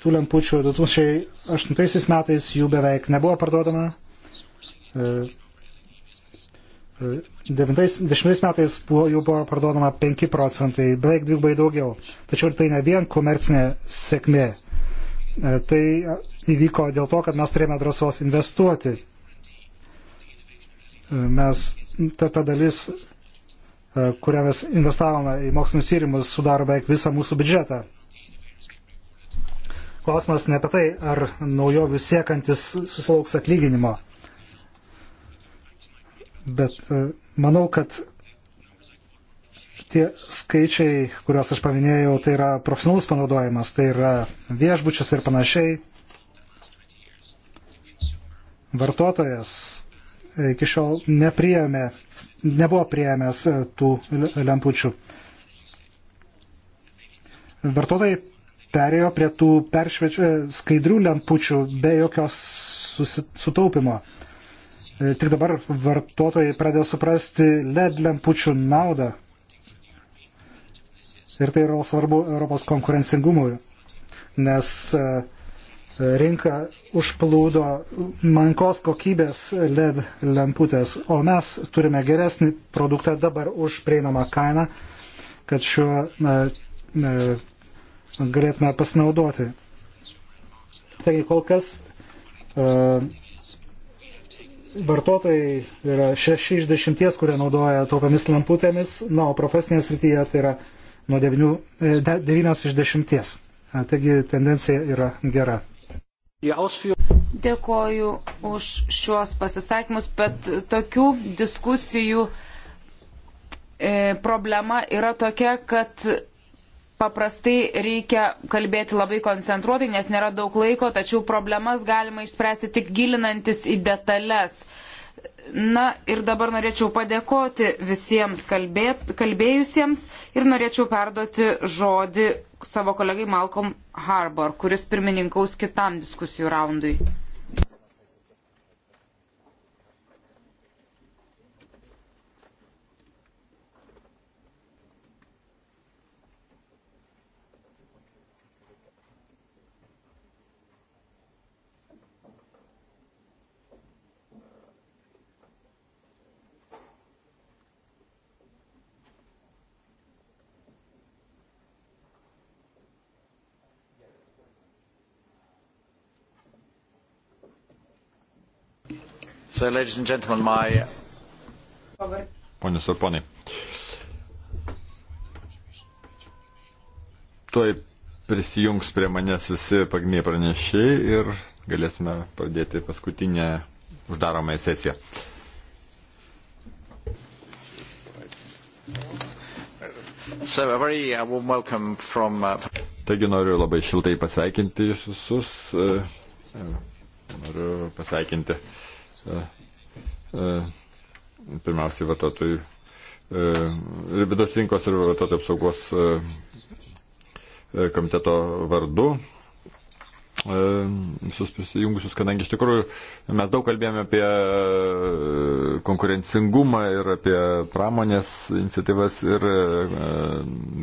tų lempučių 2008 metais jų beveik nebuvo parduodama. 90 e, metais buvo, jų buvo parduodama 5 procentai, beveik dvigubai daugiau. Tačiau tai ne vien komercinė sėkmė. Tai įvyko dėl to, kad mes turėjome drąsos investuoti. Mes, ta, ta dalis, e, kurią mes investavome į mokslinius tyrimus, sudaro beveik visą mūsų biudžetą. Klausimas ne apie tai, ar naujovių siekantis susilauks atlyginimo. Bet e, manau, kad tie skaičiai, kuriuos aš paminėjau, tai yra profesionalus panaudojimas, tai yra viešbučius ir panašiai vartotojas e, iki šiol nepriėmė, nebuvo priėmęs e, tų lempučių. Vartotojai perėjo prie tų peršvečių, e, skaidrių lempučių be jokios susi, sutaupimo. Tik dabar vartotojai pradėjo suprasti LED lempučių naudą. Ir tai yra svarbu Europos konkurencingumui, nes uh, rinką užplūdo mankos kokybės LED lemputės, o mes turime geresnį produktą dabar už prieinamą kainą, kad šiuo na, na, galėtume pasinaudoti. Taigi kol kas uh, vartotojai yra 6 iš 10, kurie naudoja tokiamis lamputėmis, na, o profesinėje srityje tai yra nuo 9, 9 e, iš 10. Taigi tendencija yra gera. Dėkoju už šios pasisakymus, bet tokių diskusijų e, problema yra tokia, kad paprastai reikia kalbėti labai koncentruotai, nes nėra daug laiko, tačiau problemas galima išspręsti tik gilinantis į detalės. Na ir dabar norėčiau padėkoti visiems kalbėt, kalbėjusiems ir norėčiau perduoti žodį savo kolegai Malcolm Harbour, kuris pirmininkaus kitam diskusijų raundui. So, ladies and gentlemen, my... Ponius ir ponai. Tuoj prisijungs prie manęs visi pagrindiniai pranešiai ir galėsime pradėti paskutinę uždaromąją sesiją. So, a very uh, warm welcome from... Uh, Taigi noriu labai šiltai pasveikinti jūs visus. Uh, noriu pasveikinti uh, E, e, pirmiausiai vartotojų e, ir vidaus rinkos ir vartotojų apsaugos komiteto vardu E, visus prisijungusius, kadangi iš tikrųjų mes daug kalbėjome apie e, konkurencingumą ir apie pramonės iniciatyvas ir e,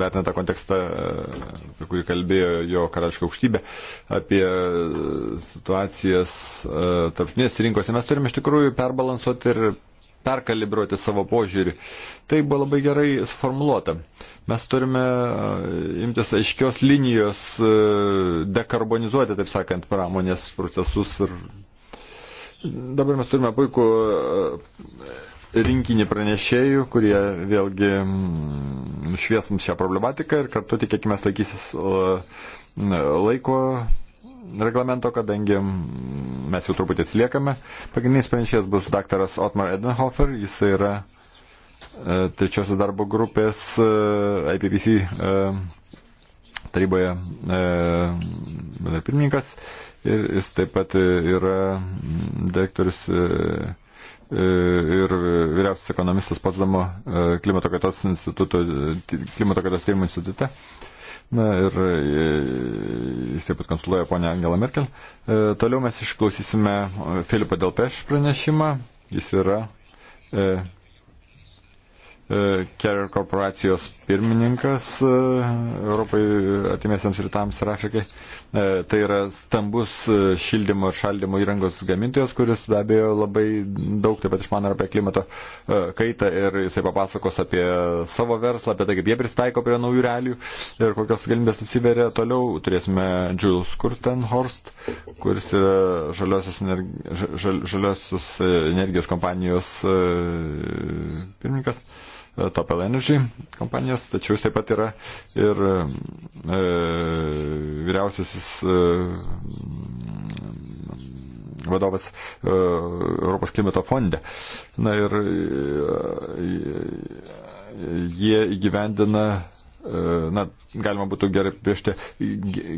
vertinant tą kontekstą, apie kurį kalbėjo jo karališka aukštybė, apie situacijas tarptautinės rinkose, mes turime iš tikrųjų perbalansuoti ir perkalibruoti savo požiūrį. Tai buvo labai gerai suformuoluota. Mes turime e, imtis aiškios linijos e, dekarbonizuoti, taip sakant, pramonės procesus. Ir dabar mes turime puikų e, rinkinį pranešėjų, kurie vėlgi nušvies mm, mums šią problematiką ir kartu tikėkime laikysis laiko reglamento, kadangi mm, mes jau truputį atsiliekame. Pagrindinis pranešėjas bus daktaras Otmar Edenhofer, jis yra uh, E, trečiosios darbo grupės e, IPPC e, taryboje pirmininkas ir jis taip pat yra direktorius ir vyriausias ekonomistas Potsdamo klimato kaitos instituto, klimato kaitos tyrimų institute. Na ir jis taip pat konsultuoja ponę Angelą Merkel. Toliau mes išklausysime Filipą Delpeš pranešimą. Jis yra Carrier e, korporacijos pirmininkas e, Europai artimiesiams rytams ir Afrikai. E, tai yra stambus šildymo ir šaldymo įrangos gamintojas, kuris be abejo labai daug taip pat išmano apie klimato kaitą ir jisai papasakos apie savo verslą, apie tai, kaip jie pristaiko prie naujų realijų ir kokios galimybės atsiveria. Toliau turėsime Jules Kurtenhorst, kuris yra žaliosios, energi žal žaliosios energijos kompanijos pirmininkas. Uh, E, Topel Energy kompanijos, tačiau jis taip pat yra ir e, e, vyriausiasis e, vadovas e, Europos klimato fonde. Na ir e, jie įgyvendina e, na, galima būtų gerai priešti,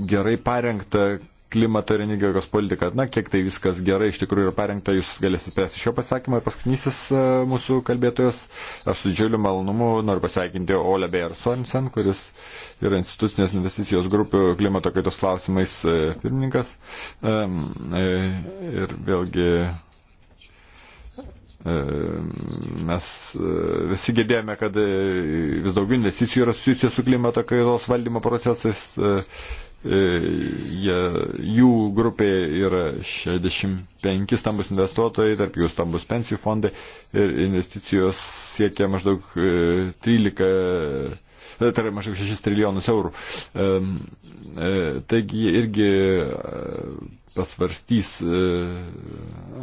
gerai parengtą klimato ir energijos politiką. Na, kiek tai viskas gerai iš tikrųjų yra parengta, jūs galėsite spręsti šio pasakymą. Ir paskutinysis e, mūsų kalbėtojas, aš su didžiuliu malonumu noriu pasveikinti Ole Beir Sorensen, kuris yra institucinės investicijos grupių klimato kaitos klausimais e, pirmininkas. E, ir vėlgi mes visi girdėjome, kad vis daugiau investicijų yra susijusios su klimato kaitos valdymo procesais E, jų grupė yra 65 stambus investuotojai, tarp jų stambus pensijų fondai ir investicijos siekia maždaug 13 e, e, tai yra maždaug 6 trilijonus eurų. Taigi irgi pasvarstys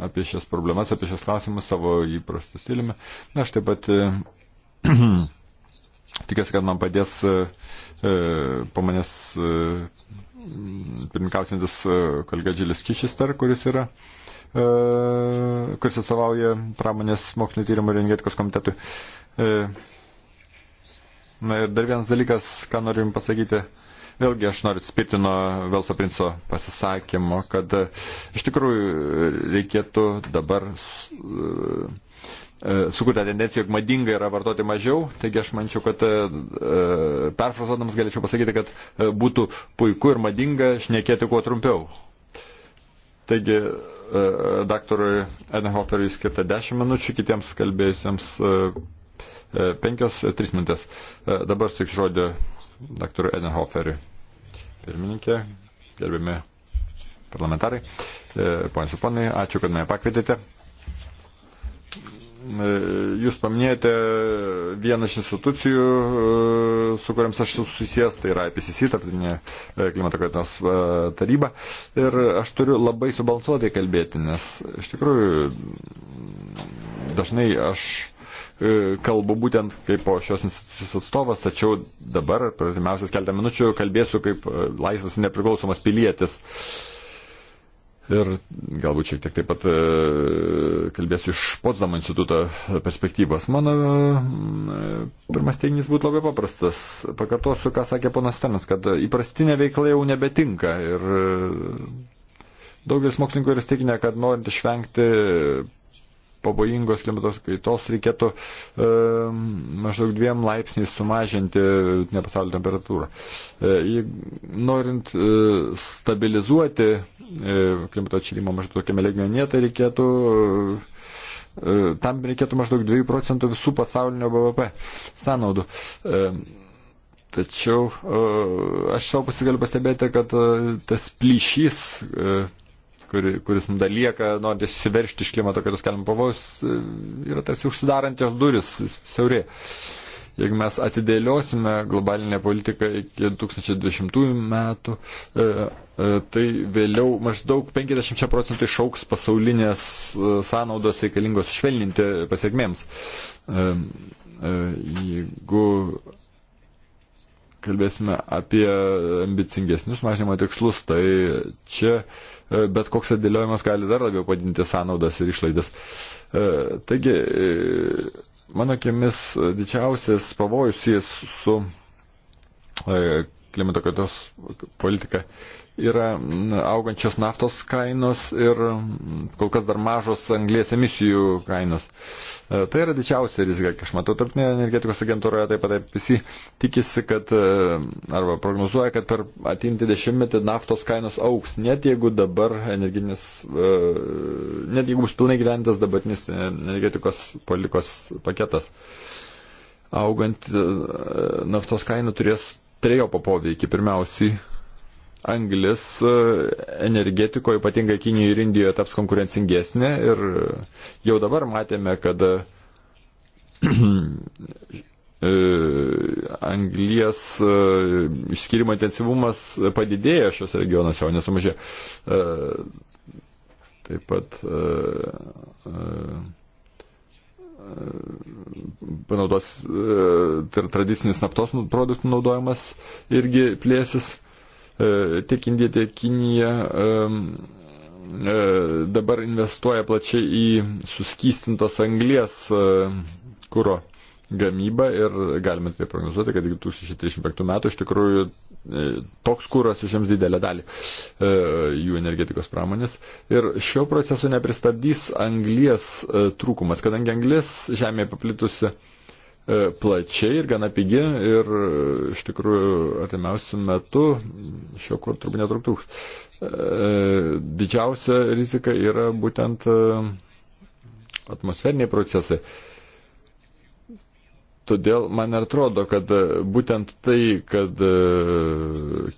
apie šias problemas, apie šias klausimus savo įprastų stiliumi. Na, aš taip pat [clears throat] tikiuosi, kad man padės E, po manęs e, pirmininkausintis e, kolega Džilis Kišister, kuris yra kuris atstovauja pramonės mokslinio tyrimų ir energetikos komitetui. Na ir dar vienas dalykas, ką noriu Jums pasakyti. Vėlgi aš noriu atspirti nuo Velso princo pasisakymo, kad iš tikrųjų reikėtų dabar E, sukurta tendencija, jog madinga yra vartoti mažiau, taigi aš mančiau, kad e, perfrazuodams galėčiau pasakyti, kad e, būtų puiku ir madinga šnekėti kuo trumpiau. Taigi, daktarui Edenhoferiui skirta 10 minučių, kitiems kalbėjusiems 5-3 minutės. Dabar suik žodį daktarui Edenhoferiui. Pirmininkė, gerbimi parlamentarai, ponės ir ponai, ačiū, kad mane pakvietėte. E, jūs paminėjote vieną iš institucijų, e, su kuriams aš esu susijęs, tai yra IPCC, tarptautinė e, klimato kaitos taryba. Ir aš turiu labai subalansuotai kalbėti, nes iš tikrųjų dažnai aš kalbu būtent kaip po šios institucijos atstovas, tačiau dabar, per artimiausias keletą minučių, kalbėsiu kaip laisvas nepriklausomas pilietis. Uh, Ir galbūt šiek tiek taip pat e, kalbėsiu iš Potsdamo instituto perspektyvos. Mano e, pirmas teiginys būtų labai paprastas. Pakartosiu, ką sakė ponas Stenas, kad įprastinė veikla jau nebetinka. Ir e, daugelis mokslininkų yra stikinę, kad norint išvengti pavojingos klimatos kaitos reikėtų e, maždaug dviem laipsniais sumažinti ne pasaulio temperatūrą. E, norint e, stabilizuoti e, klimato atšilimą maždaug tokiame lygmenyje, tai reikėtų e, tam reikėtų maždaug 2 procentų visų pasaulinio BVP sąnaudų. E, Tačiau e, aš savo pasigaliu pastebėti, kad e, tas plyšys e, kuri, kuris nudalieka, norint įsiveršti iš klimato kaitos keliamų pavojus, yra tarsi užsidarantios duris, siauri. Jeigu mes atidėliosime globalinę politiką iki 2020 metų, e, e, tai vėliau maždaug 50 procentų išauks pasaulinės e, sąnaudos reikalingos švelninti pasiekmėms. Jeigu kalbėsime apie ambicingesnius mažinimo tikslus, tai čia e, bet koks atdėliojimas gali dar labiau padinti sąnaudas ir išlaidas. E, taigi, e, mano akimis, didžiausias pavojus jis su klimato kaitos politiką, yra augančios naftos kainos ir kol kas dar mažos anglės emisijų kainos. E, tai yra didžiausia rizika, kiek aš matau, tarptautinė energetikos agentūroje taip pat visi tikisi, kad e, arba prognozuoja, kad per ateinantį dešimtmetį naftos kainos auks, net jeigu dabar energetinis, e, net jeigu bus pilnai gyventas dabartinis energetikos politikos paketas augant naftos kainų turės trejopo poveikį. Pirmiausiai, anglis e, energetikoje, ypatingai Kinijoje ir Indijoje, taps konkurencingesnė ir jau dabar matėme, kad [clears throat] e, anglies e, išskirimo intensyvumas padidėjo šios regionuose, o nesumažėjo. Taip pat panaudos e, tradicinis naftos produktų naudojimas irgi plėsis. E, tiek Indija, tiek Kinija e, e, dabar investuoja plačiai į suskystintos anglies e, kūro gamybą ir galime tai prognozuoti, kad iki 2035 metų iš tikrųjų E, toks kūras užims didelę dalį e, jų energetikos pramonės. Ir šio proceso nepristabdys anglies e, trūkumas, kadangi anglis žemėje paplitusi plačiai ir gana pigi ir iš tikrųjų artimiausių metų šio kur turbūt netruktų. Didžiausia rizika yra būtent atmosferiniai procesai. Todėl man ir atrodo, kad e, būtent tai, kad e,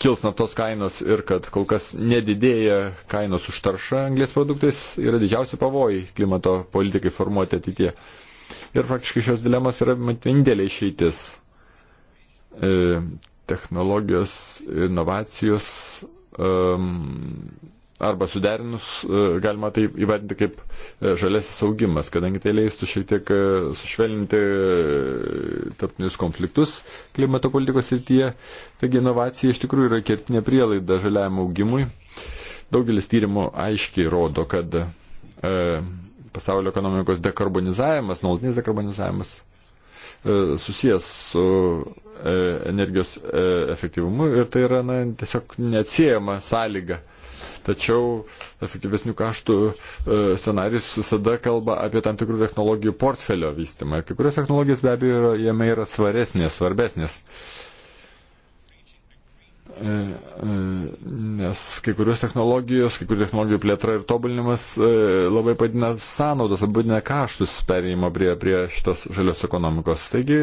kils naftos kainos ir kad kol kas nedidėja kainos už taršą anglės produktais, yra didžiausi pavojai klimato politikai formuoti ateitie. Ir faktiškai šios dilemos yra vienintelė išeitis. E, technologijos, inovacijos um, arba suderinus, e, galima tai įvardinti kaip e, žalesis augimas, kadangi tai leistų šiek tiek e, sušvelninti tarptinius konfliktus klimato politikos srityje. Taigi inovacija iš tikrųjų yra kertinė prielaida žaliajam augimui. Daugelis tyrimų aiškiai rodo, kad e, pasaulio ekonomikos dekarbonizavimas, nuolatinis dekarbonizavimas e, susijęs su e, energijos e, efektyvumu ir tai yra na, tiesiog neatsiejama sąlyga Tačiau efektyvesnių kaštų e, scenarius visada kalba apie tam tikrų technologijų portfelio vystymą. Ir kai kurios technologijos be abejo yra, jame yra svaresnės, svarbesnės. E, e, nes kai kurios technologijos, kai kurių technologijų plėtra ir tobulinimas labai padina sąnaudas, padina kaštus perėjimo prie, prie šitos žalios ekonomikos. Taigi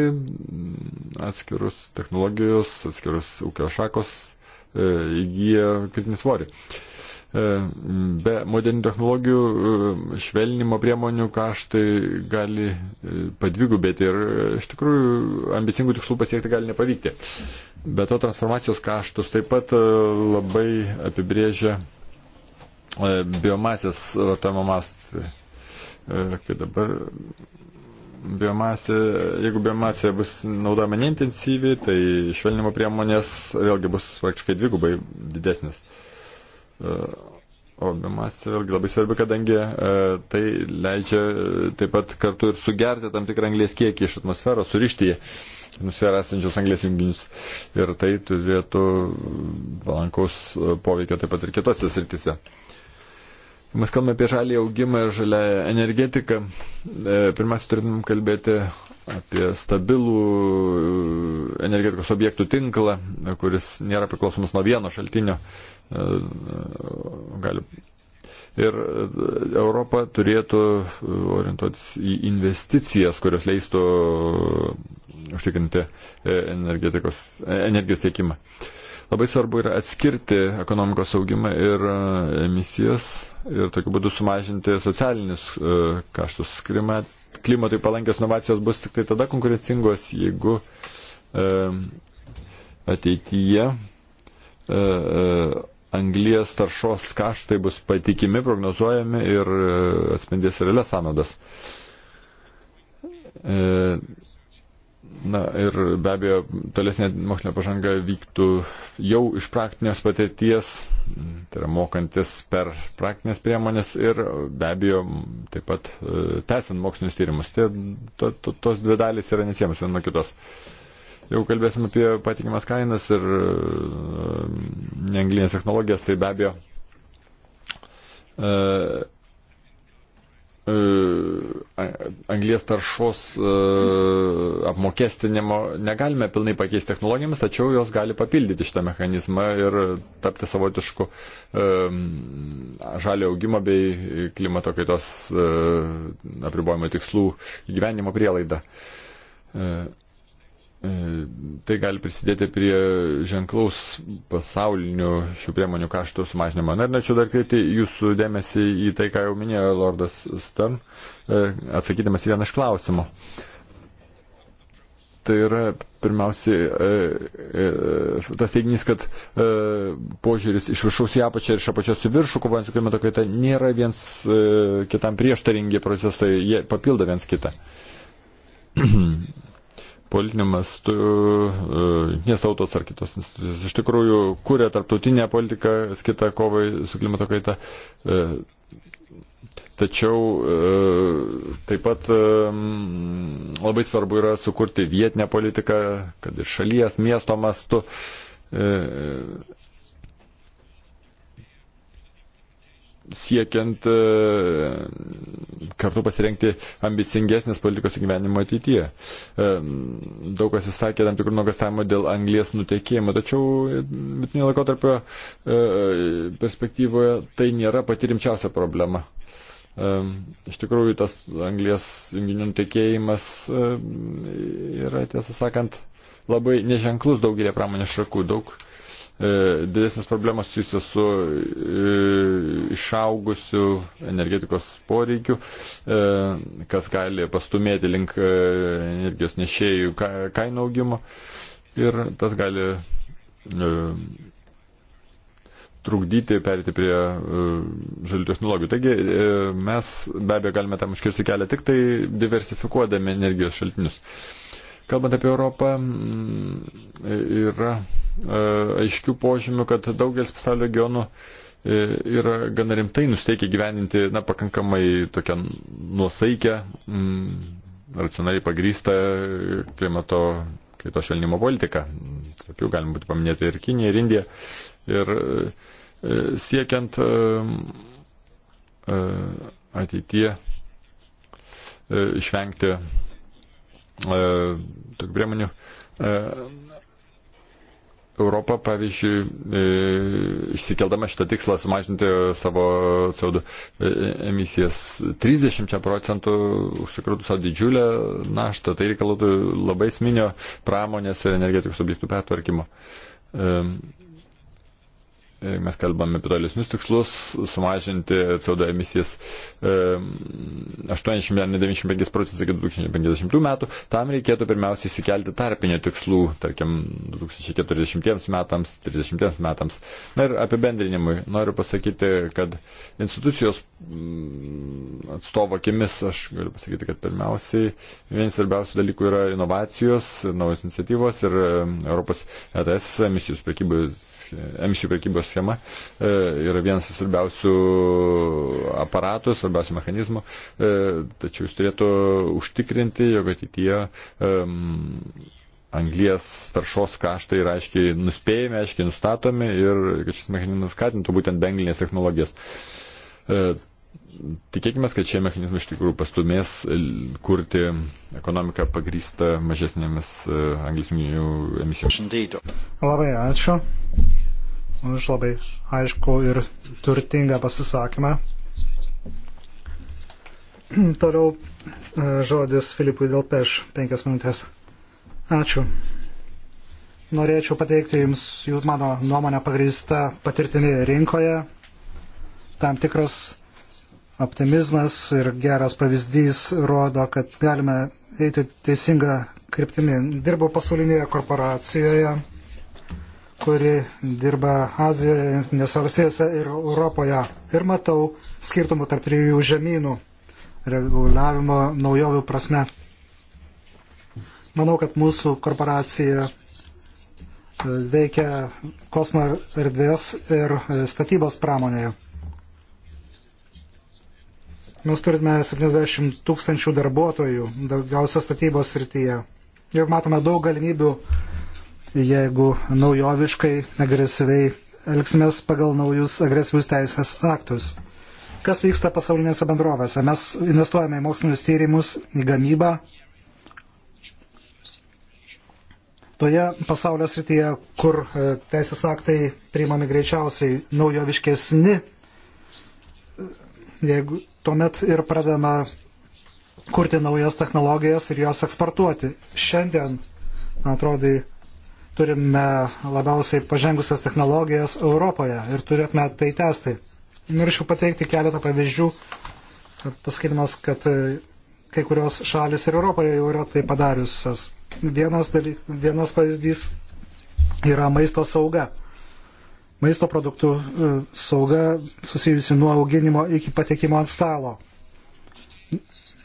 atskirus technologijos, atskirus ūkio šakos įgyja kritinį svorį. Uh, E, be modernių technologijų e, švelnimo priemonių kaštai gali e, padvigubėti ir iš tikrųjų ambicingų tikslų pasiekti gali nepavykti. Be to transformacijos kaštus taip pat labai apibrėžia biomasės vartojimo mastai. Kai dabar biomasė, jeigu biomasė bus naudojama neintensyviai, tai švelnimo priemonės vėlgi bus praktiškai dvigubai didesnis. Uh, E, Obimas vėlgi labai svarbi, kadangi e, tai leidžia e, taip pat kartu ir sugerti tam tikrą anglės kiekį iš atmosferos, surišti jį, nusvėra esančius anglės junginius. Ir tai turėtų palankaus poveikio taip pat ir kitose sritise. Mes kalbame apie žalį augimą ir žalę energetiką. E, pirmiausia, turėtumėm kalbėti apie stabilų e, energetikos objektų tinklą, kuris nėra priklausomas nuo vieno šaltinio. E, E, gali. Ir e, Europa turėtų e, orientuotis į investicijas, kurios leistų užtikrinti energijos tiekimą. Labai svarbu yra atskirti ekonomikos augimą ir emisijas ir tokiu būdu sumažinti socialinius kaštus. Klimatui palankios inovacijos bus tik tai tada konkurencingos, jeigu ateityje anglijas taršos kaštai bus patikimi, prognozuojami ir e, atspindės realias sąnaudas. E, na ir be abejo, tolesnė mokslinė pažanga vyktų jau iš praktinės patirties, tai yra mokantis per praktinės priemonės ir be abejo, taip pat e, tęsiant mokslinius tyrimus. Tai, to, to, tos dvi dalys yra nesiemas viena nuo kitos. Uh, Jau kalbėsim apie patikimas kainas ir neanglinės technologijas, tai be abejo. Uh, e, e, anglės taršos e, apmokestinimo negalime pilnai pakeisti technologijomis, tačiau jos gali papildyti šitą mechanizmą ir tapti savotišku žalio augimo bei klimato kaitos apribojimo tikslų įgyvenimo prielaida. E, tai gali prisidėti prie ženklaus pasaulinių šių priemonių kaštų sumažinimo. Na ir norėčiau dar kreipti jūsų dėmesį į tai, ką jau minėjo Lordas Stern, e, atsakydamas į vieną iš klausimų. Tai yra pirmiausiai e, tas teiginys, kad požiūris iš viršaus į apačią ir iš apačios į viršų, kovojant su klimato kaita, nėra viens kitam prieštaringi procesai, jie papildo viens kitą [clears throat] politiniu mastu, e, nes tautos ar kitos institucijos iš tikrųjų kūrė tarptautinę politiką skirtą kovai su klimato kaita. E, tačiau e, taip pat labai svarbu yra sukurti vietinę politiką, kad ir šalies, miesto mastu siekiant e, kartu pasirengti ambicingesnės politikos įgyvenimo ateityje. E, daug kas įsakė tam tikrų nuogastavimų dėl anglies nutekėjimo, tačiau vidutinio laikotarpio e, perspektyvoje tai nėra pati rimčiausia problema. Iš tikrųjų, tas anglies junginių nutekėjimas yra, tiesą sakant, labai neženklus daugelį pramonės šakų. Daug E, didesnės problemos susijusios su e, išaugusiu energetikos poreikiu, e, kas gali pastumėti link energijos nešėjų kainų augimo ir tas gali trukdyti perėti prie žalių technologijų. Taigi mes be abejo galime tam užkirsti kelią tik tai diversifikuodami energijos šaltinius. Kalbant apie Europą, yra E, aiškių požymių, kad daugelis pasaulio regionų e, yra gana rimtai nusteikę gyveninti, na, pakankamai tokią nuosaikę, mm, racionaliai pagrystą klimato kaito švelnimo politiką. Taip jau galim būti paminėti ir Kinija, ir Indija. Ir e, siekiant ateitie išvengti tokių priemonių, Europa, pavyzdžiui, e, išsikeldama šitą tikslą sumažinti savo CO2 e, emisijas 30 procentų, užsikrautų savo didžiulę naštą, tai reikalautų labai esminio pramonės ir energetikos objektų pertvarkymo. E, mes kalbame apie tolesnius tikslus, sumažinti CO2 emisijas 80-95 e, procentais iki 2050 metų, tam reikėtų pirmiausiai įsikelti tarpinio tikslų, tarkim, 2040 metams, 30 metams. Na ir apibendrinimui noriu pasakyti, kad institucijos Mm, atstovo akimis aš galiu pasakyti, kad pirmiausiai vienas svarbiausių dalykų yra inovacijos, naujos iniciatyvos ir Europos ETS emisijų prekybos, emisijų prekybos schema e, yra vienas svarbiausių aparatų, svarbiausių mechanizmų, e, tačiau jis turėtų užtikrinti, jog ateityje anglijas taršos kaštai yra aiškiai nuspėjami, aiškiai nustatomi ir kad šis mechanizmas skatintų būtent benglinės technologijas. E, Tikėkime, kad šie mechanizmai iš tikrųjų pastumės e, kurti ekonomiką pagrįstą mažesnėmis e, anglisminių emisijomis. Labai ačiū už labai aišku ir turtingą pasisakymą. Toliau e, žodis Filipui Delpeš, penkias minutės. Ačiū. Norėčiau pateikti Jums jūs mano nuomonę pagrįstą patirtinį rinkoje. Tam tikras optimizmas ir geras pavyzdys rodo, kad galime eiti teisingą kryptimį. Dirbau pasaulinėje korporacijoje, kuri dirba Azijoje, Junktinės valstijose ir Europoje. Ir matau skirtumų tarp trijų žemynų reguliavimo naujovių prasme. Manau, kad mūsų korporacija e, veikia kosmo erdvės ir e, statybos pramonėje. Mes turime 70 tūkstančių darbuotojų, daugiausia statybos srityje. Ir matome daug galimybių, jeigu naujoviškai, agresyviai elgsimės pagal naujus agresyvius teisės aktus. Kas vyksta pasaulinėse bendrovėse? Mes investuojame į mokslinius tyrimus, į gamybą, toje pasaulio srityje, kur e, teisės aktai priimami greičiausiai naujoviškesni, jeigu tuomet ir pradedama kurti naujas technologijas ir jos eksportuoti. Šiandien, atrodo, turime labiausiai pažengusias technologijas Europoje ir turėtume tai tęsti. Norėčiau pateikti keletą pavyzdžių, pasakydamas, kad e, kai kurios šalis ir Europoje jau yra tai padariusios. Vienas, daly, vienas pavyzdys yra maisto sauga maisto produktų e, sauga susijusi nuo auginimo iki patekimo ant stalo.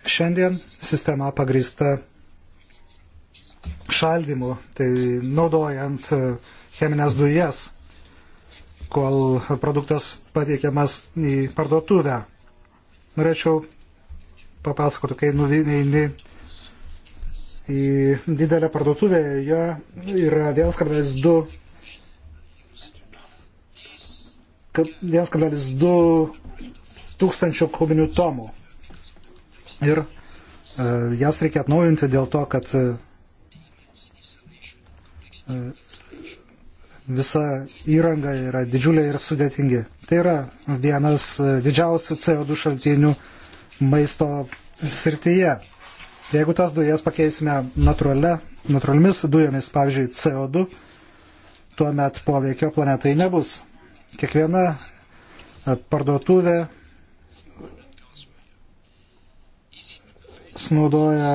Šiandien sistema pagrįsta šaldymu, tai naudojant e, cheminės dujas, kol produktas pateikiamas į parduotuvę. Norėčiau papasakoti, kai nuvyneini į didelę parduotuvę, jo yra 1,2 1,2 tūkstančių kubinių tomų. Ir e, jas reikia atnaujinti dėl to, kad e, e visa įranga yra didžiulė ir sudėtingi. Tai yra vienas e, didžiausių CO2 šaltinių maisto srityje. Jeigu tas dujas pakeisime natūraliomis dujomis, pavyzdžiui, CO2, tuomet poveikio planetai nebus kiekviena e, parduotuvė sunaudoja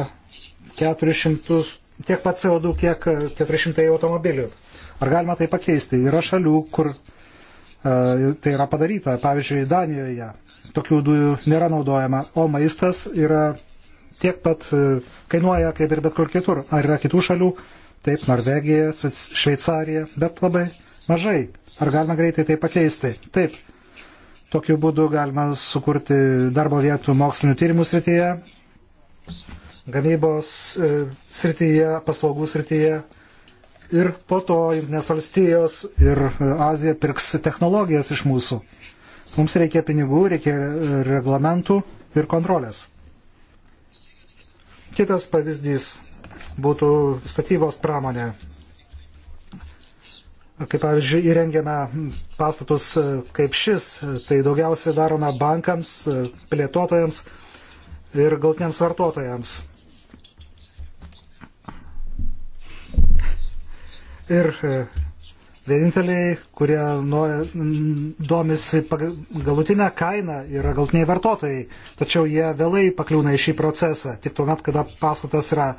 400, tiek pat CO2, kiek 400 e, automobilių. Ar galima tai pakeisti? Yra šalių, kur e, tai yra padaryta. Pavyzdžiui, Danijoje tokių dujų nėra naudojama, o maistas yra tiek pat kainuoja kaip ir bet kur kitur. Ar yra kitų šalių? Taip, Norvegija, Šveicarija, bet labai mažai. Ar galima greitai tai pakeisti? Taip. Tokiu būdu galima sukurti darbo vietų mokslinių tyrimų srityje, gamybos e, srityje, paslaugų srityje. Ir po to Junktinės valstijos ir e, Azija pirks technologijas iš mūsų. Mums reikia pinigų, reikia e, reglamentų ir kontrolės. Kitas pavyzdys būtų statybos pramonė kaip pavyzdžiui, įrengiame pastatus e, kaip šis, e, tai daugiausiai darome bankams, e, plėtotojams ir galtiniams vartotojams. Ir vieninteliai, kurie nuo, domisi galutinę kainą, yra galtiniai vartotojai, tačiau jie vėlai pakliūna į šį procesą, tik tuomet, kada pastatas yra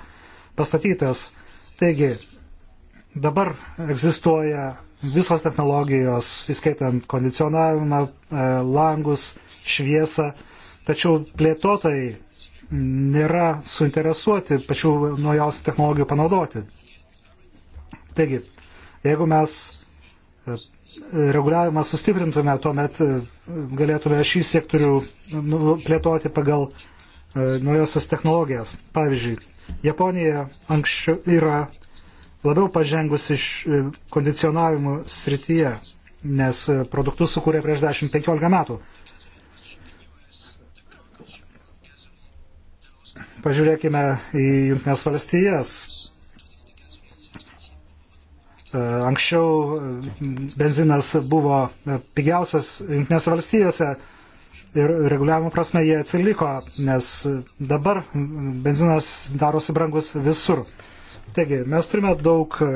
pastatytas. Taigi, Dabar egzistuoja visos technologijos, įskaitant kondicionavimą, e, langus, šviesą, tačiau plėtotojai nėra suinteresuoti pačių naujausių technologijų panaudoti. Taigi, jeigu mes e, reguliavimą sustiprintume, tuomet e, galėtume šį sektorių nu, plėtoti pagal naujasias technologijas. Pavyzdžiui, Japonija anksčiau yra labiau pažengus iš e, kondicionavimų srityje, nes e, produktus sukūrė prieš 10-15 metų. Pažiūrėkime į Junktinės valstijas. E, anksčiau benzinas buvo pigiausias Junktinės valstijose ir reguliavimo prasme jie atsiliko, nes dabar benzinas darosi brangus visur. Taigi, mes turime daug e,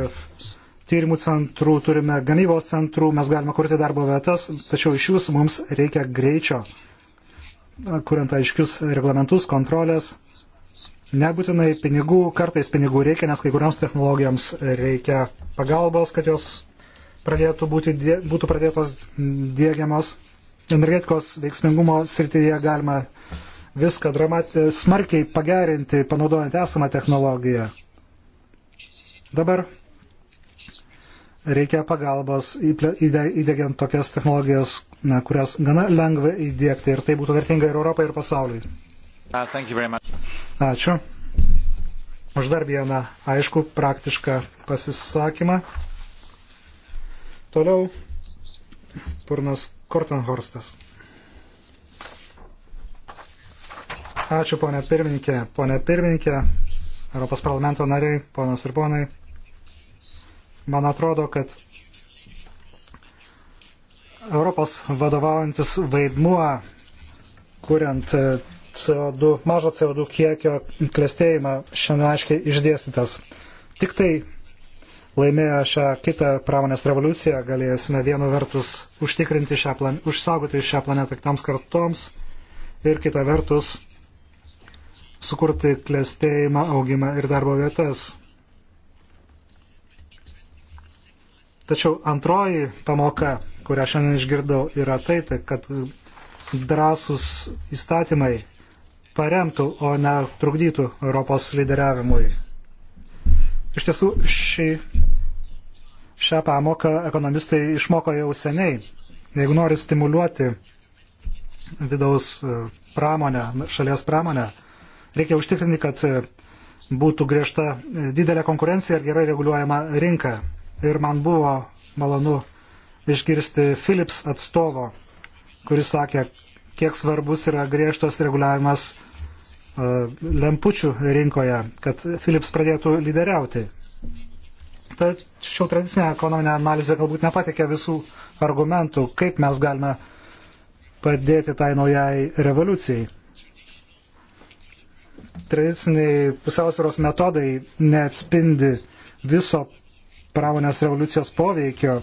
tyrimų centrų, turime gamybos centrų, mes galime kurti darbo vietas, tačiau iš jūsų mums reikia greičio, e, kuriant aiškius reglamentus, kontrolės. Nebūtinai pinigų, kartais pinigų reikia, nes kai kuriams technologijoms reikia pagalbos, kad jos pradėtų būti, būtų pradėtos dėgiamos. Energetikos veiksmingumo srityje galima viską dramat, smarkiai pagerinti, panaudojant esamą technologiją. Dabar reikia pagalbos įdėgiant tokias technologijas, na, kurias gana lengva įdėkti ir tai būtų vertinga ir Europai, ir pasauliui. Uh, Ačiū. Už dar vieną aišku praktišką pasisakymą. Toliau Purnas Kortenhorstas. Ačiū, ponė pirmininkė. Ponė pirmininkė, Europos parlamento nariai, ponas ir ponai. Man atrodo, kad Europos vadovaujantis vaidmuo, kuriant e, CO2, mažo CO2 kiekio klėstėjimą, šiandien aiškiai išdėstytas. Tik tai laimėję šią kitą pramonės revoliuciją galėsime vienu vertus užtikrinti šią plan, užsaugoti šią planetą kitoms kartoms ir kitą vertus sukurti klėstėjimą, augimą ir darbo vietas. Tačiau antroji pamoka, kurią šiandien išgirdau, yra tai, tai kad drąsus įstatymai paremtų, o ne trukdytų Europos lyderiavimui. Iš tiesų, šį, šią pamoką ekonomistai išmoko jau seniai. Jeigu nori stimuliuoti vidaus e, pramonę, šalies pramonę, reikia užtikrinti, kad e, būtų griežta e, didelė konkurencija ir gerai reguliuojama rinka ir man buvo malonu išgirsti Philips atstovo, kuris sakė, kiek svarbus yra griežtas reguliavimas e, lempučių rinkoje, kad Philips pradėtų lyderiauti. Tačiau tradicinė ekonominė analizė galbūt nepatikė visų argumentų, kaip mes galime padėti tai naujai revoliucijai. Tradiciniai pusiausvėros metodai neatspindi viso pramonės revoliucijos poveikio,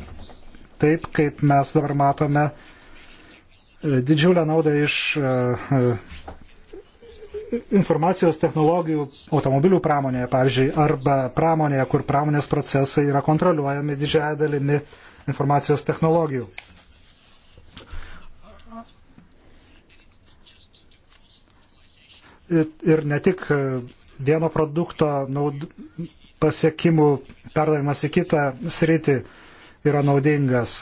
taip kaip mes dabar matome e, didžiulę naudą iš e, e, informacijos technologijų automobilių pramonėje, pavyzdžiui, arba pramonėje, kur pramonės procesai yra kontroliuojami didžiąją dalimi informacijos technologijų. Ir ne tik vieno produkto naud... pasiekimų perdavimas į kitą sritį yra naudingas.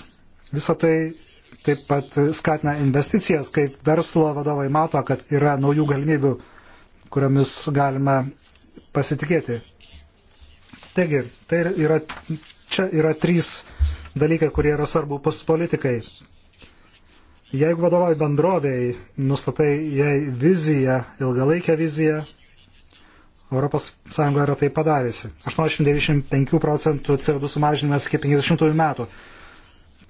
Visą tai taip pat skatina investicijas, kaip verslo vadovai mato, kad yra naujų galimybių, kuriomis galima pasitikėti. Taigi, tai yra, čia yra trys dalykai, kurie yra svarbu politikai. Jeigu vadovai bendroviai, nustatai jai viziją, ilgalaikę viziją, Europos Sąjunga yra tai padariusi. 80-95 procentų CO2 sumažinimas iki 50 metų.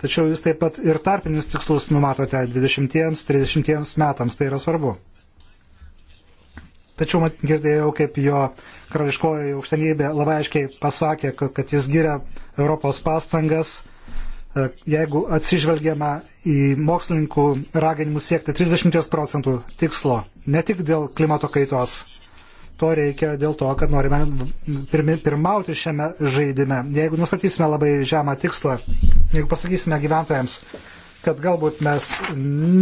Tačiau jūs taip pat ir tarpinius tikslus numatote 20-30 metams, tai yra svarbu. Tačiau mat, girdėjau, kaip jo karališkoji aukštenybė labai aiškiai pasakė, kad jis giria Europos pastangas, e, jeigu atsižvelgiama į mokslininkų raginimus siekti 30 procentų tikslo, ne tik dėl klimato kaitos to reikia dėl to, kad norime pirmauti šiame žaidime. Jeigu nustatysime labai žemą tikslą, jeigu pasakysime gyventojams, kad galbūt mes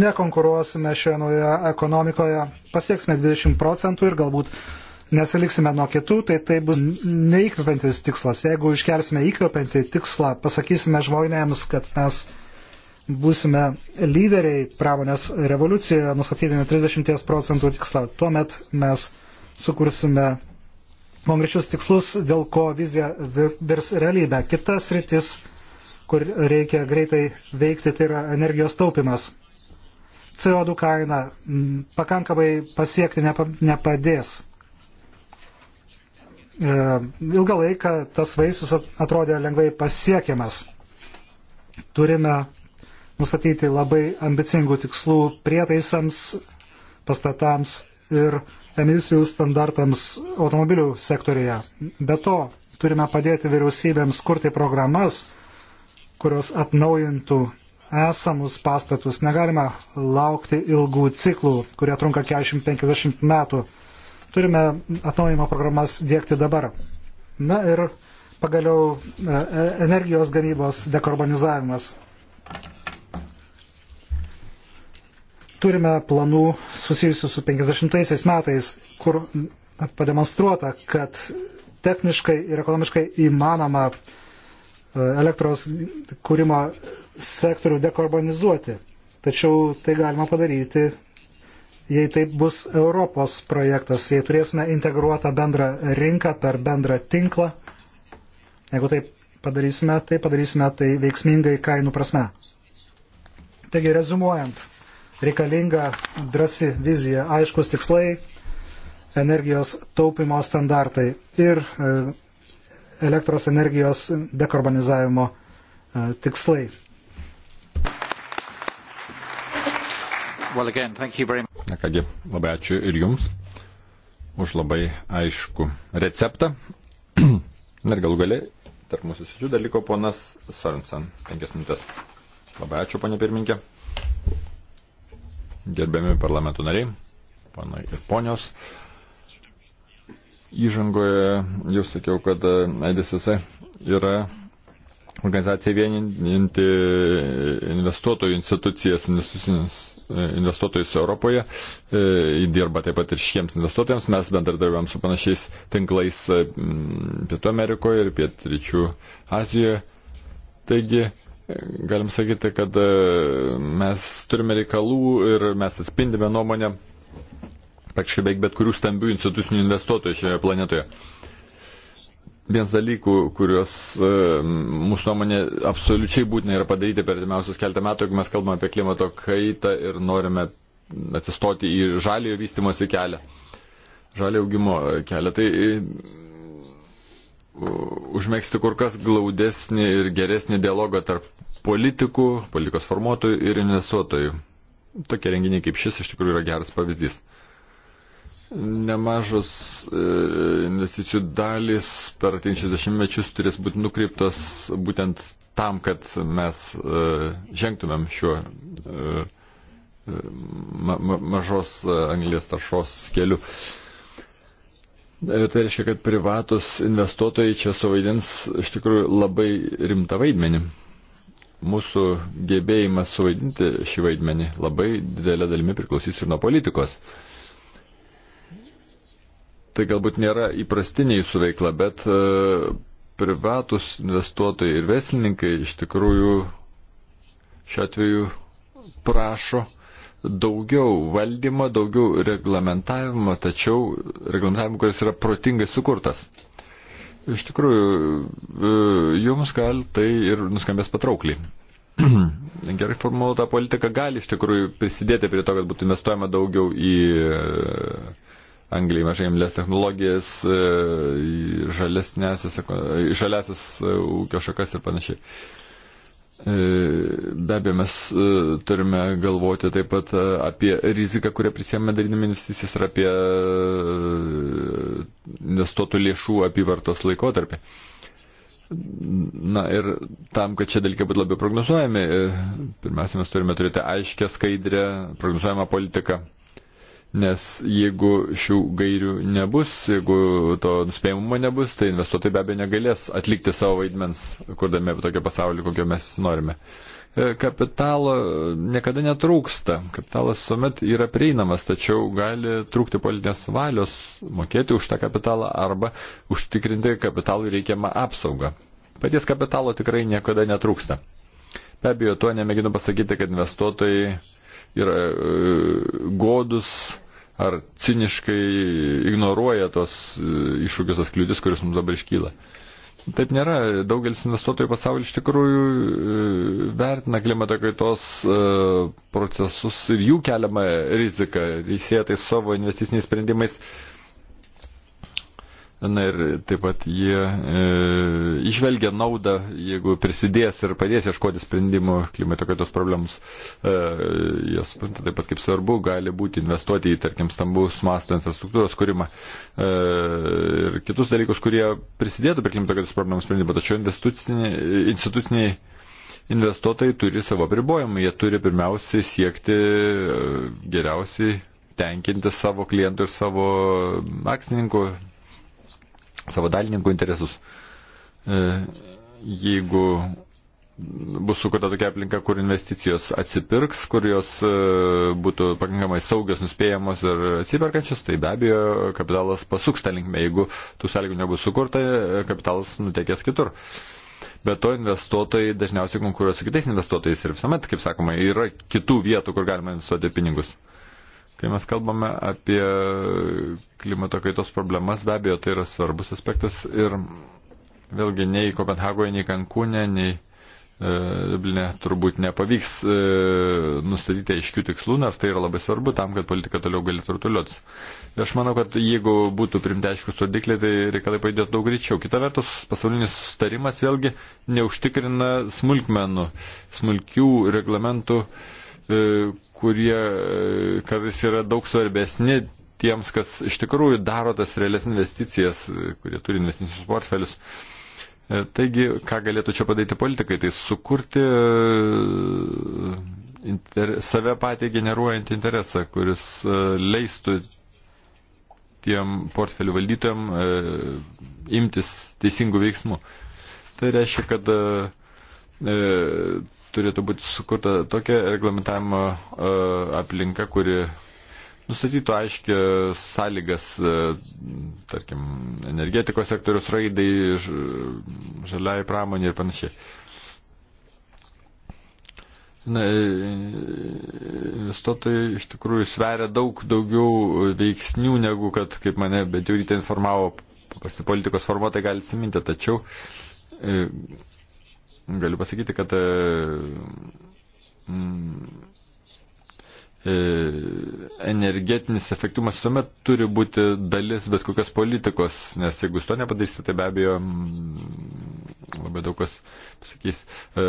nekonkuruosime šioje naujoje ekonomikoje, pasieksime 20 procentų ir galbūt nesiliksime nuo kitų, tai tai bus neįkvepiantis tikslas. Jeigu iškelsime įkvepiantį tikslą, pasakysime žmonėms, kad mes būsime lyderiai pramonės revoliucijoje, nustatydami 30 procentų tikslą, tuomet mes sukursime konkrečius tikslus, dėl ko vizija virs realybę. Kitas rytis, kur reikia greitai veikti, tai yra energijos taupimas. CO2 kaina pakankamai pasiekti nepadės. E, ilgą laiką tas vaisius atrodė lengvai pasiekiamas. Turime nustatyti labai ambicingų tikslų prietaisams, pastatams ir uh, emisijų standartams automobilių sektorėje. Be to, turime padėti vyriausybėms kurti programas, kurios atnaujintų esamus pastatus. Negalime laukti ilgų ciklų, kurie trunka 40-50 metų. Turime atnaujimo programas dėkti dabar. Na ir pagaliau e, e, energijos gamybos dekarbonizavimas. turime planų susijusių su 50 metais, kur pademonstruota, kad techniškai ir ekonomiškai įmanoma e, elektros kūrimo sektorių dekarbonizuoti. Tačiau tai galima padaryti, jei tai bus Europos projektas, jei turėsime integruotą bendrą rinką per bendrą tinklą. Jeigu tai padarysime, tai padarysime tai veiksmingai kainų prasme. Taigi, rezumuojant, reikalinga drasi vizija, aiškus tikslai, energijos taupimo standartai ir e, elektros energijos dekarbonizavimo e, tikslai. Well, again, Na kągi, labai ačiū ir jums už labai aišku receptą. [clears throat] ir galų galiai tarp mūsų svečių dar liko ponas Sorensen. Penkias minutės. Labai ačiū, ponė pirminkė gerbiami parlamento nariai, panai ir ponios. Įžangoje jau sakiau, kad IDSS yra organizacija vieninti investuotojų institucijas, investucinius investuotojus Europoje, e, dirba taip pat ir šiems investuotojams, mes bendradarbiavam su panašiais tinklais Pietų Amerikoje ir Pietryčių Azijoje. Taigi galim sakyti, kad e, mes turime reikalų ir mes atspindime nuomonę praktiškai beveik bet kurių stambių institucinių investuotojų šioje planetoje. Vienas dalykų, kuriuos e, mūsų nuomonė absoliučiai būtina yra padaryti per artimiausius keltą metų, jeigu mes kalbame apie klimato kaitą ir norime atsistoti į žaliojo vystimosi kelią, žaliojo augimo kelią, tai užmėgsti kur kas glaudesnį ir geresnį dialogą tarp politikų, politikos formuotojų ir investuotojų. Tokie renginiai kaip šis iš tikrųjų yra geras pavyzdys. Nemažos e, investicijų dalis per 60 mečius turės būti nukreiptos būtent tam, kad mes e, žengtumėm šiuo e, ma ma mažos anglės taršos keliu. Uh, Tai reiškia, kad privatus investuotojai čia suvaidins iš tikrųjų labai rimtą vaidmenį. Mūsų gebėjimas suvaidinti šį vaidmenį labai didelė dalimi priklausys ir nuo politikos tai galbūt nėra įprastiniai jūsų veikla, bet e, privatus investuotojai ir verslininkai iš tikrųjų šiuo atveju prašo daugiau valdymo, daugiau reglamentavimo, tačiau reglamentavimo, kuris yra protingai sukurtas. Iš tikrųjų, e, jums gal tai ir nuskambės patraukliai. [clears throat] Gerai formuota politika gali iš tikrųjų prisidėti prie to, kad būtų investuojama daugiau į e, Anglijai mažai imlės technologijas, žalesnės, žalesnės e, ūkio šakas ir panašiai. E, be abejo, mes e, turime galvoti taip pat e, apie riziką, kurią prisėmė darydami investicijas ir apie investuotų lėšų apyvartos laikotarpį. Na ir tam, kad šie dalykai būtų labiau prognozuojami, pirmiausia, mes turime turėti aiškę, skaidrę, prognozuojamą politiką Nes jeigu šių gairių nebus, jeigu to nuspėjimumo nebus, tai investuotojai be abejo negalės atlikti savo vaidmens, kurdami tokią pasaulį, kokio mes norime. E, kapitalo niekada netrūksta. Kapitalas visuomet yra prieinamas, tačiau gali trūkti politinės valios mokėti už tą kapitalą arba užtikrinti kapitalui reikiamą apsaugą. Paties kapitalo tikrai niekada netrūksta. Be abejo, tuo nemėginu pasakyti, kad investuotojai yra e, godus ar ciniškai ignoruoja tos e, iššūkius, tas kliūtis, kuris mums dabar iškyla. Taip nėra. Daugelis investuotojų pasaulyje iš tikrųjų e, vertina klimato kaitos procesus ir jų keliamą riziką, įsieja tai savo investiciniais sprendimais Na ir taip pat jie e, išvelgia naudą, jeigu prisidės ir padės ieškoti sprendimų klimato kaitos problems. E, jie supranta taip pat kaip svarbu gali būti investuoti į, tarkim, stambus masto infrastruktūros kūrimą e, ir kitus dalykus, kurie prisidėtų prie klimato kaitos problemų sprendimo. Tačiau instituciniai investuotojai turi savo pribojimą. Jie turi pirmiausiai siekti e, geriausiai tenkinti savo klientų ir savo akcininkų savo dalininkų interesus. E, jeigu bus sukurta tokia aplinka, kur investicijos atsipirks, kur jos e, būtų pakankamai saugios, nuspėjamos ir atsiperkančios, tai be abejo kapitalas pasuks tą linkmę. Jeigu tų sąlygų nebus sukurta, e, kapitalas nutekės kitur. Bet to investuotojai dažniausiai konkuruoja su kitais investuotojais ir visuomet, kaip sakoma, yra kitų vietų, kur galima investuoti pinigus. Kai mes kalbame apie klimato kaitos problemas, be abejo, tai yra svarbus aspektas ir vėlgi nei Kopenhagoje, nei Kankūne, nei Dublinė e, turbūt nepavyks e, nustatyti aiškių tikslų, nes tai yra labai svarbu tam, kad politika toliau galėtų rutuliuotis. Aš manau, kad jeigu būtų primti aiškus rodikliai, tai reikalai pajudėtų daug greičiau. Kita vertus, pasaulinis sustarimas vėlgi neužtikrina smulkmenų, smulkių reglamentų. E, E, kurie e, kartais yra daug svarbesni tiems, kas iš tikrųjų daro tas realias investicijas, e, kurie turi investicinius portfelius. Taigi, ką galėtų čia padaryti politikai, tai sukurti inter, save patį generuojantį interesą, kuris leistų tiem portfelių valdytojam imtis teisingų veiksmų. Tai reiškia, kad turėtų būti sukurta tokia reglamentavimo e, aplinka, kuri nustatytų aiškia sąlygas, e, tarkim, energetikos sektorius raidai, žaliai pramonė ir panašiai. Na, e, investuotojai iš tikrųjų sveria daug daugiau veiksnių, negu kad, kaip mane, bet jau ryte informavo, pasipolitikos formuotojai gali atsiminti, tačiau galiu pasakyti, kad e, mm, e, energetinis efektyvumas visuomet turi būti dalis bet kokios politikos, nes jeigu jūs to nepadarysite, tai be abejo mm, labai daug kas pasakys. E,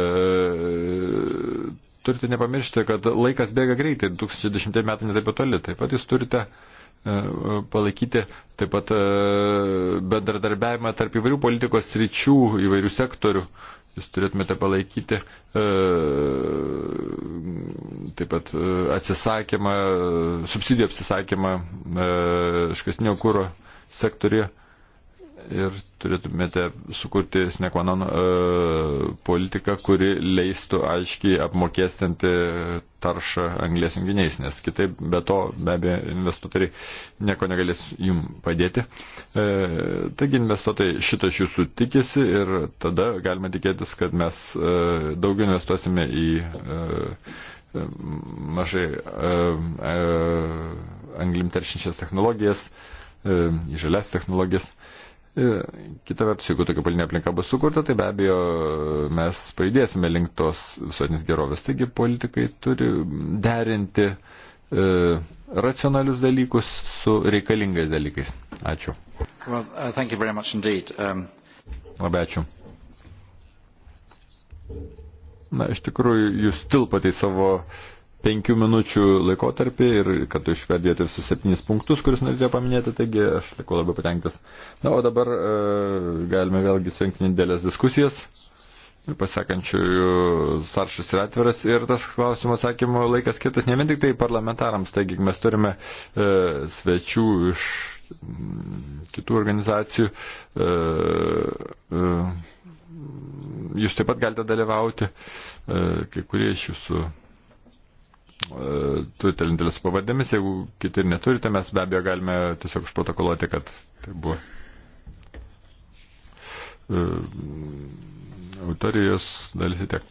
turite nepamiršti, kad laikas bėga greitai, 2010 metai netaip toli, taip pat jūs turite palaikyti taip pat bendradarbiavimą tarp įvairių politikos sričių, įvairių sektorių. Uh, jūs turėtumėte palaikyti e, taip pat e, atsisakymą, subsidijų atsisakymą iškasnio e, kūro sektoriuje ir turėtumėte sukurti snekvanon e, politiką, kuri leistų aiškiai apmokestinti taršą anglės junginiais, nes kitaip be to be abejo investuotojai nieko negalės jum padėti. E, taigi investuotojai šito iš jūsų tikisi ir tada galima tikėtis, kad mes e, daugiau investuosime į e, e mažai e, e, anglim teršinčias technologijas, e, į žalias technologijas. E, E, kita vertus, jeigu tokia politinė aplinka bus sukurta, tai be abejo mes pajudėsime link tos visuotinės gerovės. Taigi politikai turi derinti e, racionalius dalykus su reikalingais dalykais. Ačiū. Well, uh, um... Labai ačiū. Na, iš tikrųjų, jūs tilpate į savo penkių minučių laikotarpį ir kad tu išvedėt visus septynis punktus, kuriuos norėjote paminėti, taigi aš likau labai patenkintas. Na, o dabar e, galime vėlgi surinkti nedėlės diskusijas. Pasekančiųjų saršas yra atviras ir tas klausimo atsakymo laikas skirtas ne vien tik tai parlamentarams, taigi mes turime e, svečių iš mm, kitų organizacijų. E, e, Jūs taip pat galite dalyvauti, e, kai kurie iš jūsų turite lindelius pavardėmis, jeigu kiti neturite, mes be abejo galime tiesiog užprotokoluoti, kad tai buvo e, autorijos dalis tiek.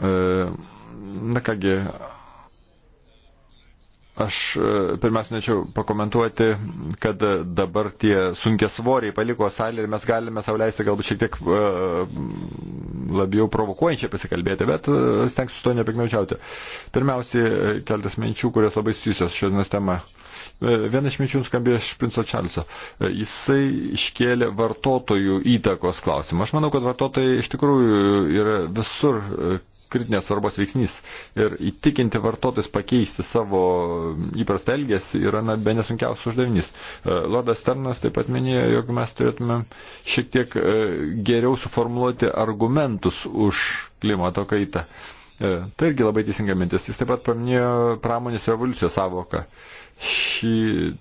E, na kągi, Aš e, pirmiausia norėčiau pakomentuoti, kad e, dabar tie sunkia svoriai paliko salę ir mes galime sauliaisti galbūt šiek tiek e, labiau provokuojančiai pasikalbėti, bet stengsiu su to nepiknaučiauti. Pirmiausiai, keltas minčių, kurios labai susijusios šiandienos tema. Viena iš minčių skambėjo iš Princo Čarlzo. Jisai iškėlė vartotojų įtakos klausimą. Aš manau, kad vartotojai iš tikrųjų yra visur kritinės svarbos veiksnys. Ir įtikinti vartotojus pakeisti savo įprastą elgesį yra na, be nesunkiausias uždavinys. E, Lordas Sternas taip pat minėjo, jog mes turėtume šiek tiek e, geriau suformuoluoti argumentus už klimato kaitą. E, tai irgi labai teisinga mintis. Jis taip pat paminėjo pramonės revoliucijos savoką. Šį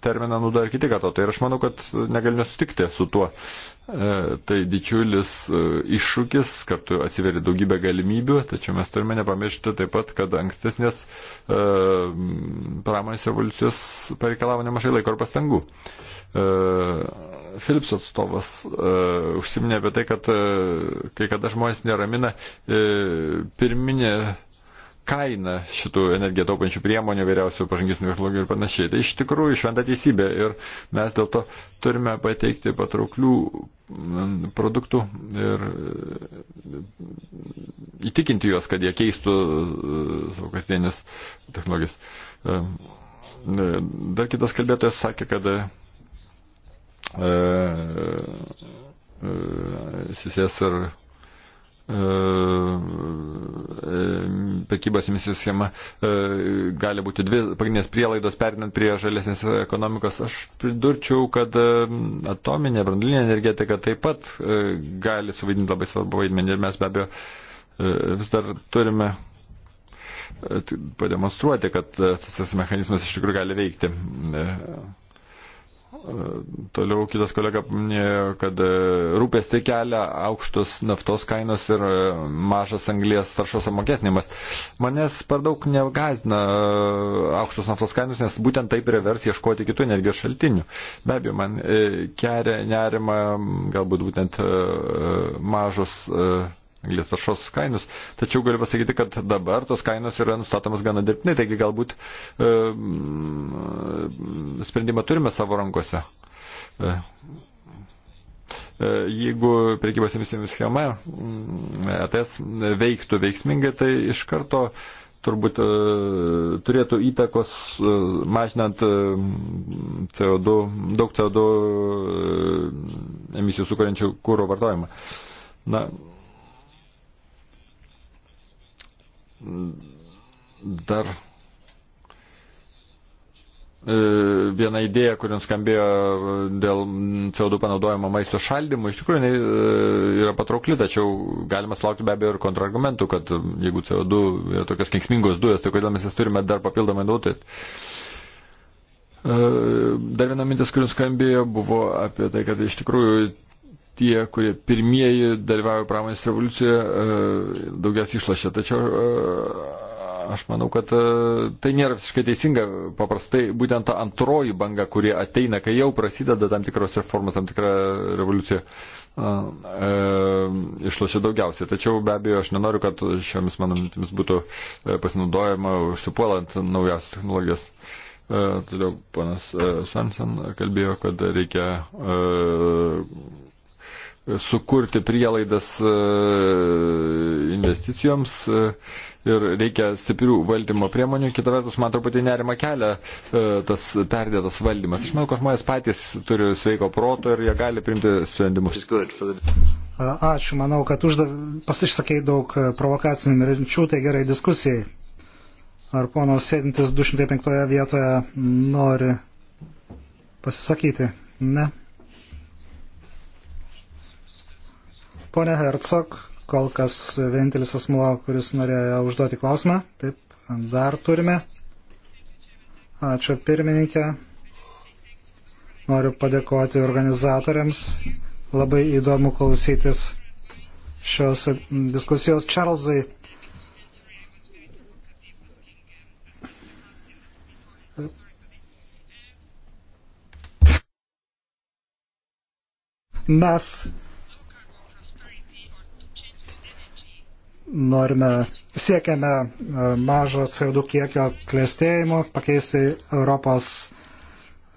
terminą naudoja ir kiti katotai. Ir aš manau, kad negalime sutikti su tuo. E, tai didžiulis e, iššūkis, kartu atsiveria daugybė galimybių, tačiau mes turime nepamiršti taip pat, kad ankstesnės pramonės revoliucijos pareikalavo nemažai laiko ir pastangų. E, Philips atstovas e, užsiminė apie tai, kad e, kai kada žmonės neramina pirminė kaina šitų energiją taupančių priemonių, vyriausių pažangesnių technologijų ir panašiai. Tai iš tikrųjų šventa teisybė ir mes dėl to turime pateikti patrauklių produktų ir įtikinti juos, kad jie keistų savo kasdienės technologijas. Dar kitas kalbėtojas sakė, kad E, e, susijęs ir e, pekybos emisijų schema gali būti dvi pagrindinės prielaidos perinant prie žalesnės ekonomikos. Aš pridurčiau, kad atominė, brandulinė energetika taip pat gali suvaidinti labai svarbu vaidmenį ir mes be abejo vis dar turime pademonstruoti, kad tas mechanizmas iš tikrųjų gali veikti. E, toliau kitas kolega paminėjo, kad e, rūpestį kelia aukštus naftos kainos ir e, mažas anglės taršos apmokesnimas. Manęs per daug negazina aukštus naftos kainos, nes būtent taip ir vers ieškoti kitų energijos šaltinių. Be abejo, man kelia nerima galbūt būtent mažos anglės taršos kainus. Tačiau galiu pasakyti, kad dabar tos kainos yra nustatomas gana dirbtinai, taigi galbūt e, mm, sprendimą turime savo rankose. E, e Jeigu priekybos emisijomis schema mm, ETS veiktų veiksmingai, tai iš karto turbūt e, turėtų įtakos e, mažinant CO2, daug CO2 emisijų sukuriančių kūro vartojimą. Na, Dar e, viena idėja, kuri nuskambėjo dėl CO2 panaudojimo maisto šaldymo, iš tikrųjų e, yra patraukli, tačiau galima sulaukti be abejo ir kontrargumentų, kad jeigu CO2 yra tokios kenksmingos dujos, tai kodėl mes jas turime dar papildomai naudoti. E, dar viena mintis, kuri nuskambėjo, buvo apie tai, kad iš tikrųjų tie, kurie pirmieji dalyvavo pramonės revoliucijoje, e, daugiausiai išlašė. Tačiau e, aš manau, kad e, tai nėra visiškai teisinga. Paprastai būtent ta antroji banga, kurie ateina, kai jau prasideda tam tikros reformos, tam tikra revoliucija, išlošia daugiausiai. Tačiau be abejo, aš nenoriu, kad šiomis mano mintimis būtų pasinaudojama užsipuolant naujas technologijas. Toliau panas Sansen kalbėjo, kad reikia sukurti prielaidas e, investicijoms e, ir reikia stiprių valdymo priemonių. Kita vertus, man truputį nerima kelia e, tas perdėtas valdymas. Aš manau, kad žmonės patys turi sveiko proto ir jie gali priimti sprendimus. Ačiū, manau, kad uždav... pasišsakėjai daug provokacinių minčių, tai gerai diskusijai. Ar ponas sėdintis 205 vietoje nori pasisakyti? Ne. Pone Hercog, kol kas vienintelis asmuo, kuris norėjo užduoti klausimą. Taip, dar turime. Ačiū pirmininkė. Noriu padėkoti organizatoriams. Labai įdomu klausytis šios diskusijos. Čarlzai, mes norime, siekiame e, mažo CO2 kiekio klėstėjimo, pakeisti Europos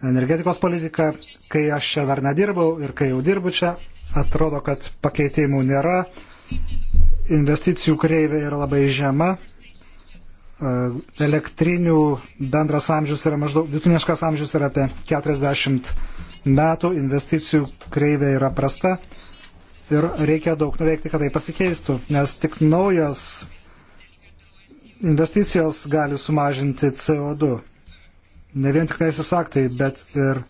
energetikos politiką. Kai aš čia dar nedirbau ir kai jau dirbu čia, atrodo, kad pakeitimų nėra. Investicijų kreivė yra labai žema. E, elektrinių bendras amžius yra maždaug, vidutiniškas amžius yra apie 40 metų, investicijų kreivė yra prasta ir reikia daug nuveikti, kad tai pasikeistų, nes tik naujos investicijos gali sumažinti CO2. Ne vien tik teisės aktai, bet ir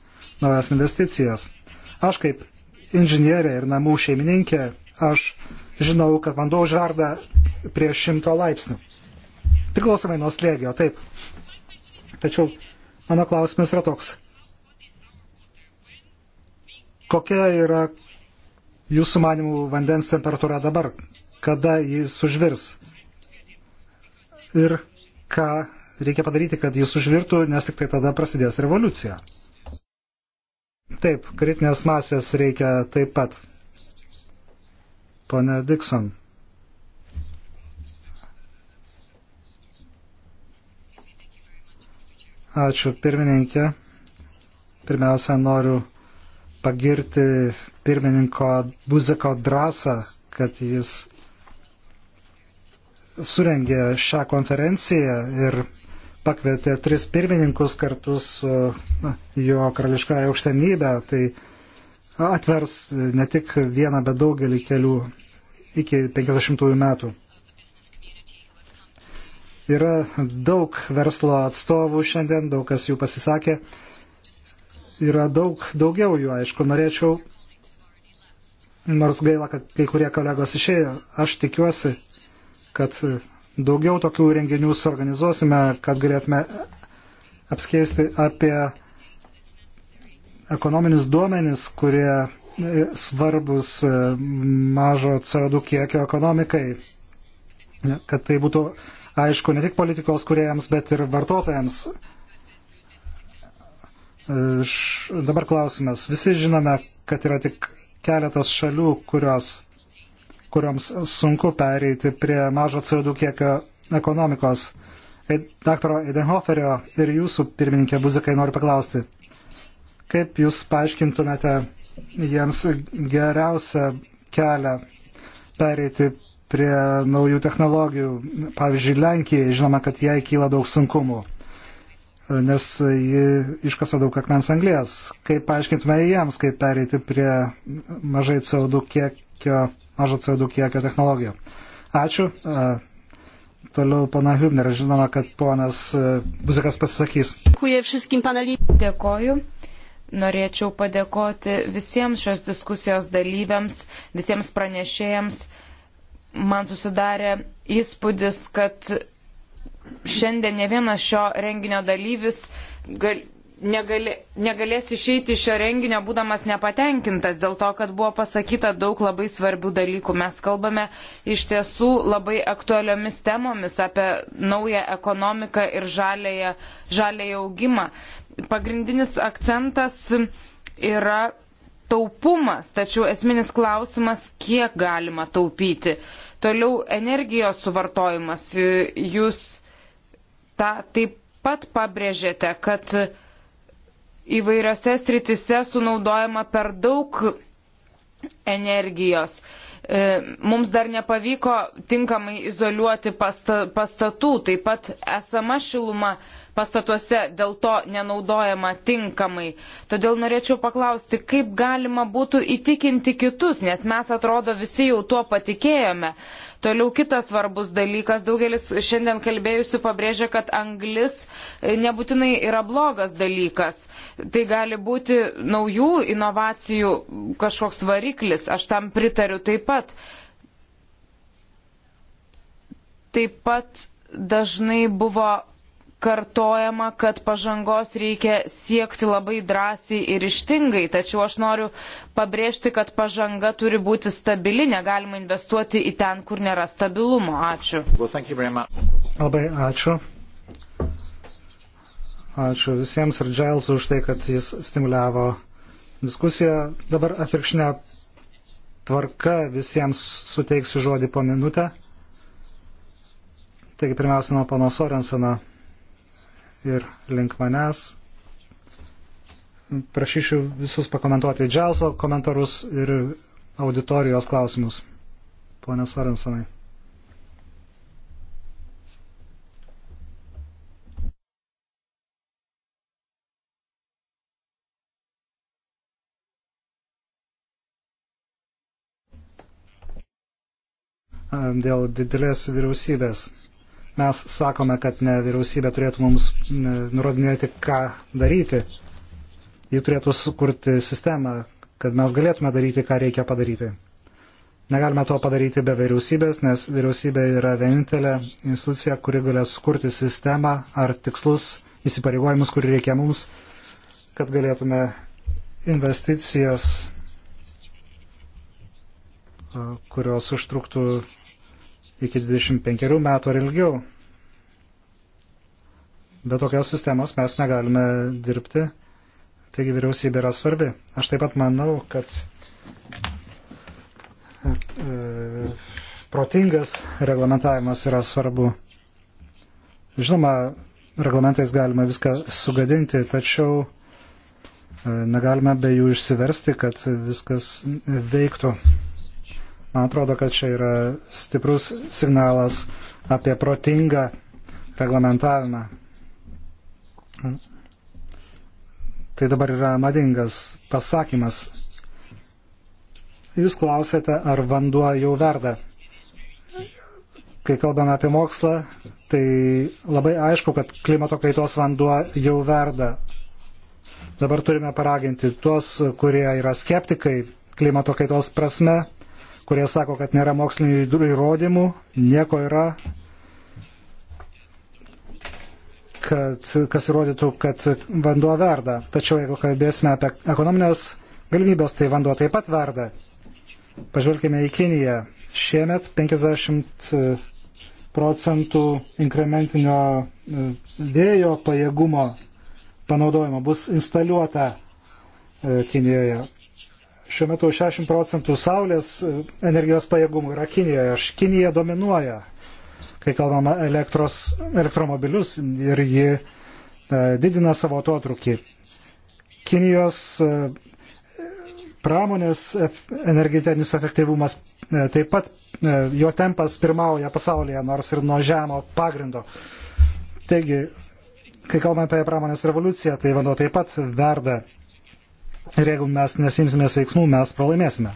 naujas investicijos. Aš kaip inžinierė ir namų šeimininkė, aš žinau, kad vanduo užverda prie šimto laipsnių. Priklausomai nuo slėgio, taip. Tačiau mano klausimas yra toks. Kokia yra jūsų manimų vandens temperatūra dabar, kada jis užvirs ir ką reikia padaryti, kad jis užvirtų, nes tik tai tada prasidės revoliucija. Taip, kritinės masės reikia taip pat. Pone Dikson. Ačiū pirmininkė. Pirmiausia, noriu pagirti pirmininko Buzeko drąsą, kad jis surengė šią konferenciją ir pakvietė tris pirmininkus kartu su jo karališkąja aukštenybė, tai atvers ne tik vieną, bet daugelį kelių iki 50-ųjų metų. Yra daug verslo atstovų šiandien, daug kas jų pasisakė. Yra daug daugiau jų, aišku. Norėčiau nors gaila, kad kai kurie kolegos išėjo, aš tikiuosi, kad daugiau tokių renginių suorganizuosime, kad galėtume apskeisti apie ekonominius duomenis, kurie svarbus mažo CO2 kiekio ekonomikai, kad tai būtų aišku ne tik politikos kuriejams, bet ir vartotojams. Š, dabar klausimas. Visi žinome, kad yra tik keletas šalių, kurios, kurioms sunku pereiti prie mažo CO2 kiekio ekonomikos. Dr. Edenhoferio ir jūsų pirmininkė Buzikai noriu paklausti, kaip jūs paaiškintumėte jiems geriausią kelią pereiti prie naujų technologijų. Pavyzdžiui, Lenkijai žinoma, kad jai kyla daug sunkumų nes ji iškasa daug akmens anglės. Kaip paaiškintume jiems, kaip pereiti prie mažai CO2 kiekio, mažo CO2 kiekio technologijų. Ačiū. Toliau pana Hübner, žinoma, kad ponas Buzikas pasisakys. Dėkoju. Norėčiau padėkoti visiems šios diskusijos dalyviams, visiems pranešėjams. Man susidarė įspūdis, kad šiandien ne vienas šio renginio dalyvis gal, negali, negalės išeiti iš šio renginio, būdamas nepatenkintas dėl to, kad buvo pasakyta daug labai svarbių dalykų. Mes kalbame iš tiesų labai aktualiomis temomis apie naują ekonomiką ir žalėje, žalėje augimą. Pagrindinis akcentas yra taupumas, tačiau esminis klausimas, kiek galima taupyti. Toliau energijos suvartojimas. Jūs Ta, taip pat pabrėžėte, kad įvairiose sritise sunaudojama per daug energijos. E, mums dar nepavyko tinkamai izoliuoti pastatų, taip pat esama šiluma pastatuose dėl to nenaudojama tinkamai. Todėl norėčiau paklausti, kaip galima būtų įtikinti kitus, nes mes atrodo visi jau tuo patikėjome. Toliau kitas svarbus dalykas, daugelis šiandien kalbėjusių pabrėžia, kad anglis nebūtinai yra blogas dalykas. Tai gali būti naujų inovacijų kažkoks variklis, aš tam pritariu taip pat. Taip pat dažnai buvo kartojama, kad pažangos reikia siekti labai drąsiai ir ištingai, tačiau aš noriu pabrėžti, kad pažanga turi būti stabili, negalima investuoti į ten, kur nėra stabilumo. Ačiū. Well, labai ačiū. Ačiū visiems ir Džails už tai, kad jis stimuliavo diskusiją. Dabar atvirkšnė tvarka visiems suteiksiu žodį po minutę. Taigi pirmiausia nuo pano Sorensena ir link manęs. Prašyšiu visus pakomentuoti džiauso komentarus ir auditorijos klausimus. Pone Sorensonai. dėl didelės vyriausybės mes sakome, kad ne vyriausybė turėtų mums e, nurodinėti, ką daryti. Ji turėtų sukurti sistemą, kad mes galėtume daryti, ką reikia padaryti. Negalime to padaryti be vyriausybės, nes vyriausybė yra vienintelė institucija, kuri galės sukurti sistemą ar tikslus, įsipareigojimus, kurių reikia mums, kad galėtume investicijas, kurios užtruktų iki 25 metų ar ilgiau. Be tokios sistemos mes negalime dirbti, taigi vyriausybė yra svarbi. Aš taip pat manau, kad e, protingas reglamentavimas yra svarbu. Žinoma, reglamentais galima viską sugadinti, tačiau e, negalime be jų išsiversti, kad viskas veiktų. Man atrodo, kad čia yra stiprus signalas apie protingą reglamentavimą. Tai dabar yra madingas pasakymas. Jūs klausėte, ar vanduo jau verda. Kai kalbame apie mokslą, tai labai aišku, kad klimato kaitos vanduo jau verda. Dabar turime paraginti tuos, kurie yra skeptikai klimato kaitos prasme, kurie sako, kad nėra mokslinių įrodymų, nieko yra, kad, kas įrodytų, kad vanduo verda. Tačiau jeigu kalbėsime apie ekonominės galimybės, tai vanduo taip pat verda. Pažvelkime į Kiniją. Šiemet 50 e, procentų inkrementinio e, vėjo pajėgumo panaudojimo bus instaliuota e, Kinijoje. Šiuo metu 60 procentų saulės e, energijos pajėgumų yra Kinijoje. Kinija dominuoja, kai kalbama elektros, elektromobilius ir ji e, didina savo atotrukį. Kinijos e, pramonės energetinis efektyvumas taip pat jo tempas pirmauja pasaulyje, nors ir nuo žemo pagrindo. Taigi, kai kalbame apie pramonės revoliuciją, tai vanduo taip pat verda. Ir jeigu mes nesimsime veiksmų, mes pralaimėsime.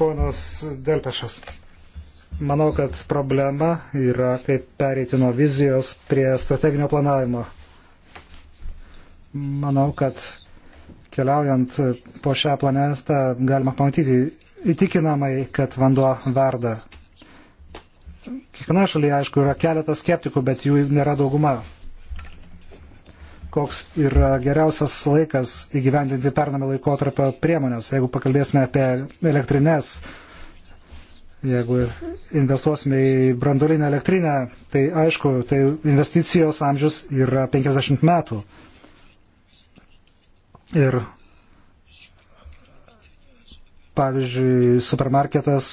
Ponas Delpešas. Manau, kad problema yra kaip pereiti nuo vizijos prie strateginio planavimo. Manau, kad keliaujant po šią planetą galima pamatyti įtikinamai, kad vanduo verda kiekviena šalyje, aišku, yra keletas skeptikų, bet jų nėra dauguma. Koks yra geriausias laikas įgyvendinti pernamį laikotarpio priemonės, jeigu pakalbėsime apie elektrinės, jeigu investuosime į branduolinę elektrinę, tai aišku, tai investicijos amžius yra 50 metų. Ir pavyzdžiui, supermarketas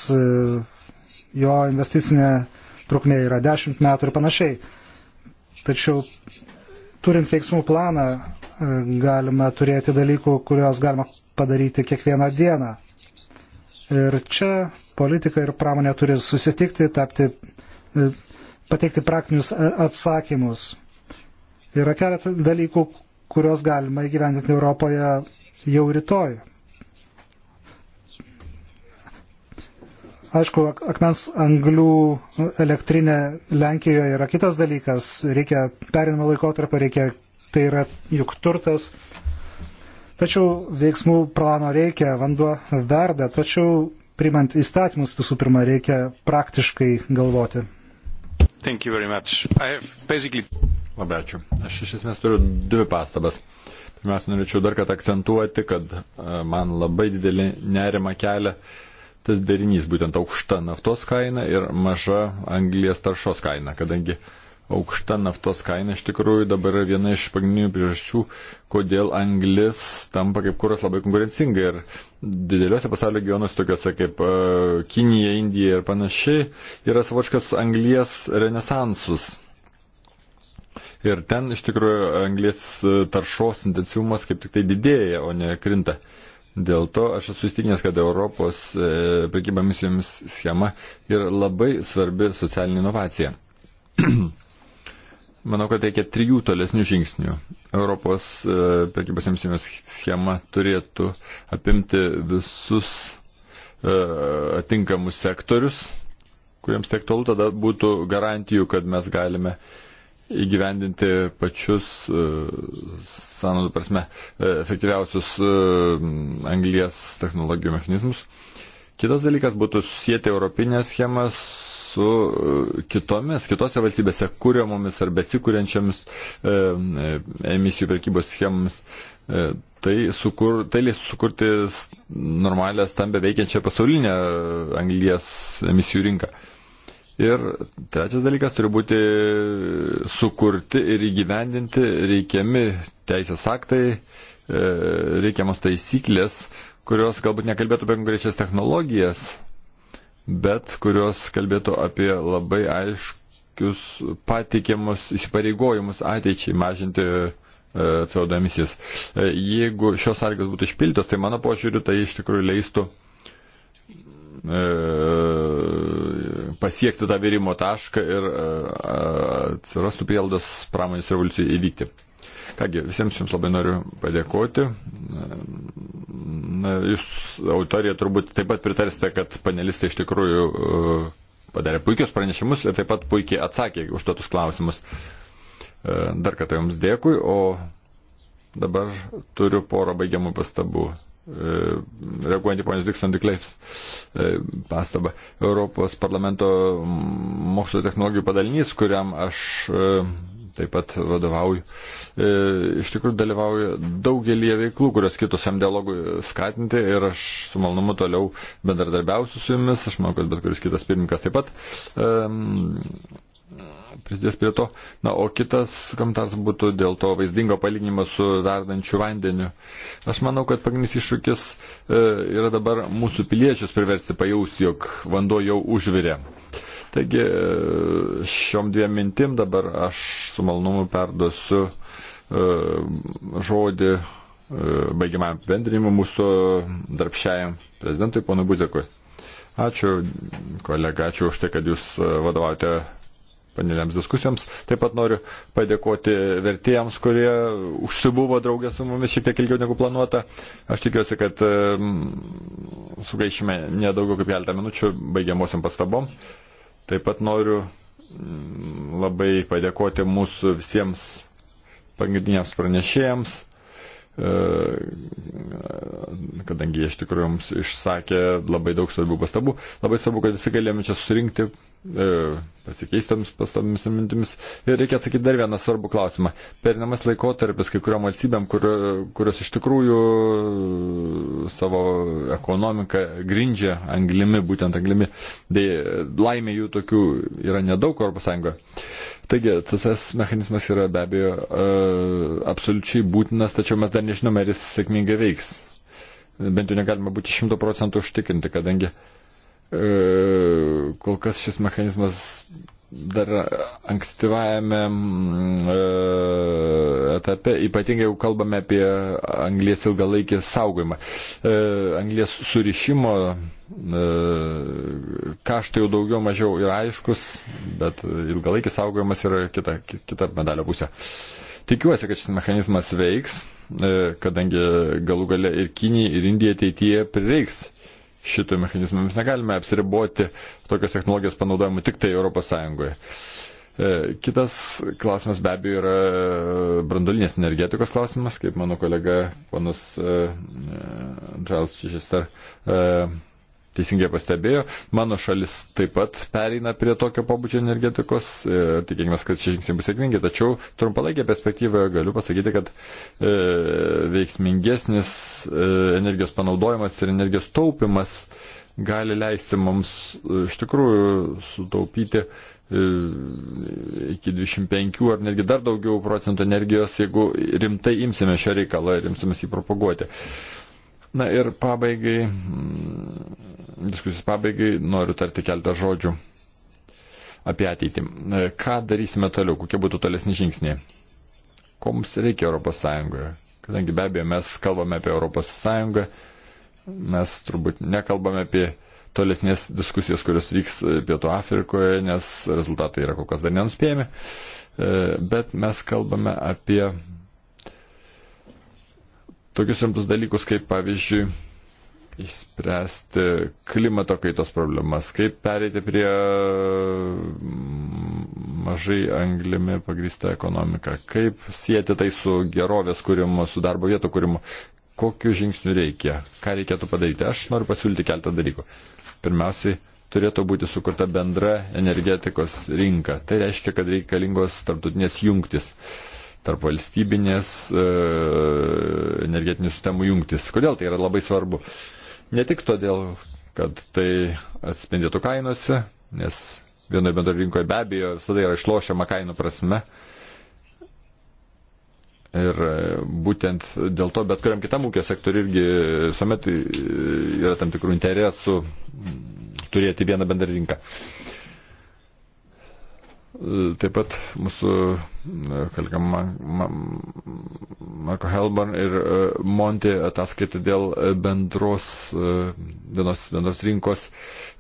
jo investicinė trukmė yra 10 metų ir panašiai. Tačiau turint veiksmų planą e, galima turėti dalykų, kuriuos galima padaryti kiekvieną dieną. Ir čia politika ir pramonė turi susitikti, tapti, e, pateikti praktinius e, atsakymus. Yra keletą dalykų, kuriuos galima įgyvendinti Europoje jau rytoj. Aišku, akmens anglių nu, elektrinė Lenkijoje yra kitas dalykas. Reikia perinimo laikotarpio, reikia, tai yra juk turtas. Tačiau veiksmų plano reikia, vanduo verda, tačiau primant įstatymus visų pirma reikia praktiškai galvoti. Basically... Labai ačiū. Aš iš esmės turiu dvi pastabas. Pirmiausia, norėčiau dar kartą akcentuoti, kad e, man labai didelį nerimą kelia uh, tas derinys, būtent aukšta naftos kaina ir maža anglijas taršos kaina, kadangi aukšta naftos kaina iš tikrųjų dabar yra viena iš pagrindinių priežasčių, kodėl anglis tampa kaip kuras labai konkurencinga ir dideliuose pasaulio regionuose, tokiuose kaip uh, Kinija, Indija ir panašiai, yra savočkas anglies renesansus. Ir ten iš tikrųjų anglies e, taršos intensyvumas kaip tik tai didėja, o ne krinta. Uh, Dėl to aš esu įstikinęs, kad Europos e, prekyba misijomis schema yra labai svarbi socialinė inovacija. [clears throat] Manau, kad reikia trijų tolesnių žingsnių. Europos e, prekybos misijomis schema turėtų apimti visus e, atinkamus sektorius, kuriems tiek tol tada būtų garantijų, kad mes galime uh, įgyvendinti pačius e, sąnaudų prasme e, efektyviausius e, anglijas technologijų mechanizmus. Kitas dalykas būtų susijęti europinės schemas su kitomis, kitose valstybėse kūriamomis ar besikūriančiamis e, emisijų prekybos schemomis. E, tai, sukur, tai leis sukurti normalią stambę veikiančią pasaulinę anglijas emisijų rinką. E, Ir trečias dalykas turi būti sukurti ir įgyvendinti reikiami teisės aktai, e, reikiamos taisyklės, kurios galbūt nekalbėtų apie konkrečias technologijas, bet kurios kalbėtų apie labai aiškius patikiamus įsipareigojimus ateičiai mažinti e, CO2 emisijas. E, jeigu šios sąlygos būtų išpildytos, tai mano požiūriu tai iš tikrųjų leistų E, pasiekti tą virimo tašką ir e, atsirastų prieldas pramonės revoliucijai įvykti. Kągi, visiems jums labai noriu padėkoti. Na, jūs autorija turbūt taip pat pritarsite, kad panelistai iš tikrųjų e, padarė puikius pranešimus ir taip pat puikiai atsakė užduotus klausimus. Dar kartą jums dėkui, o dabar turiu porą baigiamų pastabų. E, reaguojant į ponios Dixon Dikleis e, pastabą, Europos parlamento mokslo technologijų padalinys, kuriam aš e, taip pat vadovauju, iš tikrųjų dalyvauju daugelį veiklų, kurios kitos jam dialogui skatinti ir aš su malonumu toliau bendradarbiausiu su jumis, aš manau, kad bet kuris kitas pirmininkas taip pat prisidės prie to. Na, o kitas komentaras būtų dėl to vaizdingo palyginimo su verdančiu vandeniu. Aš manau, kad pagrindinis iššūkis e, yra dabar mūsų piliečius priversti pajausti, jog vanduo jau užvirė. Taigi e, šiom dviem mintim dabar aš su malonumu perduosiu e, žodį e, baigiamam apibendrinimu mūsų darbšiajam prezidentui, ponui Buzekui. Ačiū, kolega, ačiū už tai, kad jūs e, vadovaujate panelėms diskusijoms. Taip pat noriu padėkoti vertėjams, kurie užsibuvo draugė su mumis šiek tiek ilgiau negu planuota. Aš tikiuosi, kad mm, sugaišime nedaugiau kaip keletą minučių baigiamosiam pastabom. Taip pat noriu mm, labai padėkoti mūsų visiems pagrindiniams pranešėjams e, kadangi jie iš tikrųjų mums išsakė labai daug svarbių pastabų, labai svarbu, kad visi galėjome čia surinkti E, pasikeistams pastomis mintimis. Ir reikia atsakyti dar vieną svarbų klausimą. Perinamas laikotarpis kai kuriuom valstybėm, kur, kurios iš tikrųjų savo ekonomiką grindžia anglimi, būtent anglimi, tai laimė jų tokių yra nedaug Europos Sąjungoje. Taigi, CSS mechanizmas yra be abejo e, absoliučiai būtinas, tačiau mes dar nežinome, ar jis sėkmingai veiks. Bent jau negalima būti šimto procentų užtikrinti, kadangi uh, E, kol kas šis mechanizmas dar ankstyvajame e, etape, ypatingai jau kalbame apie anglės ilgalaikį saugojimą. E, anglės surišimo kaštai jau daugiau mažiau yra aiškus, bet ilgalaikis saugojimas yra kita, kita medalio pusė. Tikiuosi, kad šis mechanizmas veiks, kadangi galų gale ir Kinijai, ir Indijai ateityje prireiks šito mechanizmo. Mes negalime apsiriboti tokios technologijos panaudojimu tik tai ES. E, kitas klausimas be abejo yra e, brandolinės energetikos klausimas, kaip mano kolega ponas e, Charles Chichester teisingai pastebėjo, mano šalis taip pat pereina prie tokio pobūdžio energetikos, e, tikėkime, kad šie žingsniai bus sėkmingi, tačiau trumpalaikėje perspektyvoje galiu pasakyti, kad e, veiksmingesnis e, energijos panaudojimas ir energijos taupimas gali leisti mums e, iš tikrųjų sutaupyti e, iki 25 ar netgi dar daugiau procentų energijos, jeigu rimtai imsime šią reikalą ir imsime jį propaguoti. E, Na ir pabaigai, mm, diskusijos pabaigai noriu tarti keltą žodžių apie ateitį. E, ką darysime toliau, kokie būtų tolesni žingsniai? Ko mums reikia ES? Kadangi be abejo mes kalbame apie ES, mes turbūt nekalbame apie tolesnės diskusijas, kurios vyks Pietų Afrikoje, nes rezultatai yra kol kas dar nenuspėjami, e, bet mes kalbame apie tokius rimtus dalykus, kaip pavyzdžiui, išspręsti klimato kaitos problemas, kaip pereiti prie mm, mažai anglimi pagrįstą ekonomiką, kaip sieti tai su gerovės kūrimu, su darbo vietų kūrimu, kokiu žingsniu reikia, ką reikėtų padaryti. Aš noriu pasiūlyti keletą dalykų. Pirmiausiai, turėtų būti sukurta bendra energetikos rinka. Tai reiškia, kad reikalingos tarptautinės jungtis. Uh, tarp valstybinės e, energetinių sistemų jungtis. Kodėl tai yra labai svarbu? Ne tik todėl, kad tai atspindėtų kainose, nes vienoje bendroje rinkoje be abejo visada yra išlošiama kainų prasme. Ir e, būtent dėl to, bet kuriam kitam ūkio sektoriu irgi visuomet e, yra tam tikrų interesų turėti vieną bendrą rinką. Uh, Taip pat mūsų e, kalbam Marko Helborn ir e, Monti ataskaita dėl e, bendros, vienos, vienos rinkos.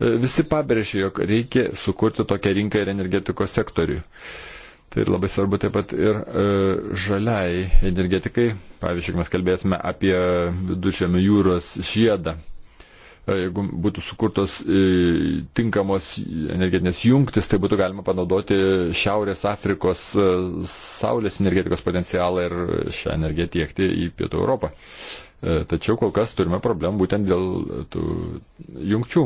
Visi pabrėžė, jog reikia sukurti tokią rinką ir energetikos sektoriui. Tai labai svarbu taip pat ir žaliai energetikai. Pavyzdžiui, mes kalbėsime apie viduržėmio jūros žiedą. E, jeigu būtų sukurtos e, tinkamos energetinės jungtis, tai būtų galima panaudoti Šiaurės Afrikos e, saulės energetikos potencialą ir šią energiją tiekti į Pietų Europą. Tačiau kol kas turime problemų būtent dėl tų jungčių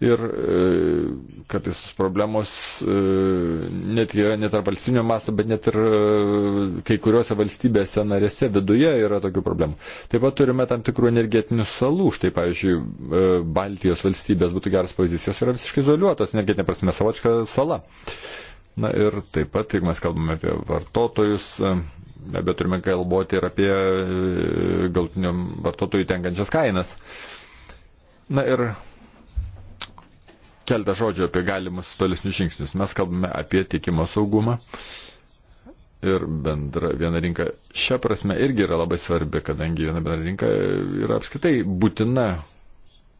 ir e, kartais problemos e, net yra net ar valstybinio masto, bet net ir e, kai kuriuose valstybėse narėse viduje yra tokių problemų. Taip pat turime tam tikrų energetinių salų, štai pavyzdžiui, Baltijos valstybės būtų geras pavyzdys, jos yra visiškai izoliuotos, energetinė prasme savočka sala. Na ir taip pat, jeigu mes kalbame apie vartotojus, bet turime kalboti ir apie galutiniam vartotojui tenkančias kainas. Na ir keltą žodžių apie galimus tolesnius žingsnius. Mes kalbame apie tiekimo saugumą ir bendra viena rinka šią prasme irgi yra labai svarbi, kadangi viena bendra rinka yra apskritai būtina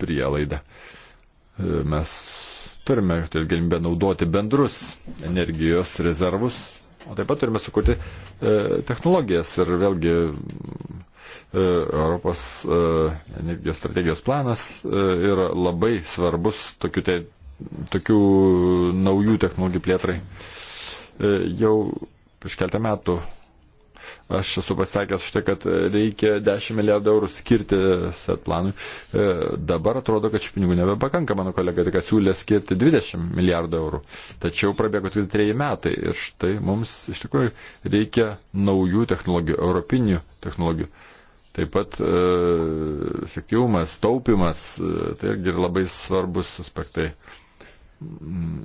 prielaida. Mes turime galimybę naudoti bendrus energijos rezervus, o taip pat turime sukurti e, technologijas ir vėlgi E, Europos e, energijos strategijos planas e, yra labai svarbus tokių, te, tokių naujų technologijų plėtrai. Jau prieš keltą metų aš esu pasakęs štai, kad reikia 10 milijardų eurų skirti set planui. Dabar atrodo, kad šių pinigų nebepakanka, mano kolega tik siūlė skirti 20 milijardų eurų. Tačiau prabėgo 23 metai ir štai mums iš tikrųjų reikia naujų technologijų, europinių technologijų. Taip pat e, efektyvumas, taupimas, e, tai irgi labai svarbus aspektai. Mm.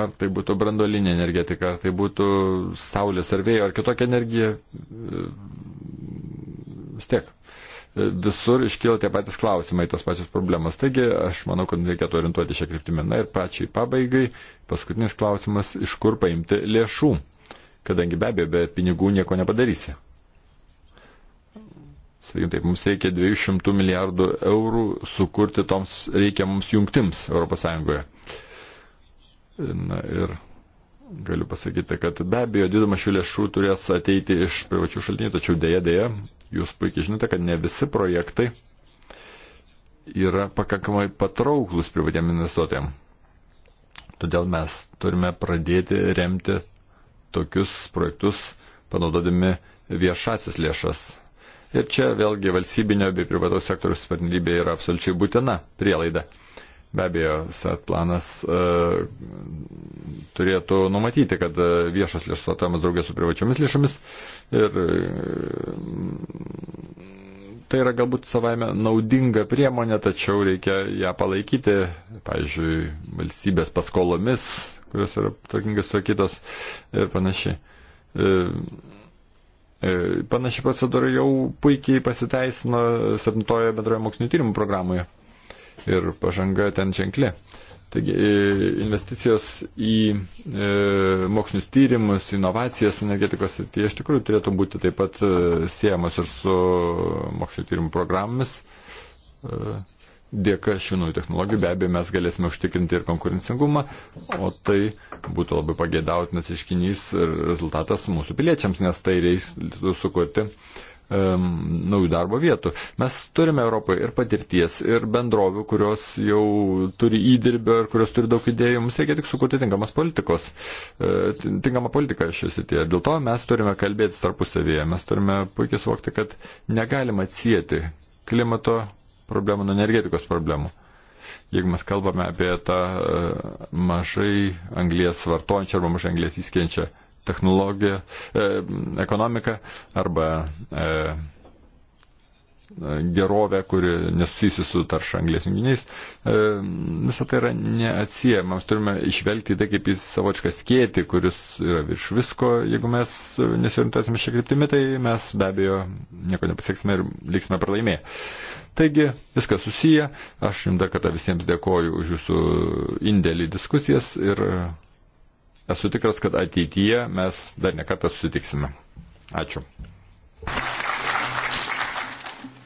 Ar tai būtų brandolinė energetika, ar tai būtų saulės ar vėjo, ar kitokia energija, e, vis tiek visur iškyla tie patys klausimai, tos pačios problemos. Taigi aš manau, kad reikėtų orientuoti šią kryptimį. Na ir pačiai pabaigai, paskutinis klausimas, iš kur paimti lėšų, kadangi be abejo be pinigų nieko nepadarysi. Sakykim taip, mums reikia 200 milijardų eurų sukurti toms reikiamoms jungtims ES. Na ir galiu pasakyti, kad be abejo didumą šių lėšų turės ateiti iš privačių šaltinių, tačiau dėja, dėja, jūs puikiai žinote, kad ne visi projektai yra pakankamai patrauklus privatiem investuotojams. Todėl mes turime pradėti remti tokius projektus, panaudodami viešasis lėšas. Ir čia vėlgi valstybinio bei privataus sektoriaus partnerybė yra absoliučiai būtina prielaida. Be abejo, SAT planas e, turėtų numatyti, kad e, viešas lėšas vartojamas draugės su privačiomis lėšomis ir e, tai yra galbūt savaime naudinga priemonė, tačiau reikia ją palaikyti, pavyzdžiui, valstybės paskolomis, kurios yra tvarkingai sutvarkytos ir panašiai. E, E, panaši procedūra jau puikiai pasiteisino 7 bendroje mokslinio tyrimų programoje ir pažanga ten ženkli. Taigi e, investicijos į e, mokslinius tyrimus, inovacijas energetikos srityje tai iš tikrųjų turėtų būti taip pat e, siejamos ir su mokslinio tyrimų programomis. E, dėka šių naujų technologijų be abejo mes galėsime užtikrinti ir konkurencingumą, o tai būtų labai pagėdautinas iškinys ir rezultatas mūsų piliečiams, nes tai reikėtų sukurti um, naujų darbo vietų. Mes turime Europoje ir patirties, ir bendrovių, kurios jau turi įdirbę ir kurios turi daug idėjų. Mums reikia tik sukurti tinkamas politikos, e, tinkamą politiką šios įtie. Dėl to mes turime kalbėti tarpusavėje. Mes turime puikiai suvokti, kad negalima atsijėti klimato problemų, nuo energetikos problemų. Jeigu mes kalbame apie tą e, mažai anglės vartojančią arba mažai anglės įskėjančią technologiją, e, ekonomiką arba e, gerovę, kuri nesusijusi su tarša anglės junginiais. E, Visą tai yra neatsiejama. Mes turime išvelgti tai kaip į savočką skėti, kuris yra virš visko. Jeigu mes nesiorientuosime šią kryptimį, tai mes be abejo nieko nepasieksime ir liksime pralaimėję. Taigi, viskas susiję. Aš jums dar kartą visiems dėkoju už jūsų indėlį diskusijas ir esu tikras, kad ateityje mes dar nekartą susitiksime. Ačiū.